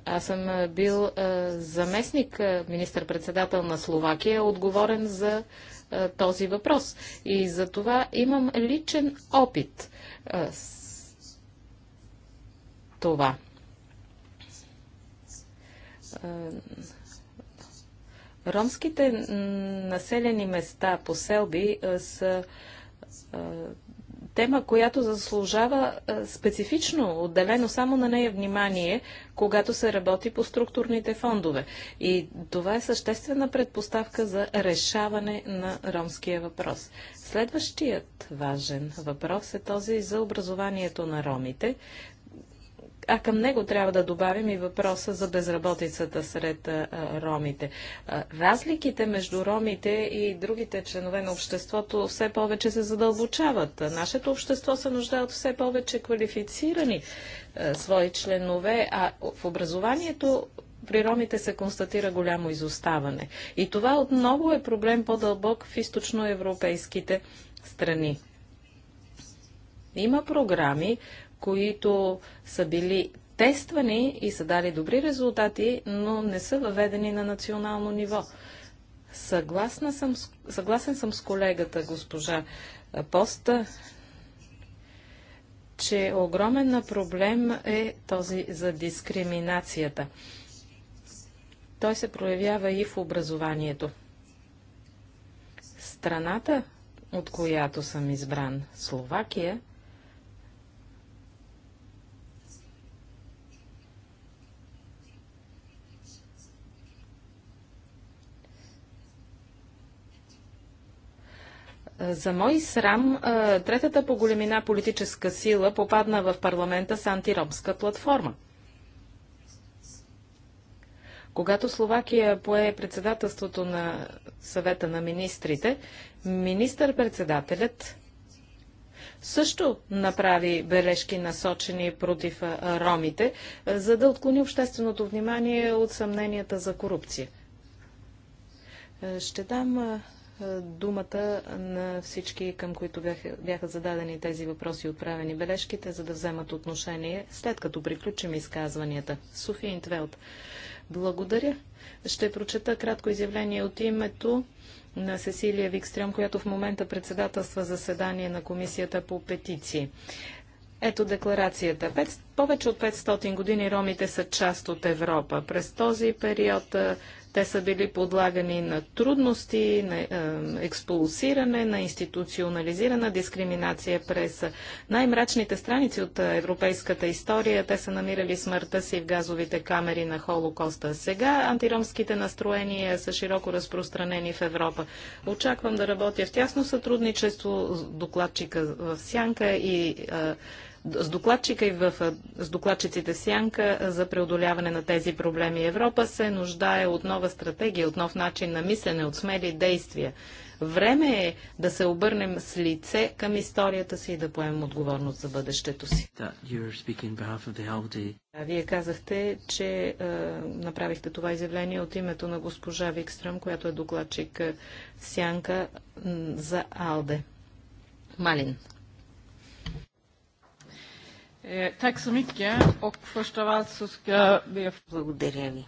Аз съм бил е, заместник е, министър-председател на Словакия, отговорен за е, този въпрос. И за това имам личен опит е, с това. Е, ромските населени места по селби са тема, която заслужава е, специфично, отделено само на нея внимание, когато се работи по структурните фондове. И това е съществена предпоставка за решаване на ромския въпрос. Следващият важен въпрос е този за образованието на ромите. А към него трябва да добавим и въпроса за безработицата сред ромите. разликите между ромите и другите членове на обществото все повече се задълбочават. Нашето общество се нуждае от все повече квалифицирани свои членове, а в образованието при ромите се констатира голямо изоставане. И това отново е проблем по-дълбок в източноевропейските страни. Има програми, които са били тествани и са дали добри резултати, но не са въведени на национално ниво. Съгласна съм, съгласен съм с колегата госпожа Поста, че огромен проблем е този за дискриминацията. Той се проявява и в образованието. Страната, от която съм избран, Словакия, За мой срам, третата по големина политическа сила попадна в парламента с антиромска платформа. Когато Словакия пое председателството на съвета на министрите, министър-председателят също направи бележки насочени против ромите, за да отклони общественото внимание от съмненията за корупция. Е, ще дам е, думата на всички, към които бяха, бяха зададени тези въпроси и отправени бележките, за да вземат отношение, след като приключим изказванията. София Интвелт. Благодаря. Ще прочета кратко изявление от името на Сесилия Викстрем, която в момента председателства заседание на Комисията по петиции. Ето декларацията. Пет, повече от 500 години ромите са част от Европа. През този период е, те са били подлагани на трудности, на е, експулсиране, на институционализирана дискриминация през най-мрачните страници от е, европейската история. Те са намирали смъртта си в газовите камери на Холокоста. Сега антиромските настроения са широко разпространени в Европа. Очаквам да работя в тясно сътрудничество с докладчика в Сянка и е, с докладчика и в, с докладчиците Сянка за преодоляване на тези проблеми. Европа се нуждае от нова стратегия, от нов начин на мислене, от смели действия. Време е да се обърнем с лице към историята си и да поемем отговорност за бъдещето си. А вие казахте, че е, направихте това изявление от името на госпожа Викстръм, която е докладчик Сянка за Алде. Малин. Eh, Благодаря ви.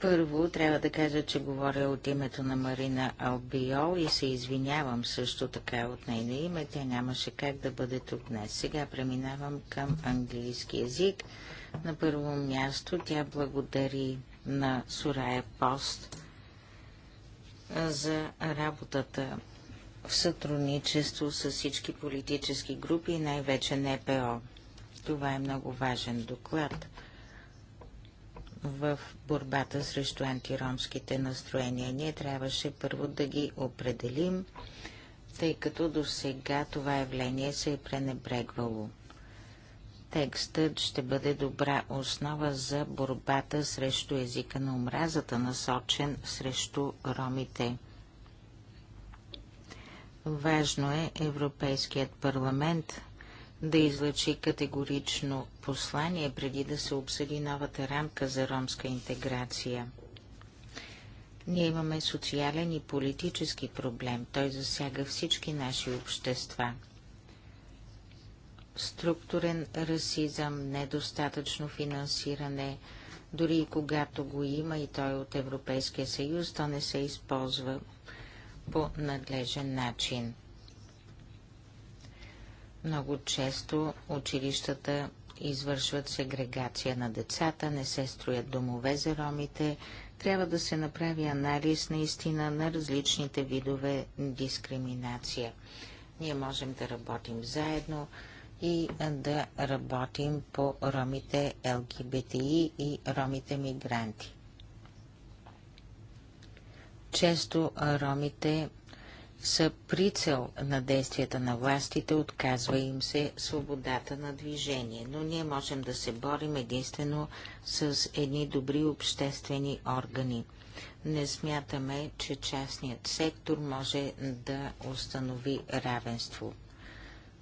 Първо трябва да кажа, че говоря от името на Марина Албиол и се извинявам също така от нейна име. Тя нямаше как да бъде тук днес. Сега преминавам към английски язик. На първо място тя благодари на Сурая Пост за работата в сътрудничество с всички политически групи и най-вече НПО. Това е много важен доклад в борбата срещу антиромските настроения. Ние трябваше първо да ги определим, тъй като до сега това явление се е пренебрегвало. Текстът ще бъде добра основа за борбата срещу езика на омразата, насочен срещу ромите. Важно е Европейският парламент да излъчи категорично послание преди да се обсъди новата рамка за ромска интеграция. Ние имаме социален и политически проблем. Той засяга всички наши общества. Структурен расизъм, недостатъчно финансиране, дори и когато го има и той е от Европейския съюз, то не се използва по надлежен начин. Много често училищата извършват сегрегация на децата, не се строят домове за ромите. Трябва да се направи анализ наистина на различните видове дискриминация. Ние можем да работим заедно и да работим по ромите ЛГБТИ и ромите мигранти. Често ромите са прицел на действията на властите, отказва им се свободата на движение. Но ние можем да се борим единствено с едни добри обществени органи. Не смятаме, че частният сектор може да установи равенство.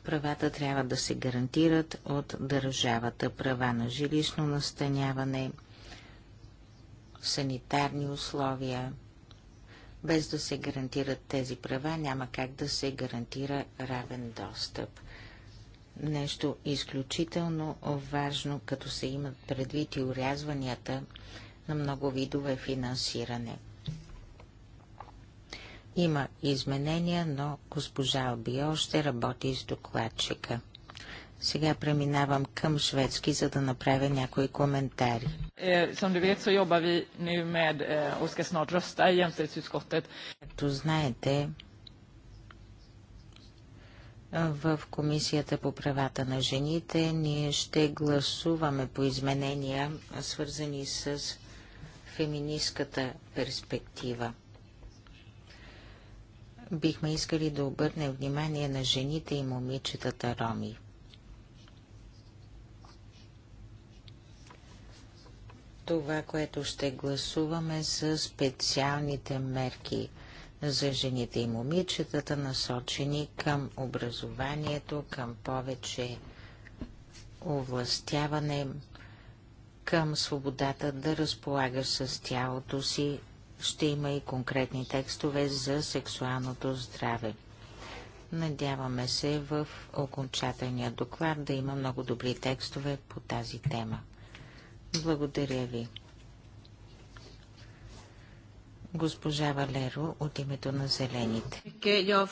Правата трябва да се гарантират от държавата. Права на жилищно настаняване, санитарни условия – без да се гарантират тези права, няма как да се гарантира равен достъп. Нещо изключително важно, като се имат предвид и урязванията на много видове финансиране. Има изменения, но госпожа Алби още работи с докладчика. Сега преминавам към шведски, за да направя някои коментари. Е, Som du vet så jobbar vi nu med е, och ska snart rösta i jämställdhetsutskottet. Както знаете, в Комисията по правата на жените ние ще гласуваме по изменения, свързани с феминистката перспектива. Бихме искали да обърнем внимание на жените и момичетата роми. това, което ще гласуваме са специалните мерки за жените и момичетата, насочени към образованието, към повече овластяване, към свободата да разполагаш с тялото си. Ще има и конкретни текстове за сексуалното здраве. Надяваме се в окончателния доклад да има много добри текстове по тази тема. Благодаря ви. Госпожа Валеро от името на Зелените. Е,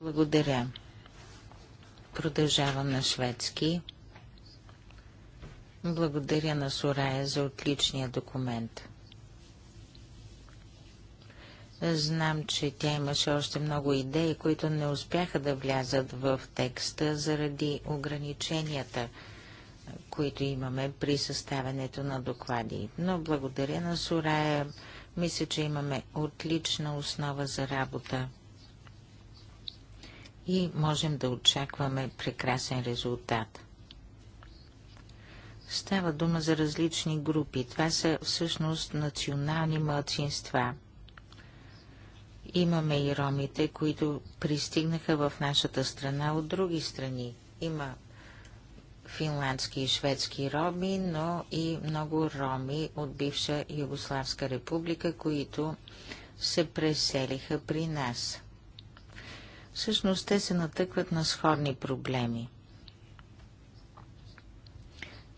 Благодаря. Продължавам на шведски. Благодаря на Сурая за отличния документ. Знам, че тя имаше още много идеи, които не успяха да влязат в текста заради ограниченията, които имаме при съставянето на доклади. Но благодаря на Сурая. Мисля, че имаме отлична основа за работа и можем да очакваме прекрасен резултат. Става дума за различни групи. Това са всъщност национални мълцинства – Имаме и ромите, които пристигнаха в нашата страна от други страни. Има финландски и шведски роми, но и много роми от бивша Югославска република, които се преселиха при нас. Всъщност те се натъкват на сходни проблеми.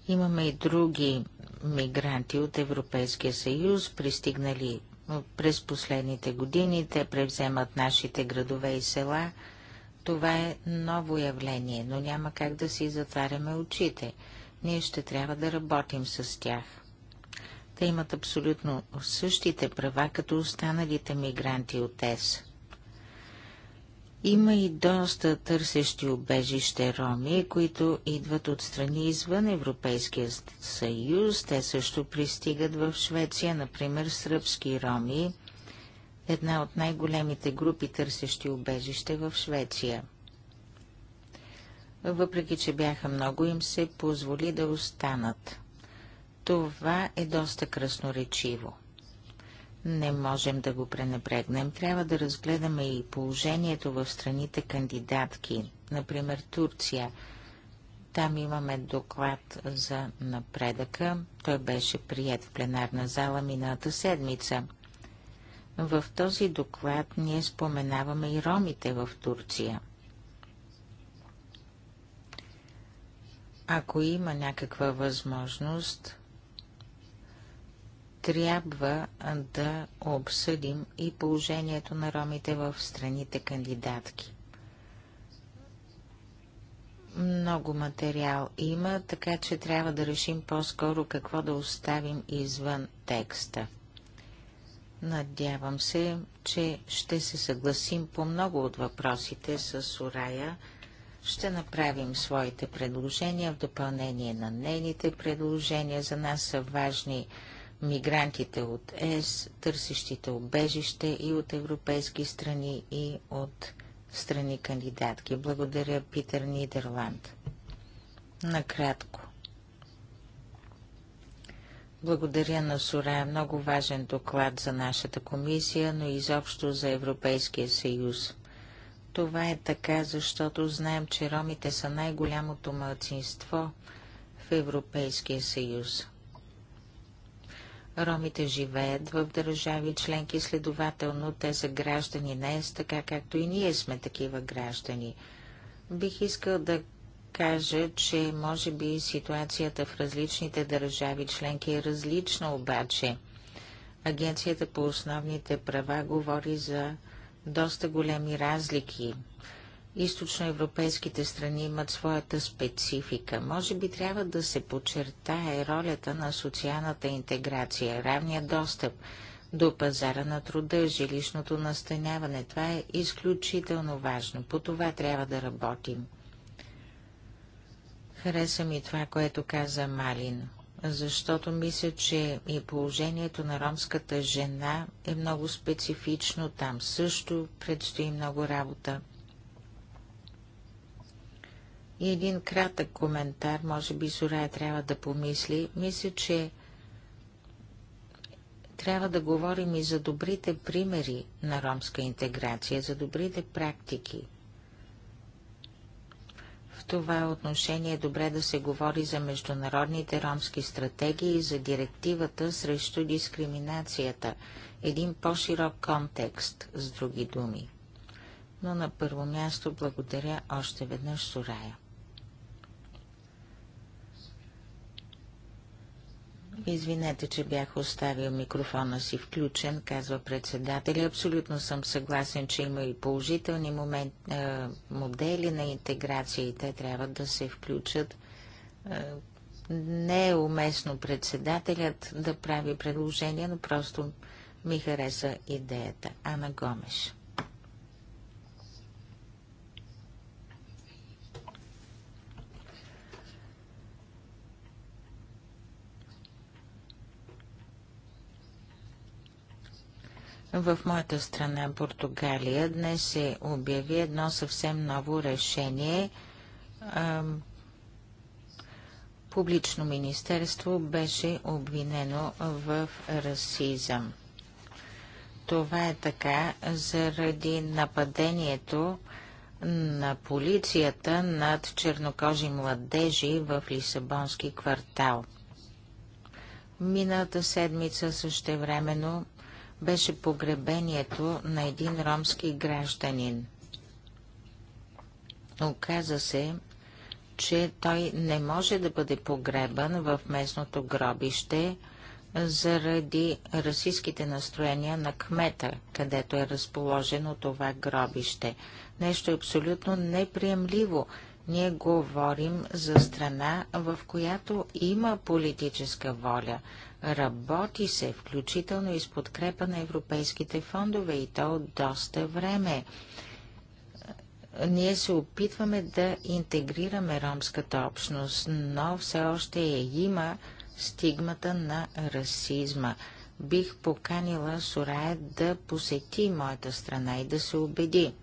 Имаме и други мигранти от Европейския съюз, пристигнали през последните години те превземат нашите градове и села. Това е ново явление, но няма как да си затваряме очите. Ние ще трябва да работим с тях. Те имат абсолютно същите права, като останалите мигранти от ЕС. Има и доста търсещи убежище роми, които идват от страни извън Европейския съюз. Те също пристигат в Швеция, например сръбски роми, една от най-големите групи търсещи убежище в Швеция. Въпреки, че бяха много, им се позволи да останат. Това е доста красноречиво не можем да го пренебрегнем. Трябва да разгледаме и положението в страните кандидатки, например Турция. Там имаме доклад за напредъка. Той беше прият в пленарна зала миналата седмица. В този доклад ние споменаваме и ромите в Турция. Ако има някаква възможност трябва да обсъдим и положението на ромите в страните кандидатки. Много материал има, така че трябва да решим по-скоро какво да оставим извън текста. Надявам се, че ще се съгласим по много от въпросите с Урая. Ще направим своите предложения в допълнение на нейните предложения. За нас са важни мигрантите от ЕС, търсещите обежище и от европейски страни и от страни кандидатки. Благодаря Питър Нидерланд. Накратко. Благодаря на Сурая. Много важен доклад за нашата комисия, но изобщо за Европейския съюз. Това е така, защото знаем, че ромите са най-голямото мълцинство в Европейския съюз. Ромите живеят в държави членки, следователно те са граждани на ЕС, така както и ние сме такива граждани. Бих искал да кажа, че може би ситуацията в различните държави членки е различна обаче. Агенцията по основните права говори за доста големи разлики източноевропейските страни имат своята специфика. Може би трябва да се подчертае ролята на социалната интеграция, равния достъп до пазара на труда, жилищното настаняване. Това е изключително важно. По това трябва да работим. Хареса ми това, което каза Малин, защото мисля, че и положението на ромската жена е много специфично. Там също предстои много работа. И един кратък коментар, може би Зорая трябва да помисли. Мисля, че трябва да говорим и за добрите примери на ромска интеграция, за добрите практики. В това отношение е добре да се говори за международните ромски стратегии и за директивата срещу дискриминацията. Един по-широк контекст, с други думи. Но на първо място благодаря още веднъж Сурая. Извинете, че бях оставил микрофона си включен, казва председател. Абсолютно съм съгласен, че има и положителни момент, е, модели на интеграция и те трябва да се включат. Е, не е уместно председателят да прави предложения, но просто ми хареса идеята. Ана Гомеш. В моята страна, Португалия, днес се обяви едно съвсем ново решение. публично министерство беше обвинено в расизъм. Това е така заради нападението на полицията над чернокожи младежи в Лисабонски квартал. Миналата седмица също времено беше погребението на един ромски гражданин. Оказа се, че той не може да бъде погребан в местното гробище заради расистските настроения на кмета, където е разположено това гробище. Нещо е абсолютно неприемливо. Ние говорим за страна, в която има политическа воля, Работи се, включително и с подкрепа на европейските фондове и то от доста време. Ние се опитваме да интегрираме ромската общност, но все още е има стигмата на расизма. Бих поканила Сурая да посети моята страна и да се убеди,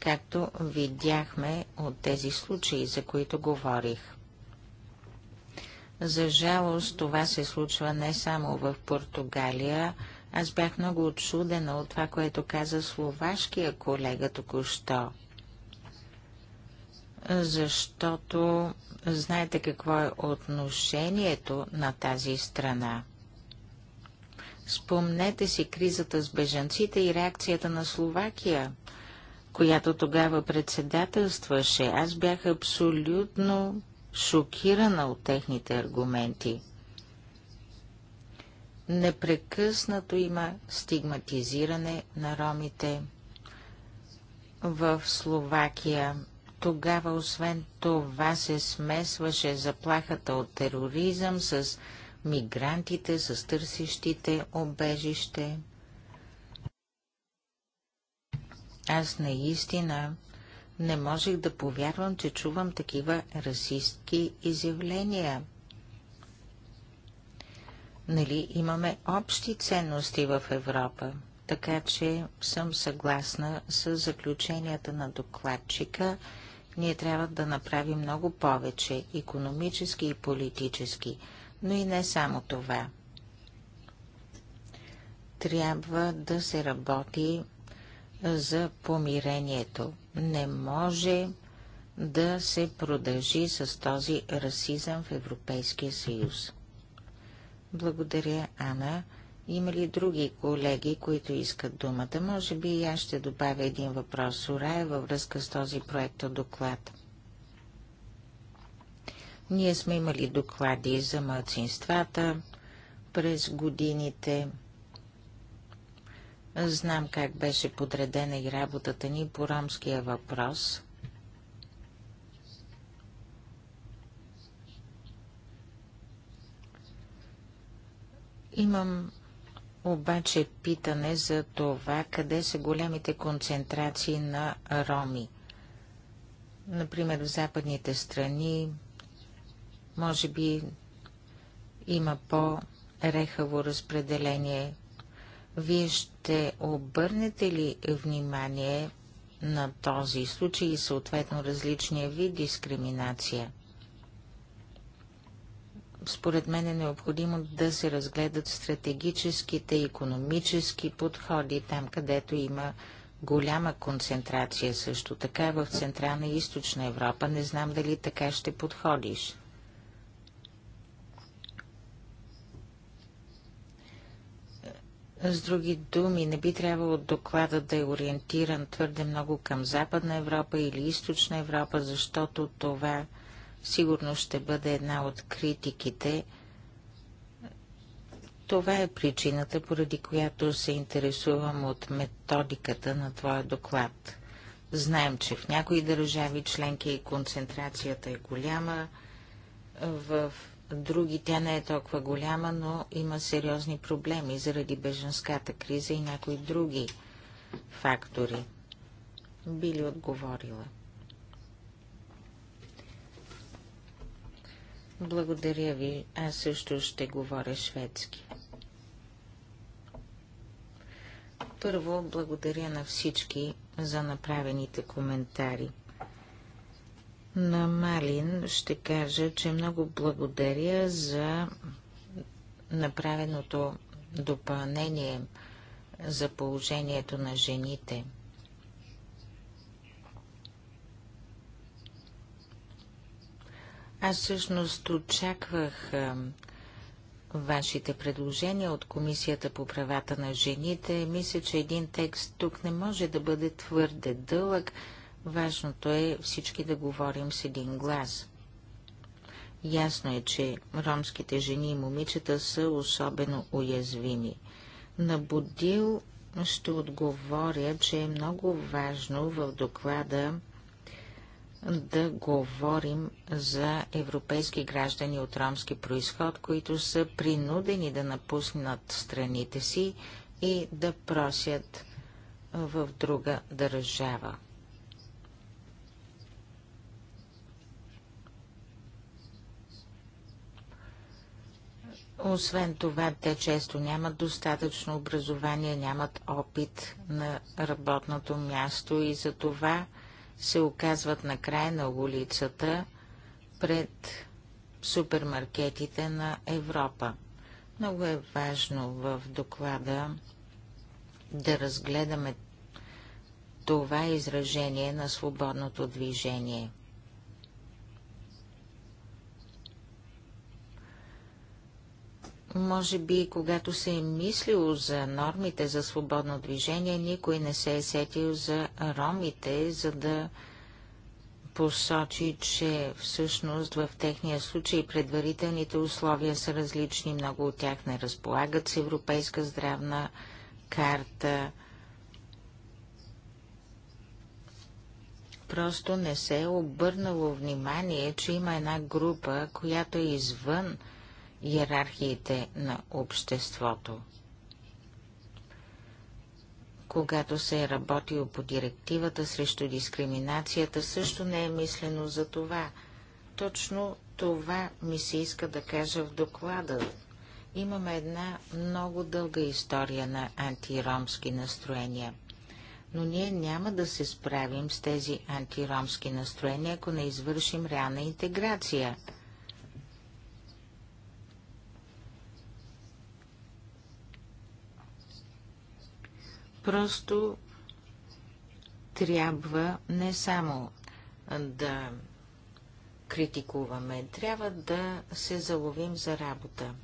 както видяхме от тези случаи, за които говорих. За жалост това се случва не само в Португалия. Аз бях много отчудена от това, което каза словашкия колега току-що. Защото знаете какво е отношението на тази страна. Спомнете си кризата с бежанците и реакцията на Словакия, която тогава председателстваше. Аз бях абсолютно шокирана от техните аргументи. Непрекъснато има стигматизиране на ромите в Словакия. Тогава, освен това, се смесваше заплахата от тероризъм с мигрантите, с търсещите обежище. Аз наистина не можех да повярвам, че чувам такива расистки изявления. Нали, имаме общи ценности в Европа, така че съм съгласна с заключенията на докладчика. Ние трябва да направим много повече, економически и политически, но и не само това. Трябва да се работи за помирението не може да се продължи с този расизъм в Европейския съюз. Благодаря, Ана. Има ли други колеги, които искат думата? Може би и аз ще добавя един въпрос, Сурая, във връзка с този проект доклад. Ние сме имали доклади за младсинствата през годините – Знам как беше подредена и работата ни по ромския въпрос. Имам обаче питане за това, къде са големите концентрации на роми. Например, в западните страни, може би има по-рехаво разпределение вие ще обърнете ли внимание на този случай и съответно различния вид дискриминация? Според мен е необходимо да се разгледат стратегическите, економически подходи там, където има голяма концентрация също така в Централна и Източна Европа. Не знам дали така ще подходиш. С други думи, не би трябвало доклада да е ориентиран твърде много към Западна Европа или Източна Европа, защото това сигурно ще бъде една от критиките. Това е причината, поради която се интересувам от методиката на твоя доклад. Знаем, че в някои държави членки концентрацията е голяма, в други тя не е толкова голяма, но има сериозни проблеми заради беженската криза и някои други фактори. Би ли отговорила? Благодаря ви. Аз също ще говоря шведски. Първо, благодаря на всички за направените коментари. На Малин ще кажа, че много благодаря за направеното допълнение за положението на жените. Аз всъщност очаквах вашите предложения от Комисията по правата на жените. Мисля, че един текст тук не може да бъде твърде дълъг. Важното е всички да говорим с един глас. Ясно е, че ромските жени и момичета са особено уязвими. На Будил ще отговоря, че е много важно в доклада да говорим за европейски граждани от ромски происход, които са принудени да напуснат страните си и да просят в друга държава. Освен това, те често нямат достатъчно образование, нямат опит на работното място и за това се оказват на края на улицата пред супермаркетите на Европа. Много е важно в доклада да разгледаме това изражение на свободното движение – Може би, когато се е мислило за нормите за свободно движение, никой не се е сетил за ромите, за да посочи, че всъщност в техния случай предварителните условия са различни. Много от тях не разполагат с европейска здравна карта. Просто не се е обърнало внимание, че има една група, която е извън иерархиите на обществото. Когато се е работил по директивата срещу дискриминацията, също не е мислено за това. Точно това ми се иска да кажа в доклада. Имаме една много дълга история на антиромски настроения. Но ние няма да се справим с тези антиромски настроения, ако не извършим реална интеграция. Просто трябва не само да критикуваме, трябва да се заловим за работа.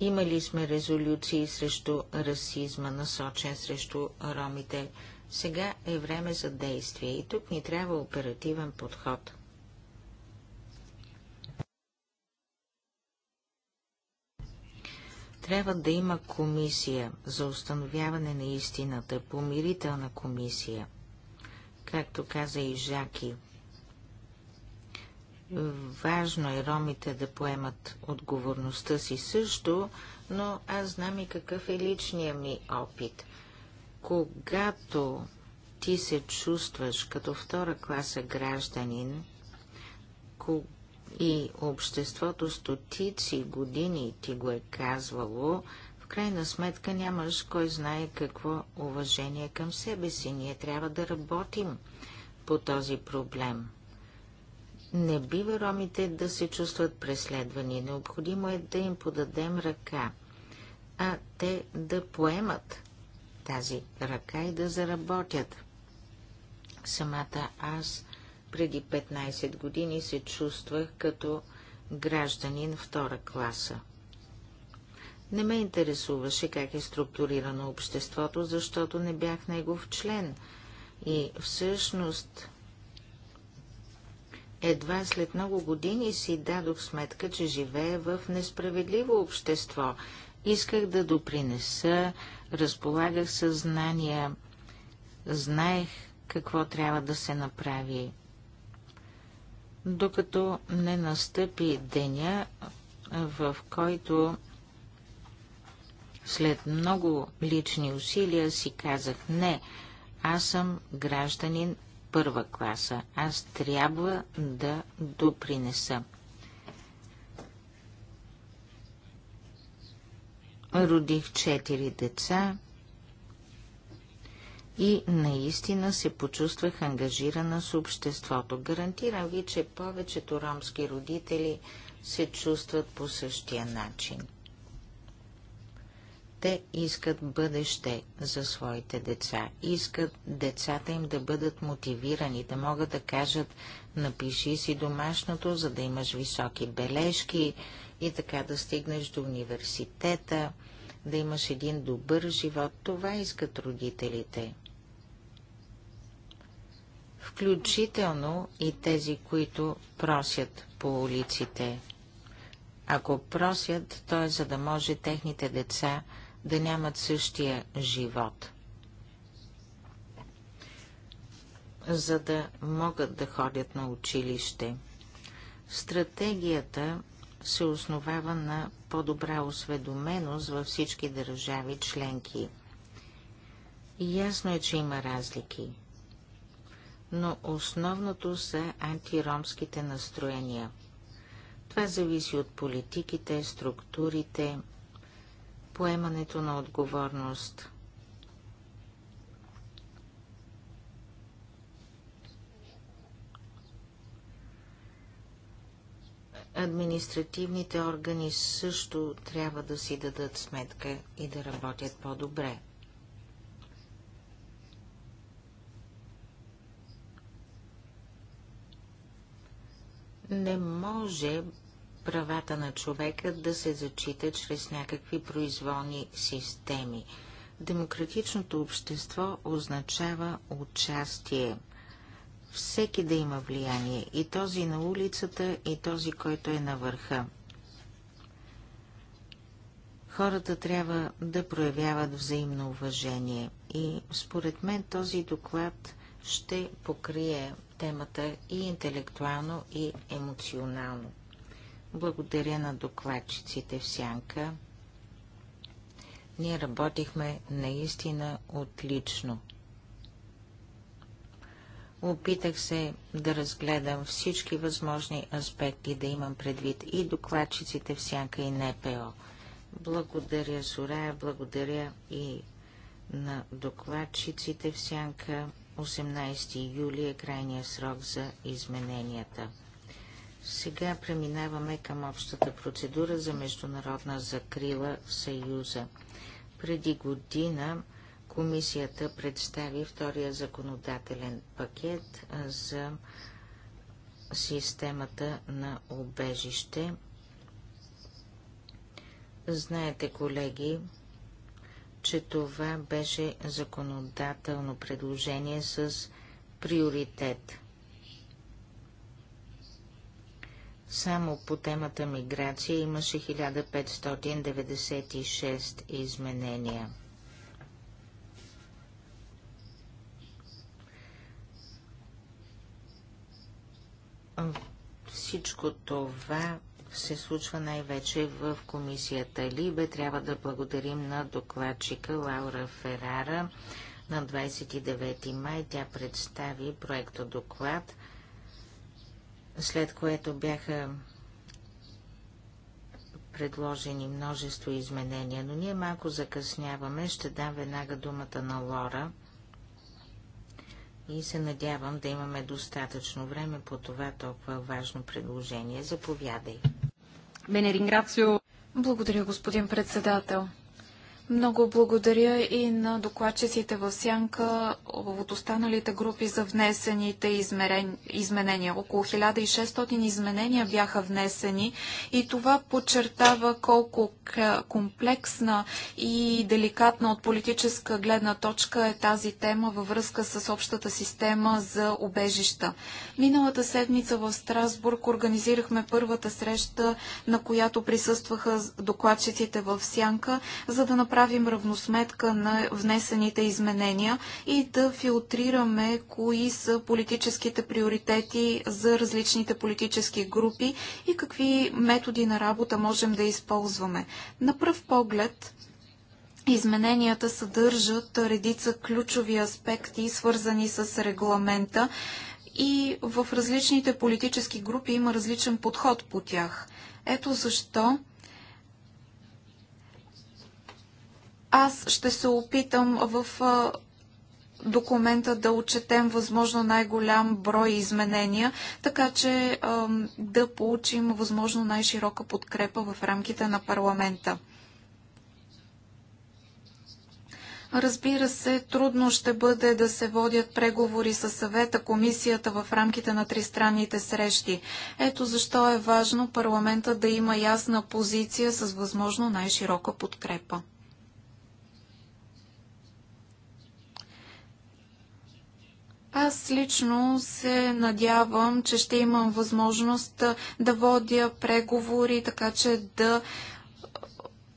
Имали сме резолюции срещу расизма, насочен срещу ромите. Сега е време за действие и тук ни трябва оперативен подход – Трябва да има комисия за установяване на истината, помирителна комисия, както каза и Жаки. Важно е ромите да поемат отговорността си също, но аз знам и какъв е личният ми опит. Когато ти се чувстваш като втора класа гражданин, когато и обществото стотици години ти го е казвало, в крайна сметка нямаш кой знае какво уважение към себе си. Ние трябва да работим по този проблем. Не бива ромите да се чувстват преследвани. Необходимо е да им подадем ръка, а те да поемат тази ръка и да заработят. Самата аз преди 15 години се чувствах като гражданин втора класа. Не ме интересуваше как е структурирано обществото, защото не бях негов член. И всъщност едва след много години си дадох сметка, че живея в несправедливо общество. Исках да допринеса, разполагах съзнания, знаех какво трябва да се направи докато не настъпи деня, в който след много лични усилия си казах не, аз съм гражданин първа класа, аз трябва да допринеса. Родих четири деца, и наистина се почувствах ангажирана с обществото. Гарантирам ви, че повечето ромски родители се чувстват по същия начин. Те искат бъдеще за своите деца. Искат децата им да бъдат мотивирани, да могат да кажат напиши си домашното, за да имаш високи бележки и така да стигнеш до университета, да имаш един добър живот. Това искат родителите включително и тези, които просят по улиците. Ако просят, то е за да може техните деца да нямат същия живот. За да могат да ходят на училище. Стратегията се основава на по-добра осведоменост във всички държави членки. И ясно е, че има разлики но основното са антиромските настроения. Това зависи от политиките, структурите, поемането на отговорност. Административните органи също трябва да си дадат сметка и да работят по-добре. Не може правата на човека да се зачита чрез някакви произволни системи. Демократичното общество означава участие. Всеки да има влияние, и този на улицата, и този, който е на върха. Хората трябва да проявяват взаимно уважение и според мен този доклад ще покрие темата и интелектуално, и емоционално. Благодаря на докладчиците в Сянка. Ние работихме наистина отлично. Опитах се да разгледам всички възможни аспекти, да имам предвид и докладчиците в Сянка и НПО. Благодаря, Сурая, благодаря и на докладчиците в Сянка. 18 юли е крайния срок за измененията. Сега преминаваме към общата процедура за международна закрила в Съюза. Преди година комисията представи втория законодателен пакет за системата на обежище. Знаете, колеги, че това беше законодателно предложение с приоритет. Само по темата миграция имаше 1596 изменения. Всичко това се случва най-вече в комисията Либе. Трябва да благодарим на докладчика Лаура Ферара. На 29 май тя представи проекта доклад, след което бяха предложени множество изменения, но ние малко закъсняваме. Ще дам веднага думата на Лора и се надявам да имаме достатъчно време по това толкова важно предложение. Заповядай. Благодаря, господин председател. Много благодаря и на докладчиците в Сянка от останалите групи за внесените измерен... изменения. Около 1600 изменения бяха внесени и това подчертава колко комплексна и деликатна от политическа гледна точка е тази тема във връзка с общата система за обежища. Миналата седмица в Страсбург организирахме първата среща, на която присъстваха докладчиците в Сянка, за да направим правим равносметка на внесените изменения и да филтрираме кои са политическите приоритети за различните политически групи и какви методи на работа можем да използваме. На пръв поглед, Измененията съдържат редица ключови аспекти, свързани с регламента и в различните политически групи има различен подход по тях. Ето защо Аз ще се опитам в документа да отчетем възможно най-голям брой изменения, така че да получим възможно най-широка подкрепа в рамките на парламента. Разбира се, трудно ще бъде да се водят преговори с съвета, комисията в рамките на тристранните срещи. Ето защо е важно парламента да има ясна позиция с възможно най-широка подкрепа. Аз лично се надявам, че ще имам възможност да водя преговори, така че да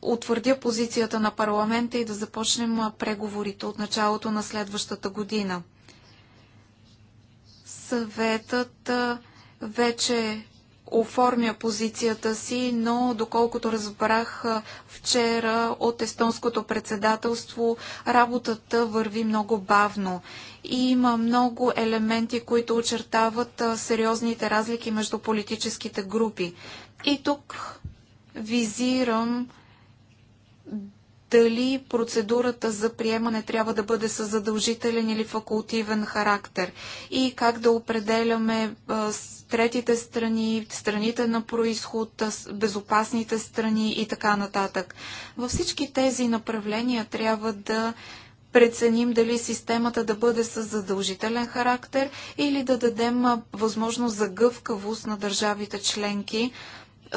утвърдя позицията на парламента и да започнем преговорите от началото на следващата година. Съветът вече оформя позицията си, но доколкото разбрах вчера от естонското председателство, работата върви много бавно. И има много елементи, които очертават сериозните разлики между политическите групи. И тук визирам дали процедурата за приемане трябва да бъде с задължителен или факултивен характер и как да определяме третите страни, страните на происход, безопасните страни и така нататък. Във всички тези направления трябва да преценим дали системата да бъде с задължителен характер или да дадем възможност за гъвкавост на държавите членки,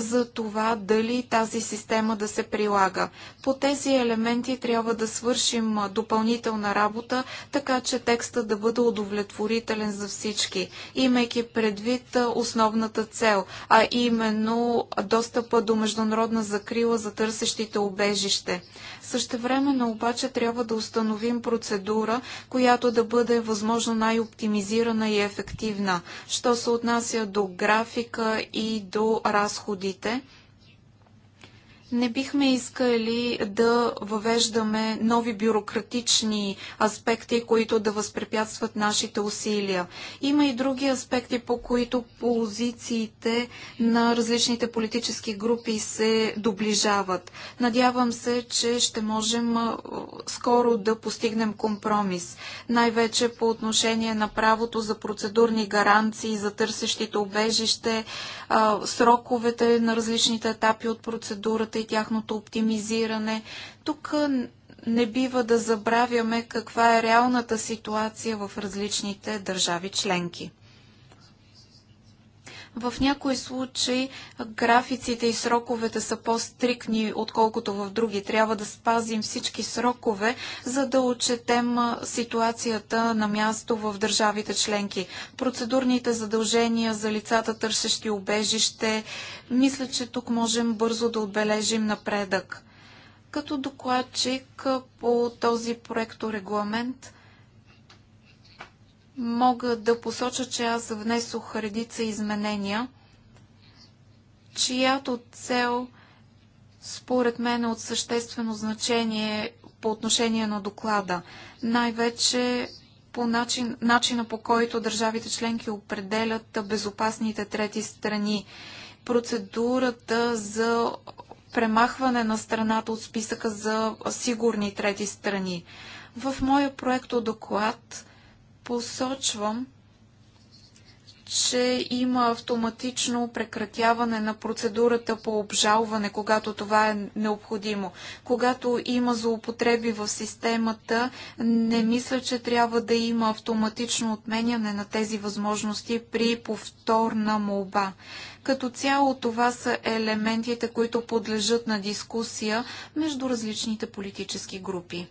за това дали тази система да се прилага. По тези елементи трябва да свършим допълнителна работа, така че текста да бъде удовлетворителен за всички, имайки предвид основната цел, а именно достъпа до международна закрила за търсещите обежище. Същевременно обаче трябва да установим процедура, която да бъде възможно най-оптимизирана и ефективна. Що се отнася до графика и до разходите, не бихме искали да въвеждаме нови бюрократични аспекти, които да възпрепятстват нашите усилия. Има и други аспекти, по които позициите на различните политически групи се доближават. Надявам се, че ще можем скоро да постигнем компромис. Най-вече по отношение на правото за процедурни гаранции за търсещите обежище, сроковете на различните етапи от процедурата и тяхното оптимизиране. Тук не бива да забравяме каква е реалната ситуация в различните държави членки. В някои случаи графиците и сроковете са по-стрикни, отколкото в други. Трябва да спазим всички срокове, за да отчетем ситуацията на място в държавите членки. Процедурните задължения за лицата, търсещи убежище, мисля, че тук можем бързо да отбележим напредък. Като докладчик по този проекторегламент регламент, мога да посоча, че аз внесох редица изменения, чиято цел според мен е от съществено значение по отношение на доклада. Най-вече по начин, начина по който държавите членки определят безопасните трети страни. Процедурата за премахване на страната от списъка за сигурни трети страни. В моя проект доклад посочвам, че има автоматично прекратяване на процедурата по обжалване, когато това е необходимо. Когато има злоупотреби в системата, не мисля, че трябва да има автоматично отменяне на тези възможности при повторна молба. Като цяло това са елементите, които подлежат на дискусия между различните политически групи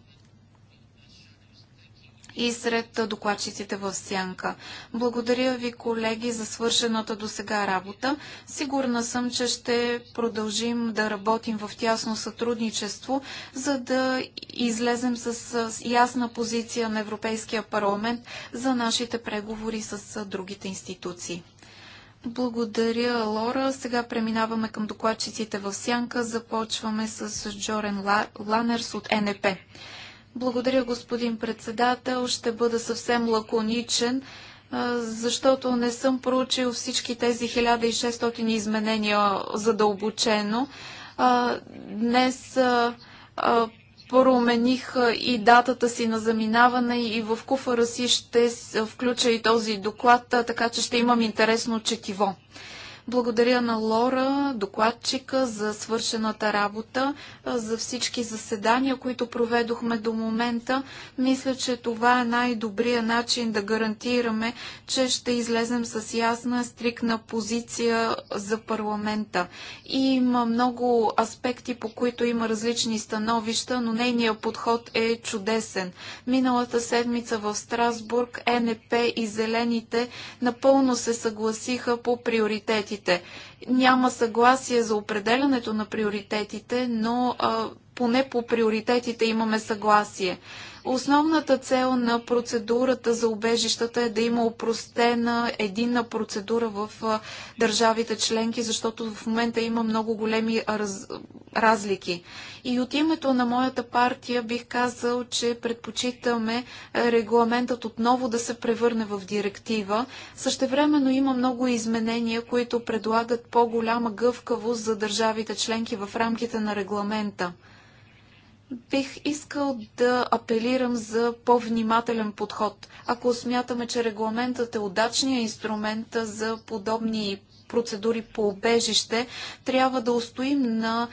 и сред докладчиците в Сянка. Благодаря ви, колеги, за свършената до сега работа. Сигурна съм, че ще продължим да работим в тясно сътрудничество, за да излезем с ясна позиция на Европейския парламент за нашите преговори с другите институции. Благодаря, Лора. Сега преминаваме към докладчиците в сянка. Започваме с Джорен Ланерс от НП. Благодаря, господин председател. Ще бъда съвсем лаконичен, защото не съм проучил всички тези 1600 изменения задълбочено. Днес промених и датата си на заминаване и в куфара си ще включа и този доклад, така че ще имам интересно четиво. Благодаря на Лора, докладчика, за свършената работа, за всички заседания, които проведохме до момента. Мисля, че това е най-добрият начин да гарантираме, че ще излезем с ясна, стрикна позиция за парламента. И има много аспекти, по които има различни становища, но нейният подход е чудесен. Миналата седмица в Страсбург НП и Зелените напълно се съгласиха по приоритетите приоритетите. Няма съгласие за определянето на приоритетите, но а, поне по приоритетите имаме съгласие. Основната цел на процедурата за убежищата е да има упростена единна процедура в държавите членки, защото в момента има много големи раз... разлики. И от името на моята партия бих казал, че предпочитаме регламентът отново да се превърне в директива. Същевременно има много изменения, които предлагат по-голяма гъвкавост за държавите членки в рамките на регламента. Бих искал да апелирам за по-внимателен подход. Ако смятаме, че регламентът е удачният инструмент за подобни процедури по обежище, трябва да устоим на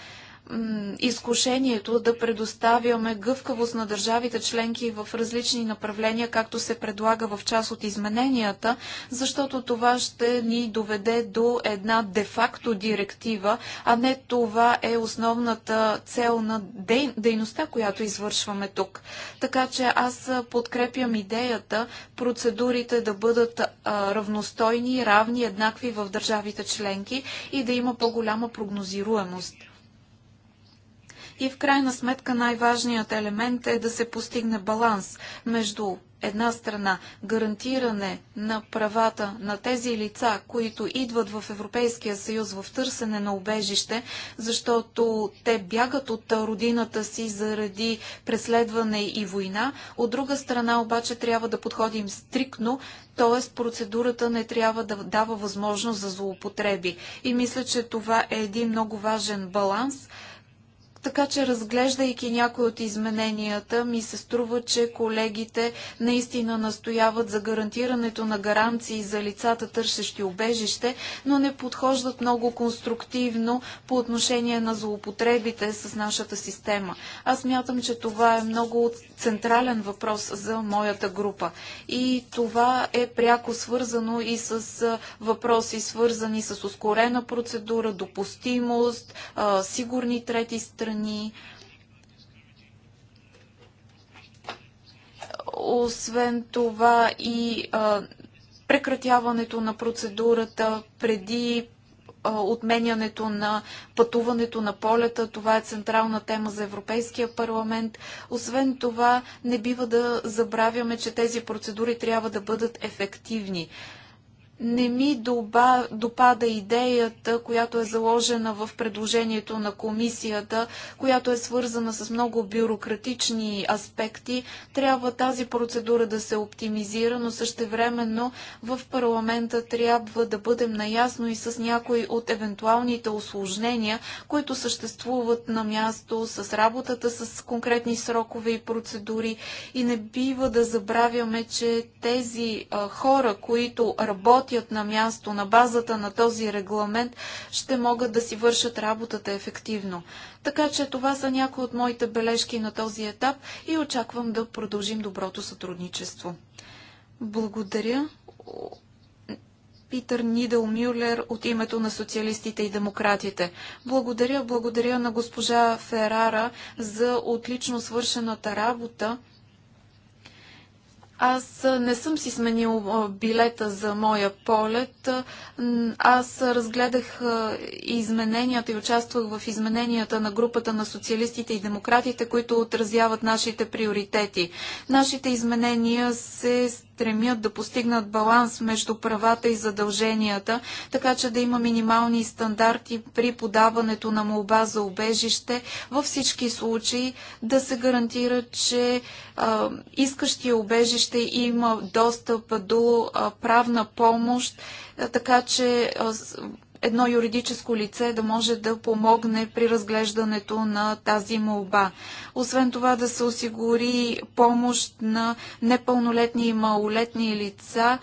изкушението да предоставяме гъвкавост на държавите членки в различни направления, както се предлага в част от измененията, защото това ще ни доведе до една де-факто директива, а не това е основната цел на дей... дейността, която извършваме тук. Така че аз подкрепям идеята процедурите да бъдат а, равностойни, равни, еднакви в държавите членки и да има по-голяма прогнозируемост. И в крайна сметка най-важният елемент е да се постигне баланс между една страна гарантиране на правата на тези лица, които идват в Европейския съюз в търсене на убежище, защото те бягат от родината си заради преследване и война. От друга страна обаче трябва да подходим стриктно, т.е. процедурата не трябва да дава възможност за злоупотреби. И мисля, че това е един много важен баланс – така че разглеждайки някои от измененията, ми се струва, че колегите наистина настояват за гарантирането на гаранции за лицата търсещи убежище, но не подхождат много конструктивно по отношение на злоупотребите с нашата система. Аз мятам, че това е много централен въпрос за моята група. И това е пряко свързано и с въпроси, свързани с ускорена процедура, допустимост, сигурни трети страни страни. Освен това и а, прекратяването на процедурата преди отменянето на пътуването на полета. Това е централна тема за Европейския парламент. Освен това, не бива да забравяме, че тези процедури трябва да бъдат ефективни не ми доба, допада идеята, която е заложена в предложението на комисията, която е свързана с много бюрократични аспекти. Трябва тази процедура да се оптимизира, но същевременно в парламента трябва да бъдем наясно и с някои от евентуалните осложнения, които съществуват на място с работата с конкретни срокове и процедури. И не бива да забравяме, че тези а, хора, които работят, работят на място на базата на този регламент, ще могат да си вършат работата ефективно. Така че това са някои от моите бележки на този етап и очаквам да продължим доброто сътрудничество. Благодаря. Питър Нидел Мюллер от името на социалистите и демократите. Благодаря, благодаря на госпожа Ферара за отлично свършената работа. Аз не съм си сменил билета за моя полет. Аз разгледах измененията и участвах в измененията на групата на социалистите и демократите, които отразяват нашите приоритети. Нашите изменения се стремят да постигнат баланс между правата и задълженията, така че да има минимални стандарти при подаването на молба за обежище. Във всички случаи да се гарантира, че а, искащия обежище има достъп до а, правна помощ, а, така че а, едно юридическо лице да може да помогне при разглеждането на тази молба. Освен това да се осигури помощ на непълнолетни и малолетни лица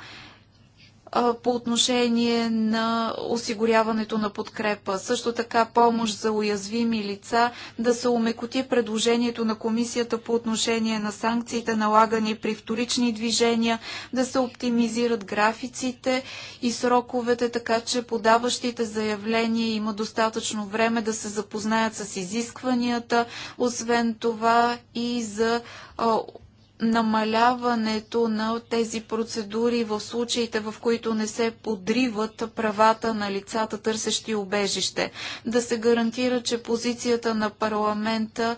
по отношение на осигуряването на подкрепа. Също така помощ за уязвими лица, да се умекоти предложението на комисията по отношение на санкциите, налагани при вторични движения, да се оптимизират графиците и сроковете, така че подаващите заявления има достатъчно време да се запознаят с изискванията, освен това и за намаляването на тези процедури в случаите, в които не се подриват правата на лицата, търсещи убежище. Да се гарантира, че позицията на парламента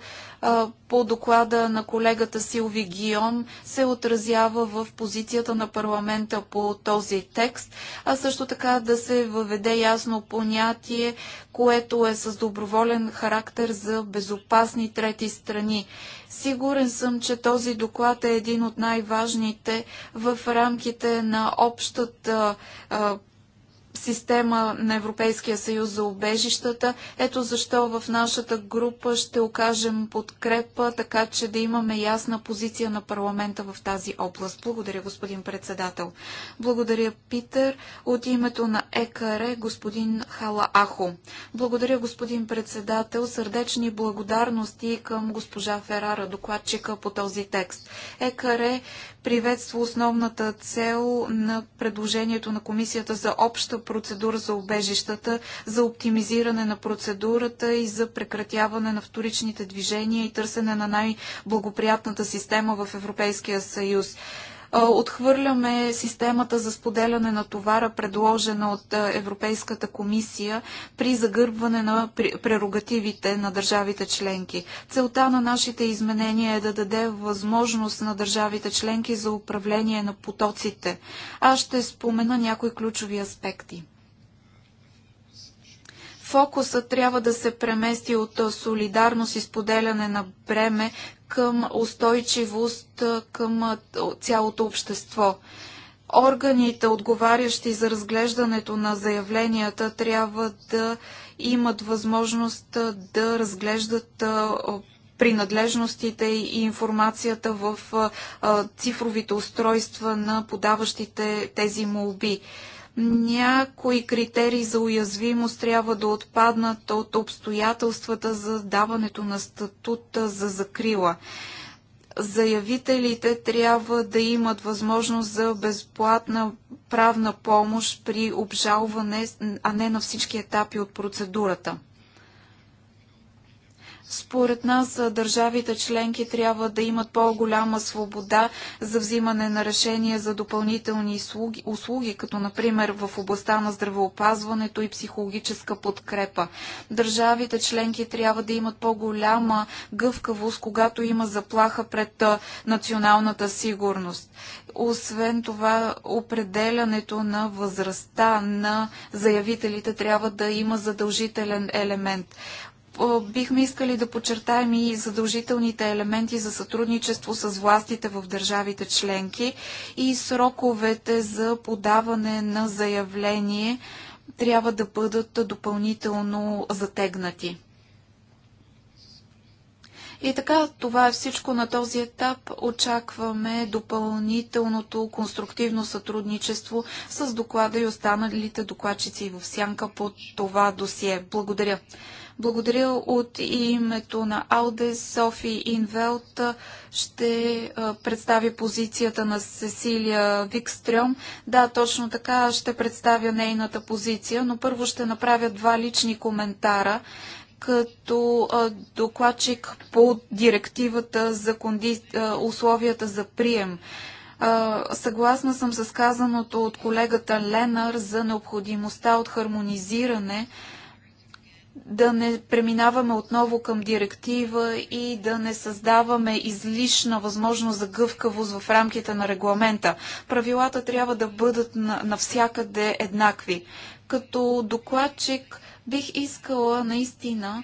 по доклада на колегата Силви Гион се отразява в позицията на парламента по този текст, а също така да се въведе ясно понятие, което е с доброволен характер за безопасни трети страни. Сигурен съм, че този доклад е един от най-важните в рамките на общата а, система на Европейския съюз за убежищата. Ето защо в нашата група ще окажем подкрепа, така че да имаме ясна позиция на парламента в тази област. Благодаря, господин председател. Благодаря, Питър. От името на ЕКАРЕ, господин Хала Ахо. Благодаря, господин председател. Сърдечни благодарности към госпожа Ферара, докладчика по този текст. ЕКАРЕ приветства основната цел на предложението на Комисията за обща процедура за обежищата, за оптимизиране на процедурата и за прекратяване на вторичните движения и търсене на най-благоприятната система в Европейския съюз. Отхвърляме системата за споделяне на товара, предложена от Европейската комисия при загърбване на прерогативите на държавите членки. Целта на нашите изменения е да даде възможност на държавите членки за управление на потоците. Аз ще спомена някои ключови аспекти. Фокуса трябва да се премести от солидарност и споделяне на бреме към устойчивост към цялото общество. Органите, отговарящи за разглеждането на заявленията, трябва да имат възможност да разглеждат принадлежностите и информацията в цифровите устройства на подаващите тези молби. Някои критерии за уязвимост трябва да отпаднат от обстоятелствата за даването на статута за закрила. Заявителите трябва да имат възможност за безплатна правна помощ при обжалване, а не на всички етапи от процедурата. Според нас държавите членки трябва да имат по-голяма свобода за взимане на решения за допълнителни услуги, услуги, като например в областта на здравеопазването и психологическа подкрепа. Държавите членки трябва да имат по-голяма гъвкавост, когато има заплаха пред националната сигурност. Освен това, определянето на възрастта на заявителите трябва да има задължителен елемент. Е, бихме искали да подчертаем и задължителните елементи за сътрудничество с властите в държавите членки и сроковете за подаване на заявление трябва да бъдат допълнително затегнати. И така, това е всичко на този етап. Очакваме допълнителното конструктивно сътрудничество с доклада и останалите докладчици в сянка по това досие. Благодаря. Благодаря от името на Алде Софи Инвелт. Ще представи позицията на Сесилия Викстрем. Да, точно така ще представя нейната позиция, но първо ще направя два лични коментара като докладчик по директивата за конди... условията за прием. Съгласна съм с казаното от колегата Ленар за необходимостта от хармонизиране да не преминаваме отново към директива и да не създаваме излишна възможност за гъвкавост в рамките на регламента. Правилата трябва да бъдат навсякъде еднакви. Като докладчик бих искала наистина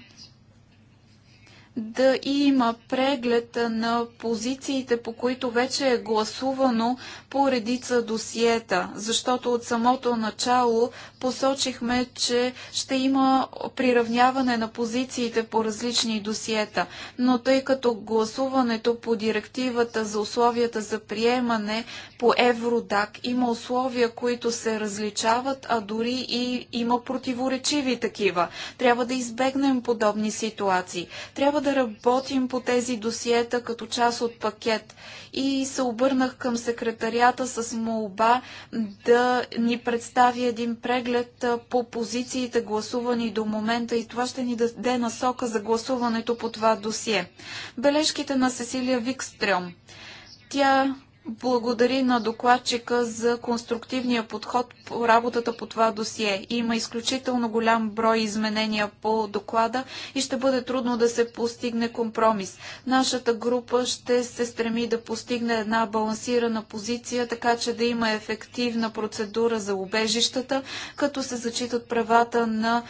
да има преглед на позициите, по които вече е гласувано по редица досиета, защото от самото начало посочихме, че ще има приравняване на позициите по различни досиета. Но тъй като гласуването по директивата за условията за приемане по Евродак има условия, които се различават, а дори и има противоречиви такива. Трябва да избегнем подобни ситуации. Трябва да да работим по тези досиета като част от пакет. И се обърнах към секретарията с молба да ни представи един преглед по позициите гласувани до момента и това ще ни даде насока за гласуването по това досие. Бележките на Сесилия Викстрем. Тя благодари на докладчика за конструктивния подход по работата по това досие. Има изключително голям брой изменения по доклада и ще бъде трудно да се постигне компромис. Нашата група ще се стреми да постигне една балансирана позиция, така че да има ефективна процедура за убежищата, като се зачитат правата на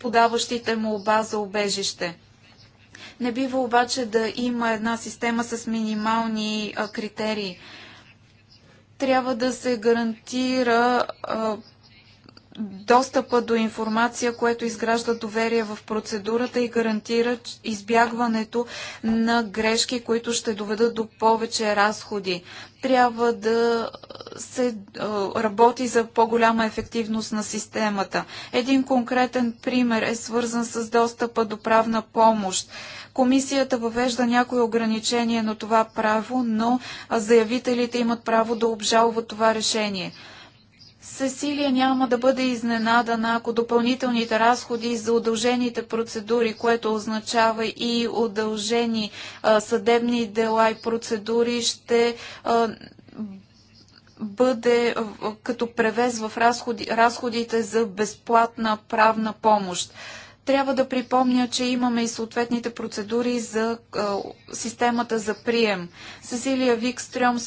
подаващите му оба за убежище. Не бива обаче да има една система с минимални критерии. Трябва да се гарантира а, достъпа до информация, което изгражда доверие в процедурата и гарантира избягването на грешки, които ще доведат до повече разходи. Трябва да се работи за по-голяма ефективност на системата. Един конкретен пример е свързан с достъпа до правна помощ. Комисията въвежда някои ограничения на това право, но заявителите имат право да обжалват това решение. Сесилия няма да бъде изненадана, ако допълнителните разходи за удължените процедури, което означава и удължени а, съдебни дела и процедури, ще а, бъде а, като превез в разходи, разходите за безплатна правна помощ. Трябва да припомня, че имаме и съответните процедури за а, системата за прием. Сесилия Викстрем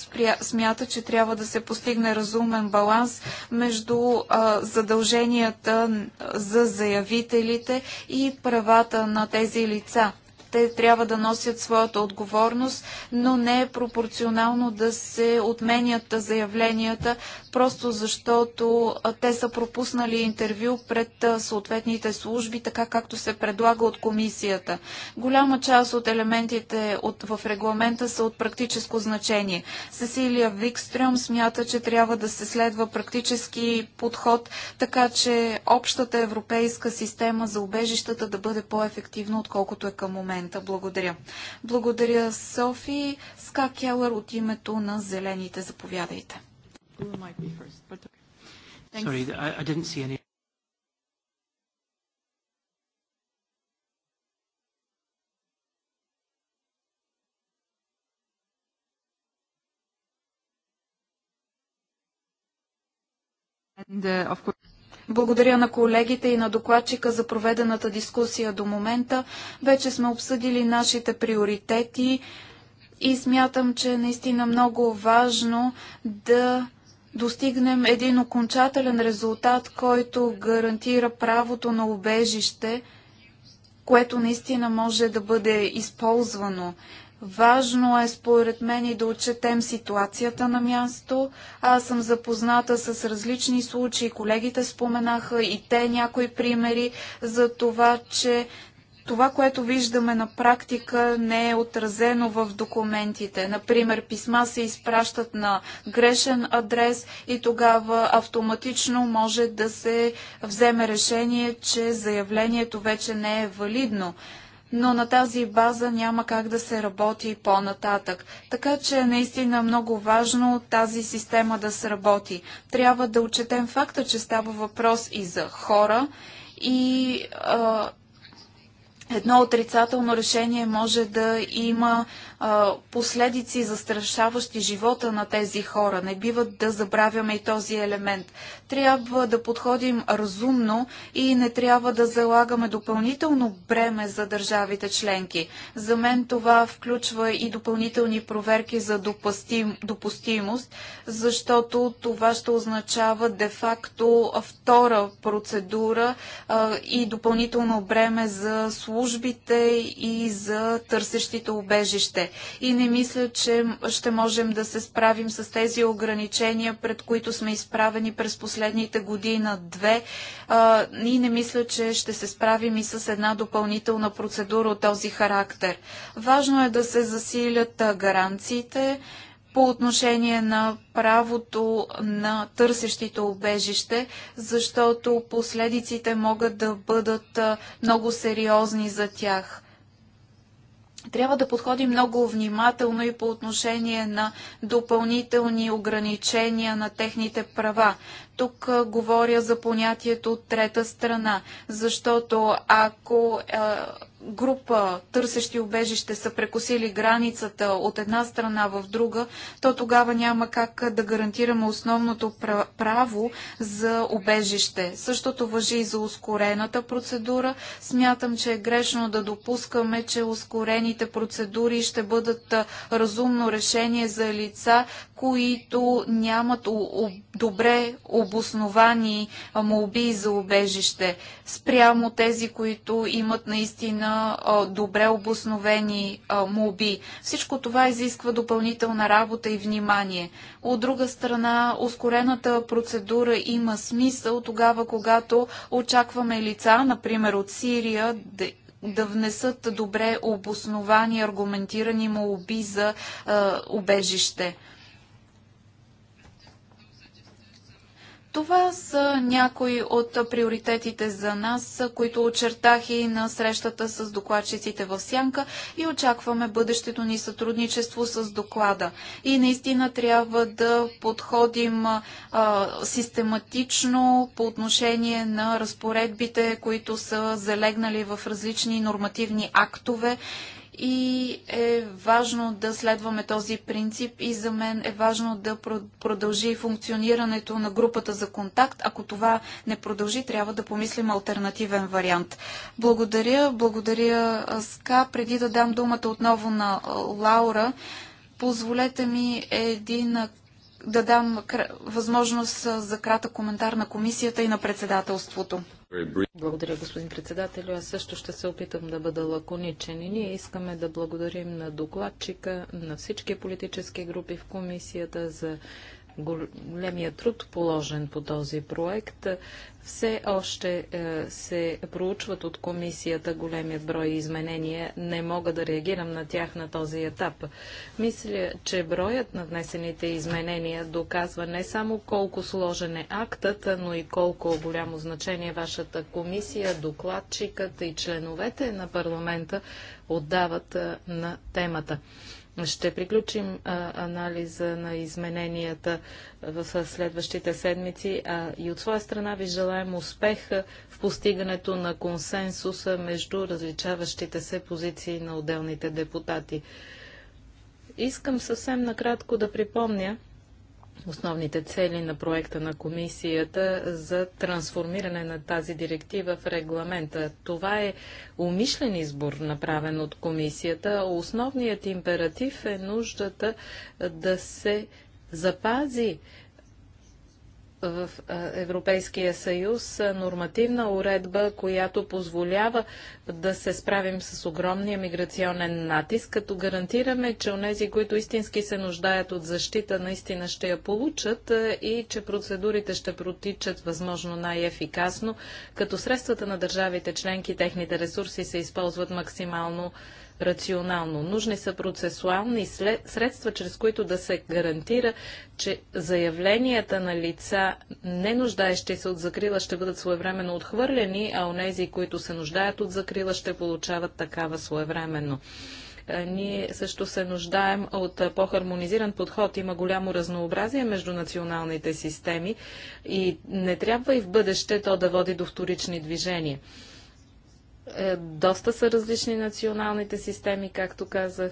смята, че трябва да се постигне разумен баланс между а, задълженията за заявителите и правата на тези лица те трябва да носят своята отговорност, но не е пропорционално да се отменят заявленията, просто защото те са пропуснали интервю пред съответните служби, така както се предлага от комисията. Голяма част от елементите от, в регламента са от практическо значение. Сесилия Викстрем смята, че трябва да се следва практически подход, така че общата европейска система за убежищата да бъде по-ефективна, отколкото е към момента момента. Благодаря. Благодаря, Софи. Ска Келър от името на Зелените. Заповядайте. Sorry, And, uh, of course... Благодаря на колегите и на докладчика за проведената дискусия до момента. Вече сме обсъдили нашите приоритети и смятам, че е наистина много важно да достигнем един окончателен резултат, който гарантира правото на убежище, което наистина може да бъде използвано. Важно е, според мен, и да отчетем ситуацията на място. Аз съм запозната с различни случаи, колегите споменаха и те някои примери за това, че това, което виждаме на практика, не е отразено в документите. Например, писма се изпращат на грешен адрес и тогава автоматично може да се вземе решение, че заявлението вече не е валидно но на тази база няма как да се работи по-нататък. Така че е наистина много важно тази система да сработи. Трябва да отчетем факта, че става въпрос и за хора и а, едно отрицателно решение може да има а, последици, застрашаващи живота на тези хора. Не бива да забравяме и този елемент. Трябва да подходим разумно и не трябва да залагаме допълнително бреме за държавите членки. За мен това включва и допълнителни проверки за допустим, допустимост, защото това ще означава де-факто втора процедура а, и допълнително бреме за служба службите и за търсещите убежище. И не мисля, че ще можем да се справим с тези ограничения, пред които сме изправени през последните година-две. И не мисля, че ще се справим и с една допълнителна процедура от този характер. Важно е да се засилят гаранциите по отношение на правото на търсещите убежище, защото последиците могат да бъдат много сериозни за тях. Трябва да подходим много внимателно и по отношение на допълнителни ограничения на техните права. Тук говоря за понятието трета страна, защото ако група търсещи убежище са прекосили границата от една страна в друга, то тогава няма как да гарантираме основното право за убежище. Същото въжи и за ускорената процедура. Смятам, че е грешно да допускаме, че ускорените процедури ще бъдат разумно решение за лица, които нямат добре обосновани молби за убежище, спрямо тези, които имат наистина добре обосновени молби. Всичко това изисква допълнителна работа и внимание. От друга страна, ускорената процедура има смисъл тогава, когато очакваме лица, например от Сирия, да внесат добре обосновани, аргументирани молби за убежище. Това са някои от приоритетите за нас, които очертах и на срещата с докладчиците в Сянка и очакваме бъдещето ни сътрудничество с доклада. И наистина трябва да подходим а, систематично по отношение на разпоредбите, които са залегнали в различни нормативни актове и е важно да следваме този принцип и за мен е важно да продължи функционирането на групата за контакт. Ако това не продължи, трябва да помислим альтернативен вариант. Благодаря, благодаря СКА. Преди да дам думата отново на Лаура, позволете ми един да дам възможност за кратък коментар на комисията и на председателството. Благодаря, господин председател. Аз също ще се опитам да бъда лаконичен. И ние искаме да благодарим на докладчика, на всички политически групи в комисията за големия труд, положен по този проект. Все още е, се проучват от комисията големият брой изменения. Не мога да реагирам на тях на този етап. Мисля, че броят на внесените изменения доказва не само колко сложен е актът, но и колко голямо значение вашата комисия, докладчикът и членовете на парламента отдават е, на темата. Ще приключим а, анализа на измененията в следващите седмици а, и от своя страна ви желаем успех в постигането на консенсуса между различаващите се позиции на отделните депутати. Искам съвсем накратко да припомня, основните цели на проекта на комисията за трансформиране на тази директива в регламента. Това е умишлен избор, направен от комисията. Основният императив е нуждата да се запази в Европейския съюз нормативна уредба, която позволява да се справим с огромния миграционен натиск, като гарантираме, че онези, които истински се нуждаят от защита, наистина ще я получат и че процедурите ще протичат възможно най-ефикасно, като средствата на държавите членки, техните ресурси се използват максимално рационално. Нужни са процесуални след... средства, чрез които да се гарантира, че заявленията на лица, не нуждаещи се от закрила, ще бъдат своевременно отхвърлени, а онези, които се нуждаят от закрила, ще получават такава своевременно е, ние също се нуждаем от е, по-хармонизиран подход. Има голямо разнообразие между националните системи и не трябва и в бъдеще то да води до вторични движения. Е, доста са различни националните системи, както казах.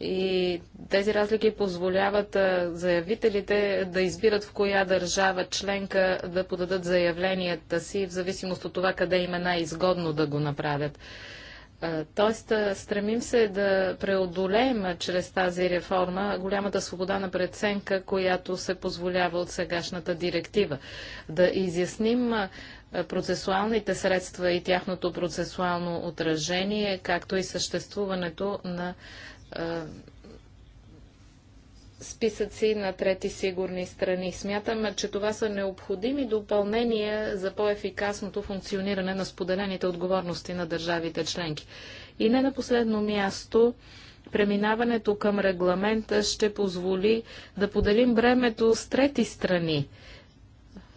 И тези разлики позволяват е, заявителите да избират в коя държава членка да подадат заявленията си, в зависимост от това къде им е най-изгодно да го направят. Е, тоест, стремим се да преодолеем чрез тази реформа голямата свобода на преценка, която се позволява от сегашната директива. Да изясним е, процесуалните средства и тяхното процесуално отражение, както и съществуването на е, списъци на трети сигурни страни. Смятаме, че това са необходими допълнения за по-ефикасното функциониране на споделените отговорности на държавите членки. И не на последно място, преминаването към регламента ще позволи да поделим бремето с трети страни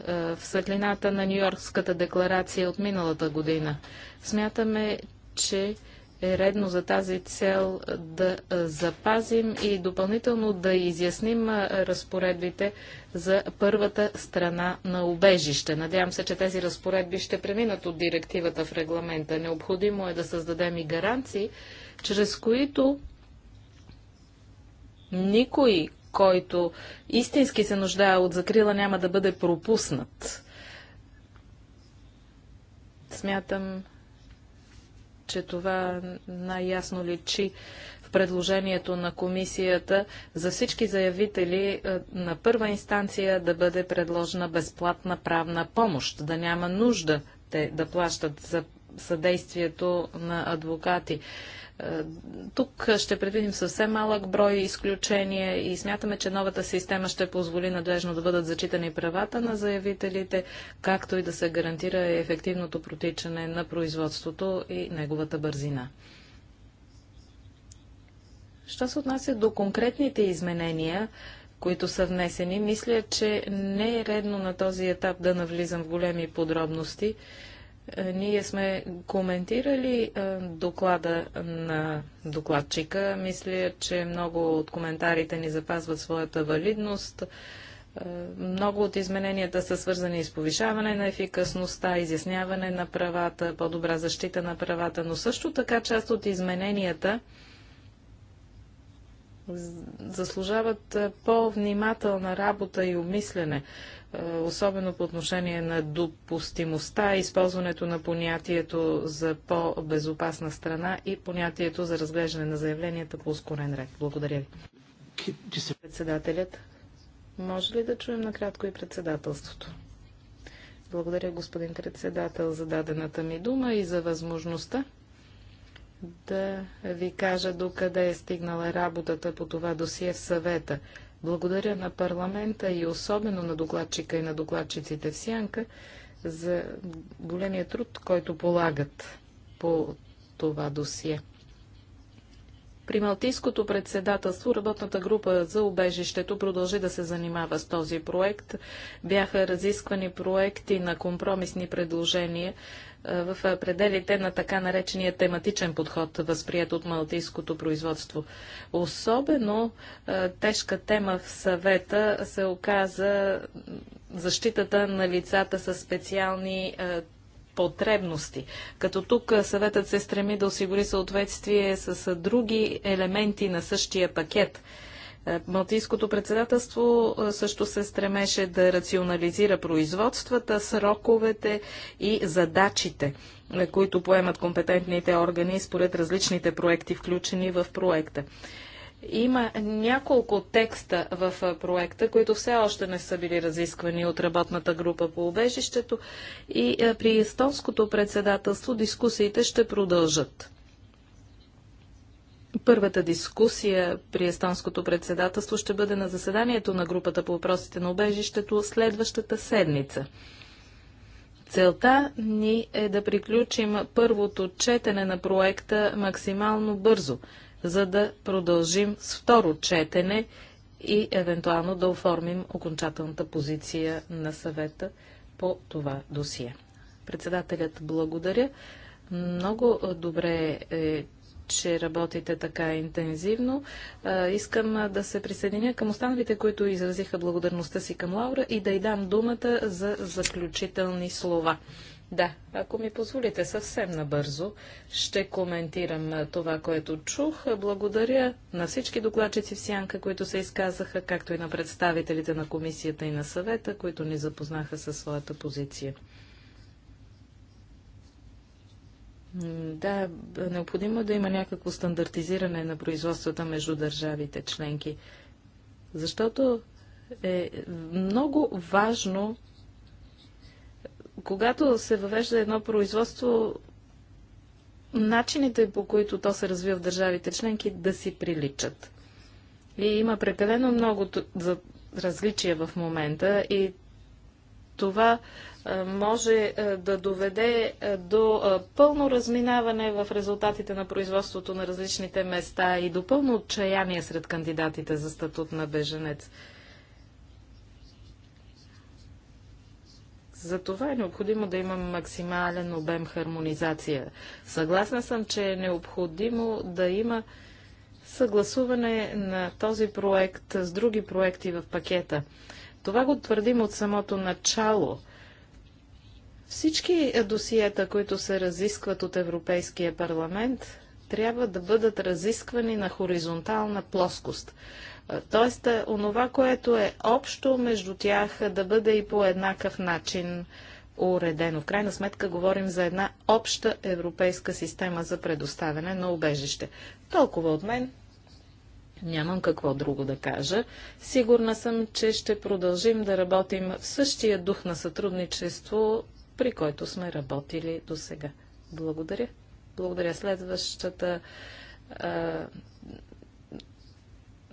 е, в светлината на Нью-Йоркската декларация от миналата година. Смятаме, че е редно за тази цел да е, запазим и допълнително да изясним е, разпоредбите за първата страна на убежище. Надявам се, че тези разпоредби ще преминат от директивата в регламента. Необходимо е да създадем и гаранции, чрез които никой, който истински се нуждае от закрила, няма да бъде пропуснат. Смятам, че това най-ясно личи в предложението на комисията за всички заявители е, на първа инстанция да бъде предложена безплатна правна помощ, да няма нужда те да плащат за съдействието на адвокати. Е, тук ще предвидим съвсем малък брой изключения и смятаме, че новата система ще позволи надлежно да бъдат зачитани правата на заявителите, както и да се гарантира ефективното протичане на производството и неговата бързина. Що се отнася до конкретните изменения, които са внесени, мисля, че не е редно на този етап да навлизам в големи подробности. Е, ние сме коментирали е, доклада на докладчика. Мисля, че много от коментарите ни запазват своята валидност. Е, много от измененията са свързани с повишаване на ефикасността, изясняване на правата, по-добра защита на правата, но също така част от измененията заслужават по-внимателна работа и обмислене. Е, особено по отношение на допустимостта, използването на понятието за по-безопасна страна и понятието за разглеждане на заявленията по ускорен ред. Благодаря ви. Председателят, може ли да чуем накратко и председателството? Благодаря, господин председател, за дадената ми дума и за възможността да ви кажа докъде е стигнала работата по това досие в съвета. Благодаря на парламента и особено на докладчика и на докладчиците в Сянка за големия труд, който полагат по това досие. При Малтийското председателство работната група за убежището продължи да се занимава с този проект. Бяха разисквани проекти на компромисни предложения е, в пределите на така наречения тематичен подход, възприят от малтийското производство. Особено е, тежка тема в съвета се оказа защитата на лицата с специални е, потребности. Като тук съветът се стреми да осигури съответствие с други елементи на същия пакет – е, Малтийското председателство е, също се стремеше да рационализира производствата, сроковете и задачите, е, които поемат компетентните органи според различните проекти, включени в проекта. Има няколко текста в проекта, които все още не са били разисквани от работната група по убежището и при естонското председателство дискусиите ще продължат. Първата дискусия при естонското председателство ще бъде на заседанието на групата по въпросите на убежището следващата седмица. Целта ни е да приключим първото четене на проекта максимално бързо, за да продължим с второ четене и евентуално да оформим окончателната позиция на съвета по това досие. Председателят благодаря. Много добре е, че работите така интензивно. Искам да се присъединя към останалите, които изразиха благодарността си към Лаура и да й дам думата за заключителни слова. Да, ако ми позволите съвсем набързо, ще коментирам това, което чух. Благодаря на всички докладчици в Сянка, които се изказаха, както и на представителите на комисията и на съвета, които ни запознаха със своята позиция. Да, необходимо е да има някакво стандартизиране на производствата между държавите членки, защото е много важно, когато се въвежда едно производство, начините по които то се развива в държавите членки да си приличат. И има прекалено много за различия в момента и това е, може е, да доведе е, до пълно разминаване в резултатите на производството на различните места и до пълно отчаяние сред кандидатите за статут на беженец. За това е необходимо да имам максимален обем хармонизация. Съгласна съм, че е необходимо да има съгласуване на този проект с други проекти в пакета. Това го твърдим от самото начало. Всички досиета, които се разискват от Европейския парламент, трябва да бъдат разисквани на хоризонтална плоскост. Тоест, онова, което е общо между тях, да бъде и по еднакъв начин уредено. В крайна сметка говорим за една обща европейска система за предоставяне на убежище. Толкова от мен. Нямам какво друго да кажа. Сигурна съм, че ще продължим да работим в същия дух на сътрудничество при който сме работили до сега. Благодаря. Благодаря. Следващата а,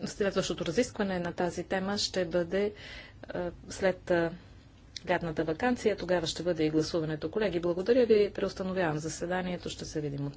следващото разискване на тази тема ще бъде а, след а, гадната вакансия. Тогава ще бъде и гласуването. Колеги, благодаря ви. Преустановявам заседанието. Ще се видим.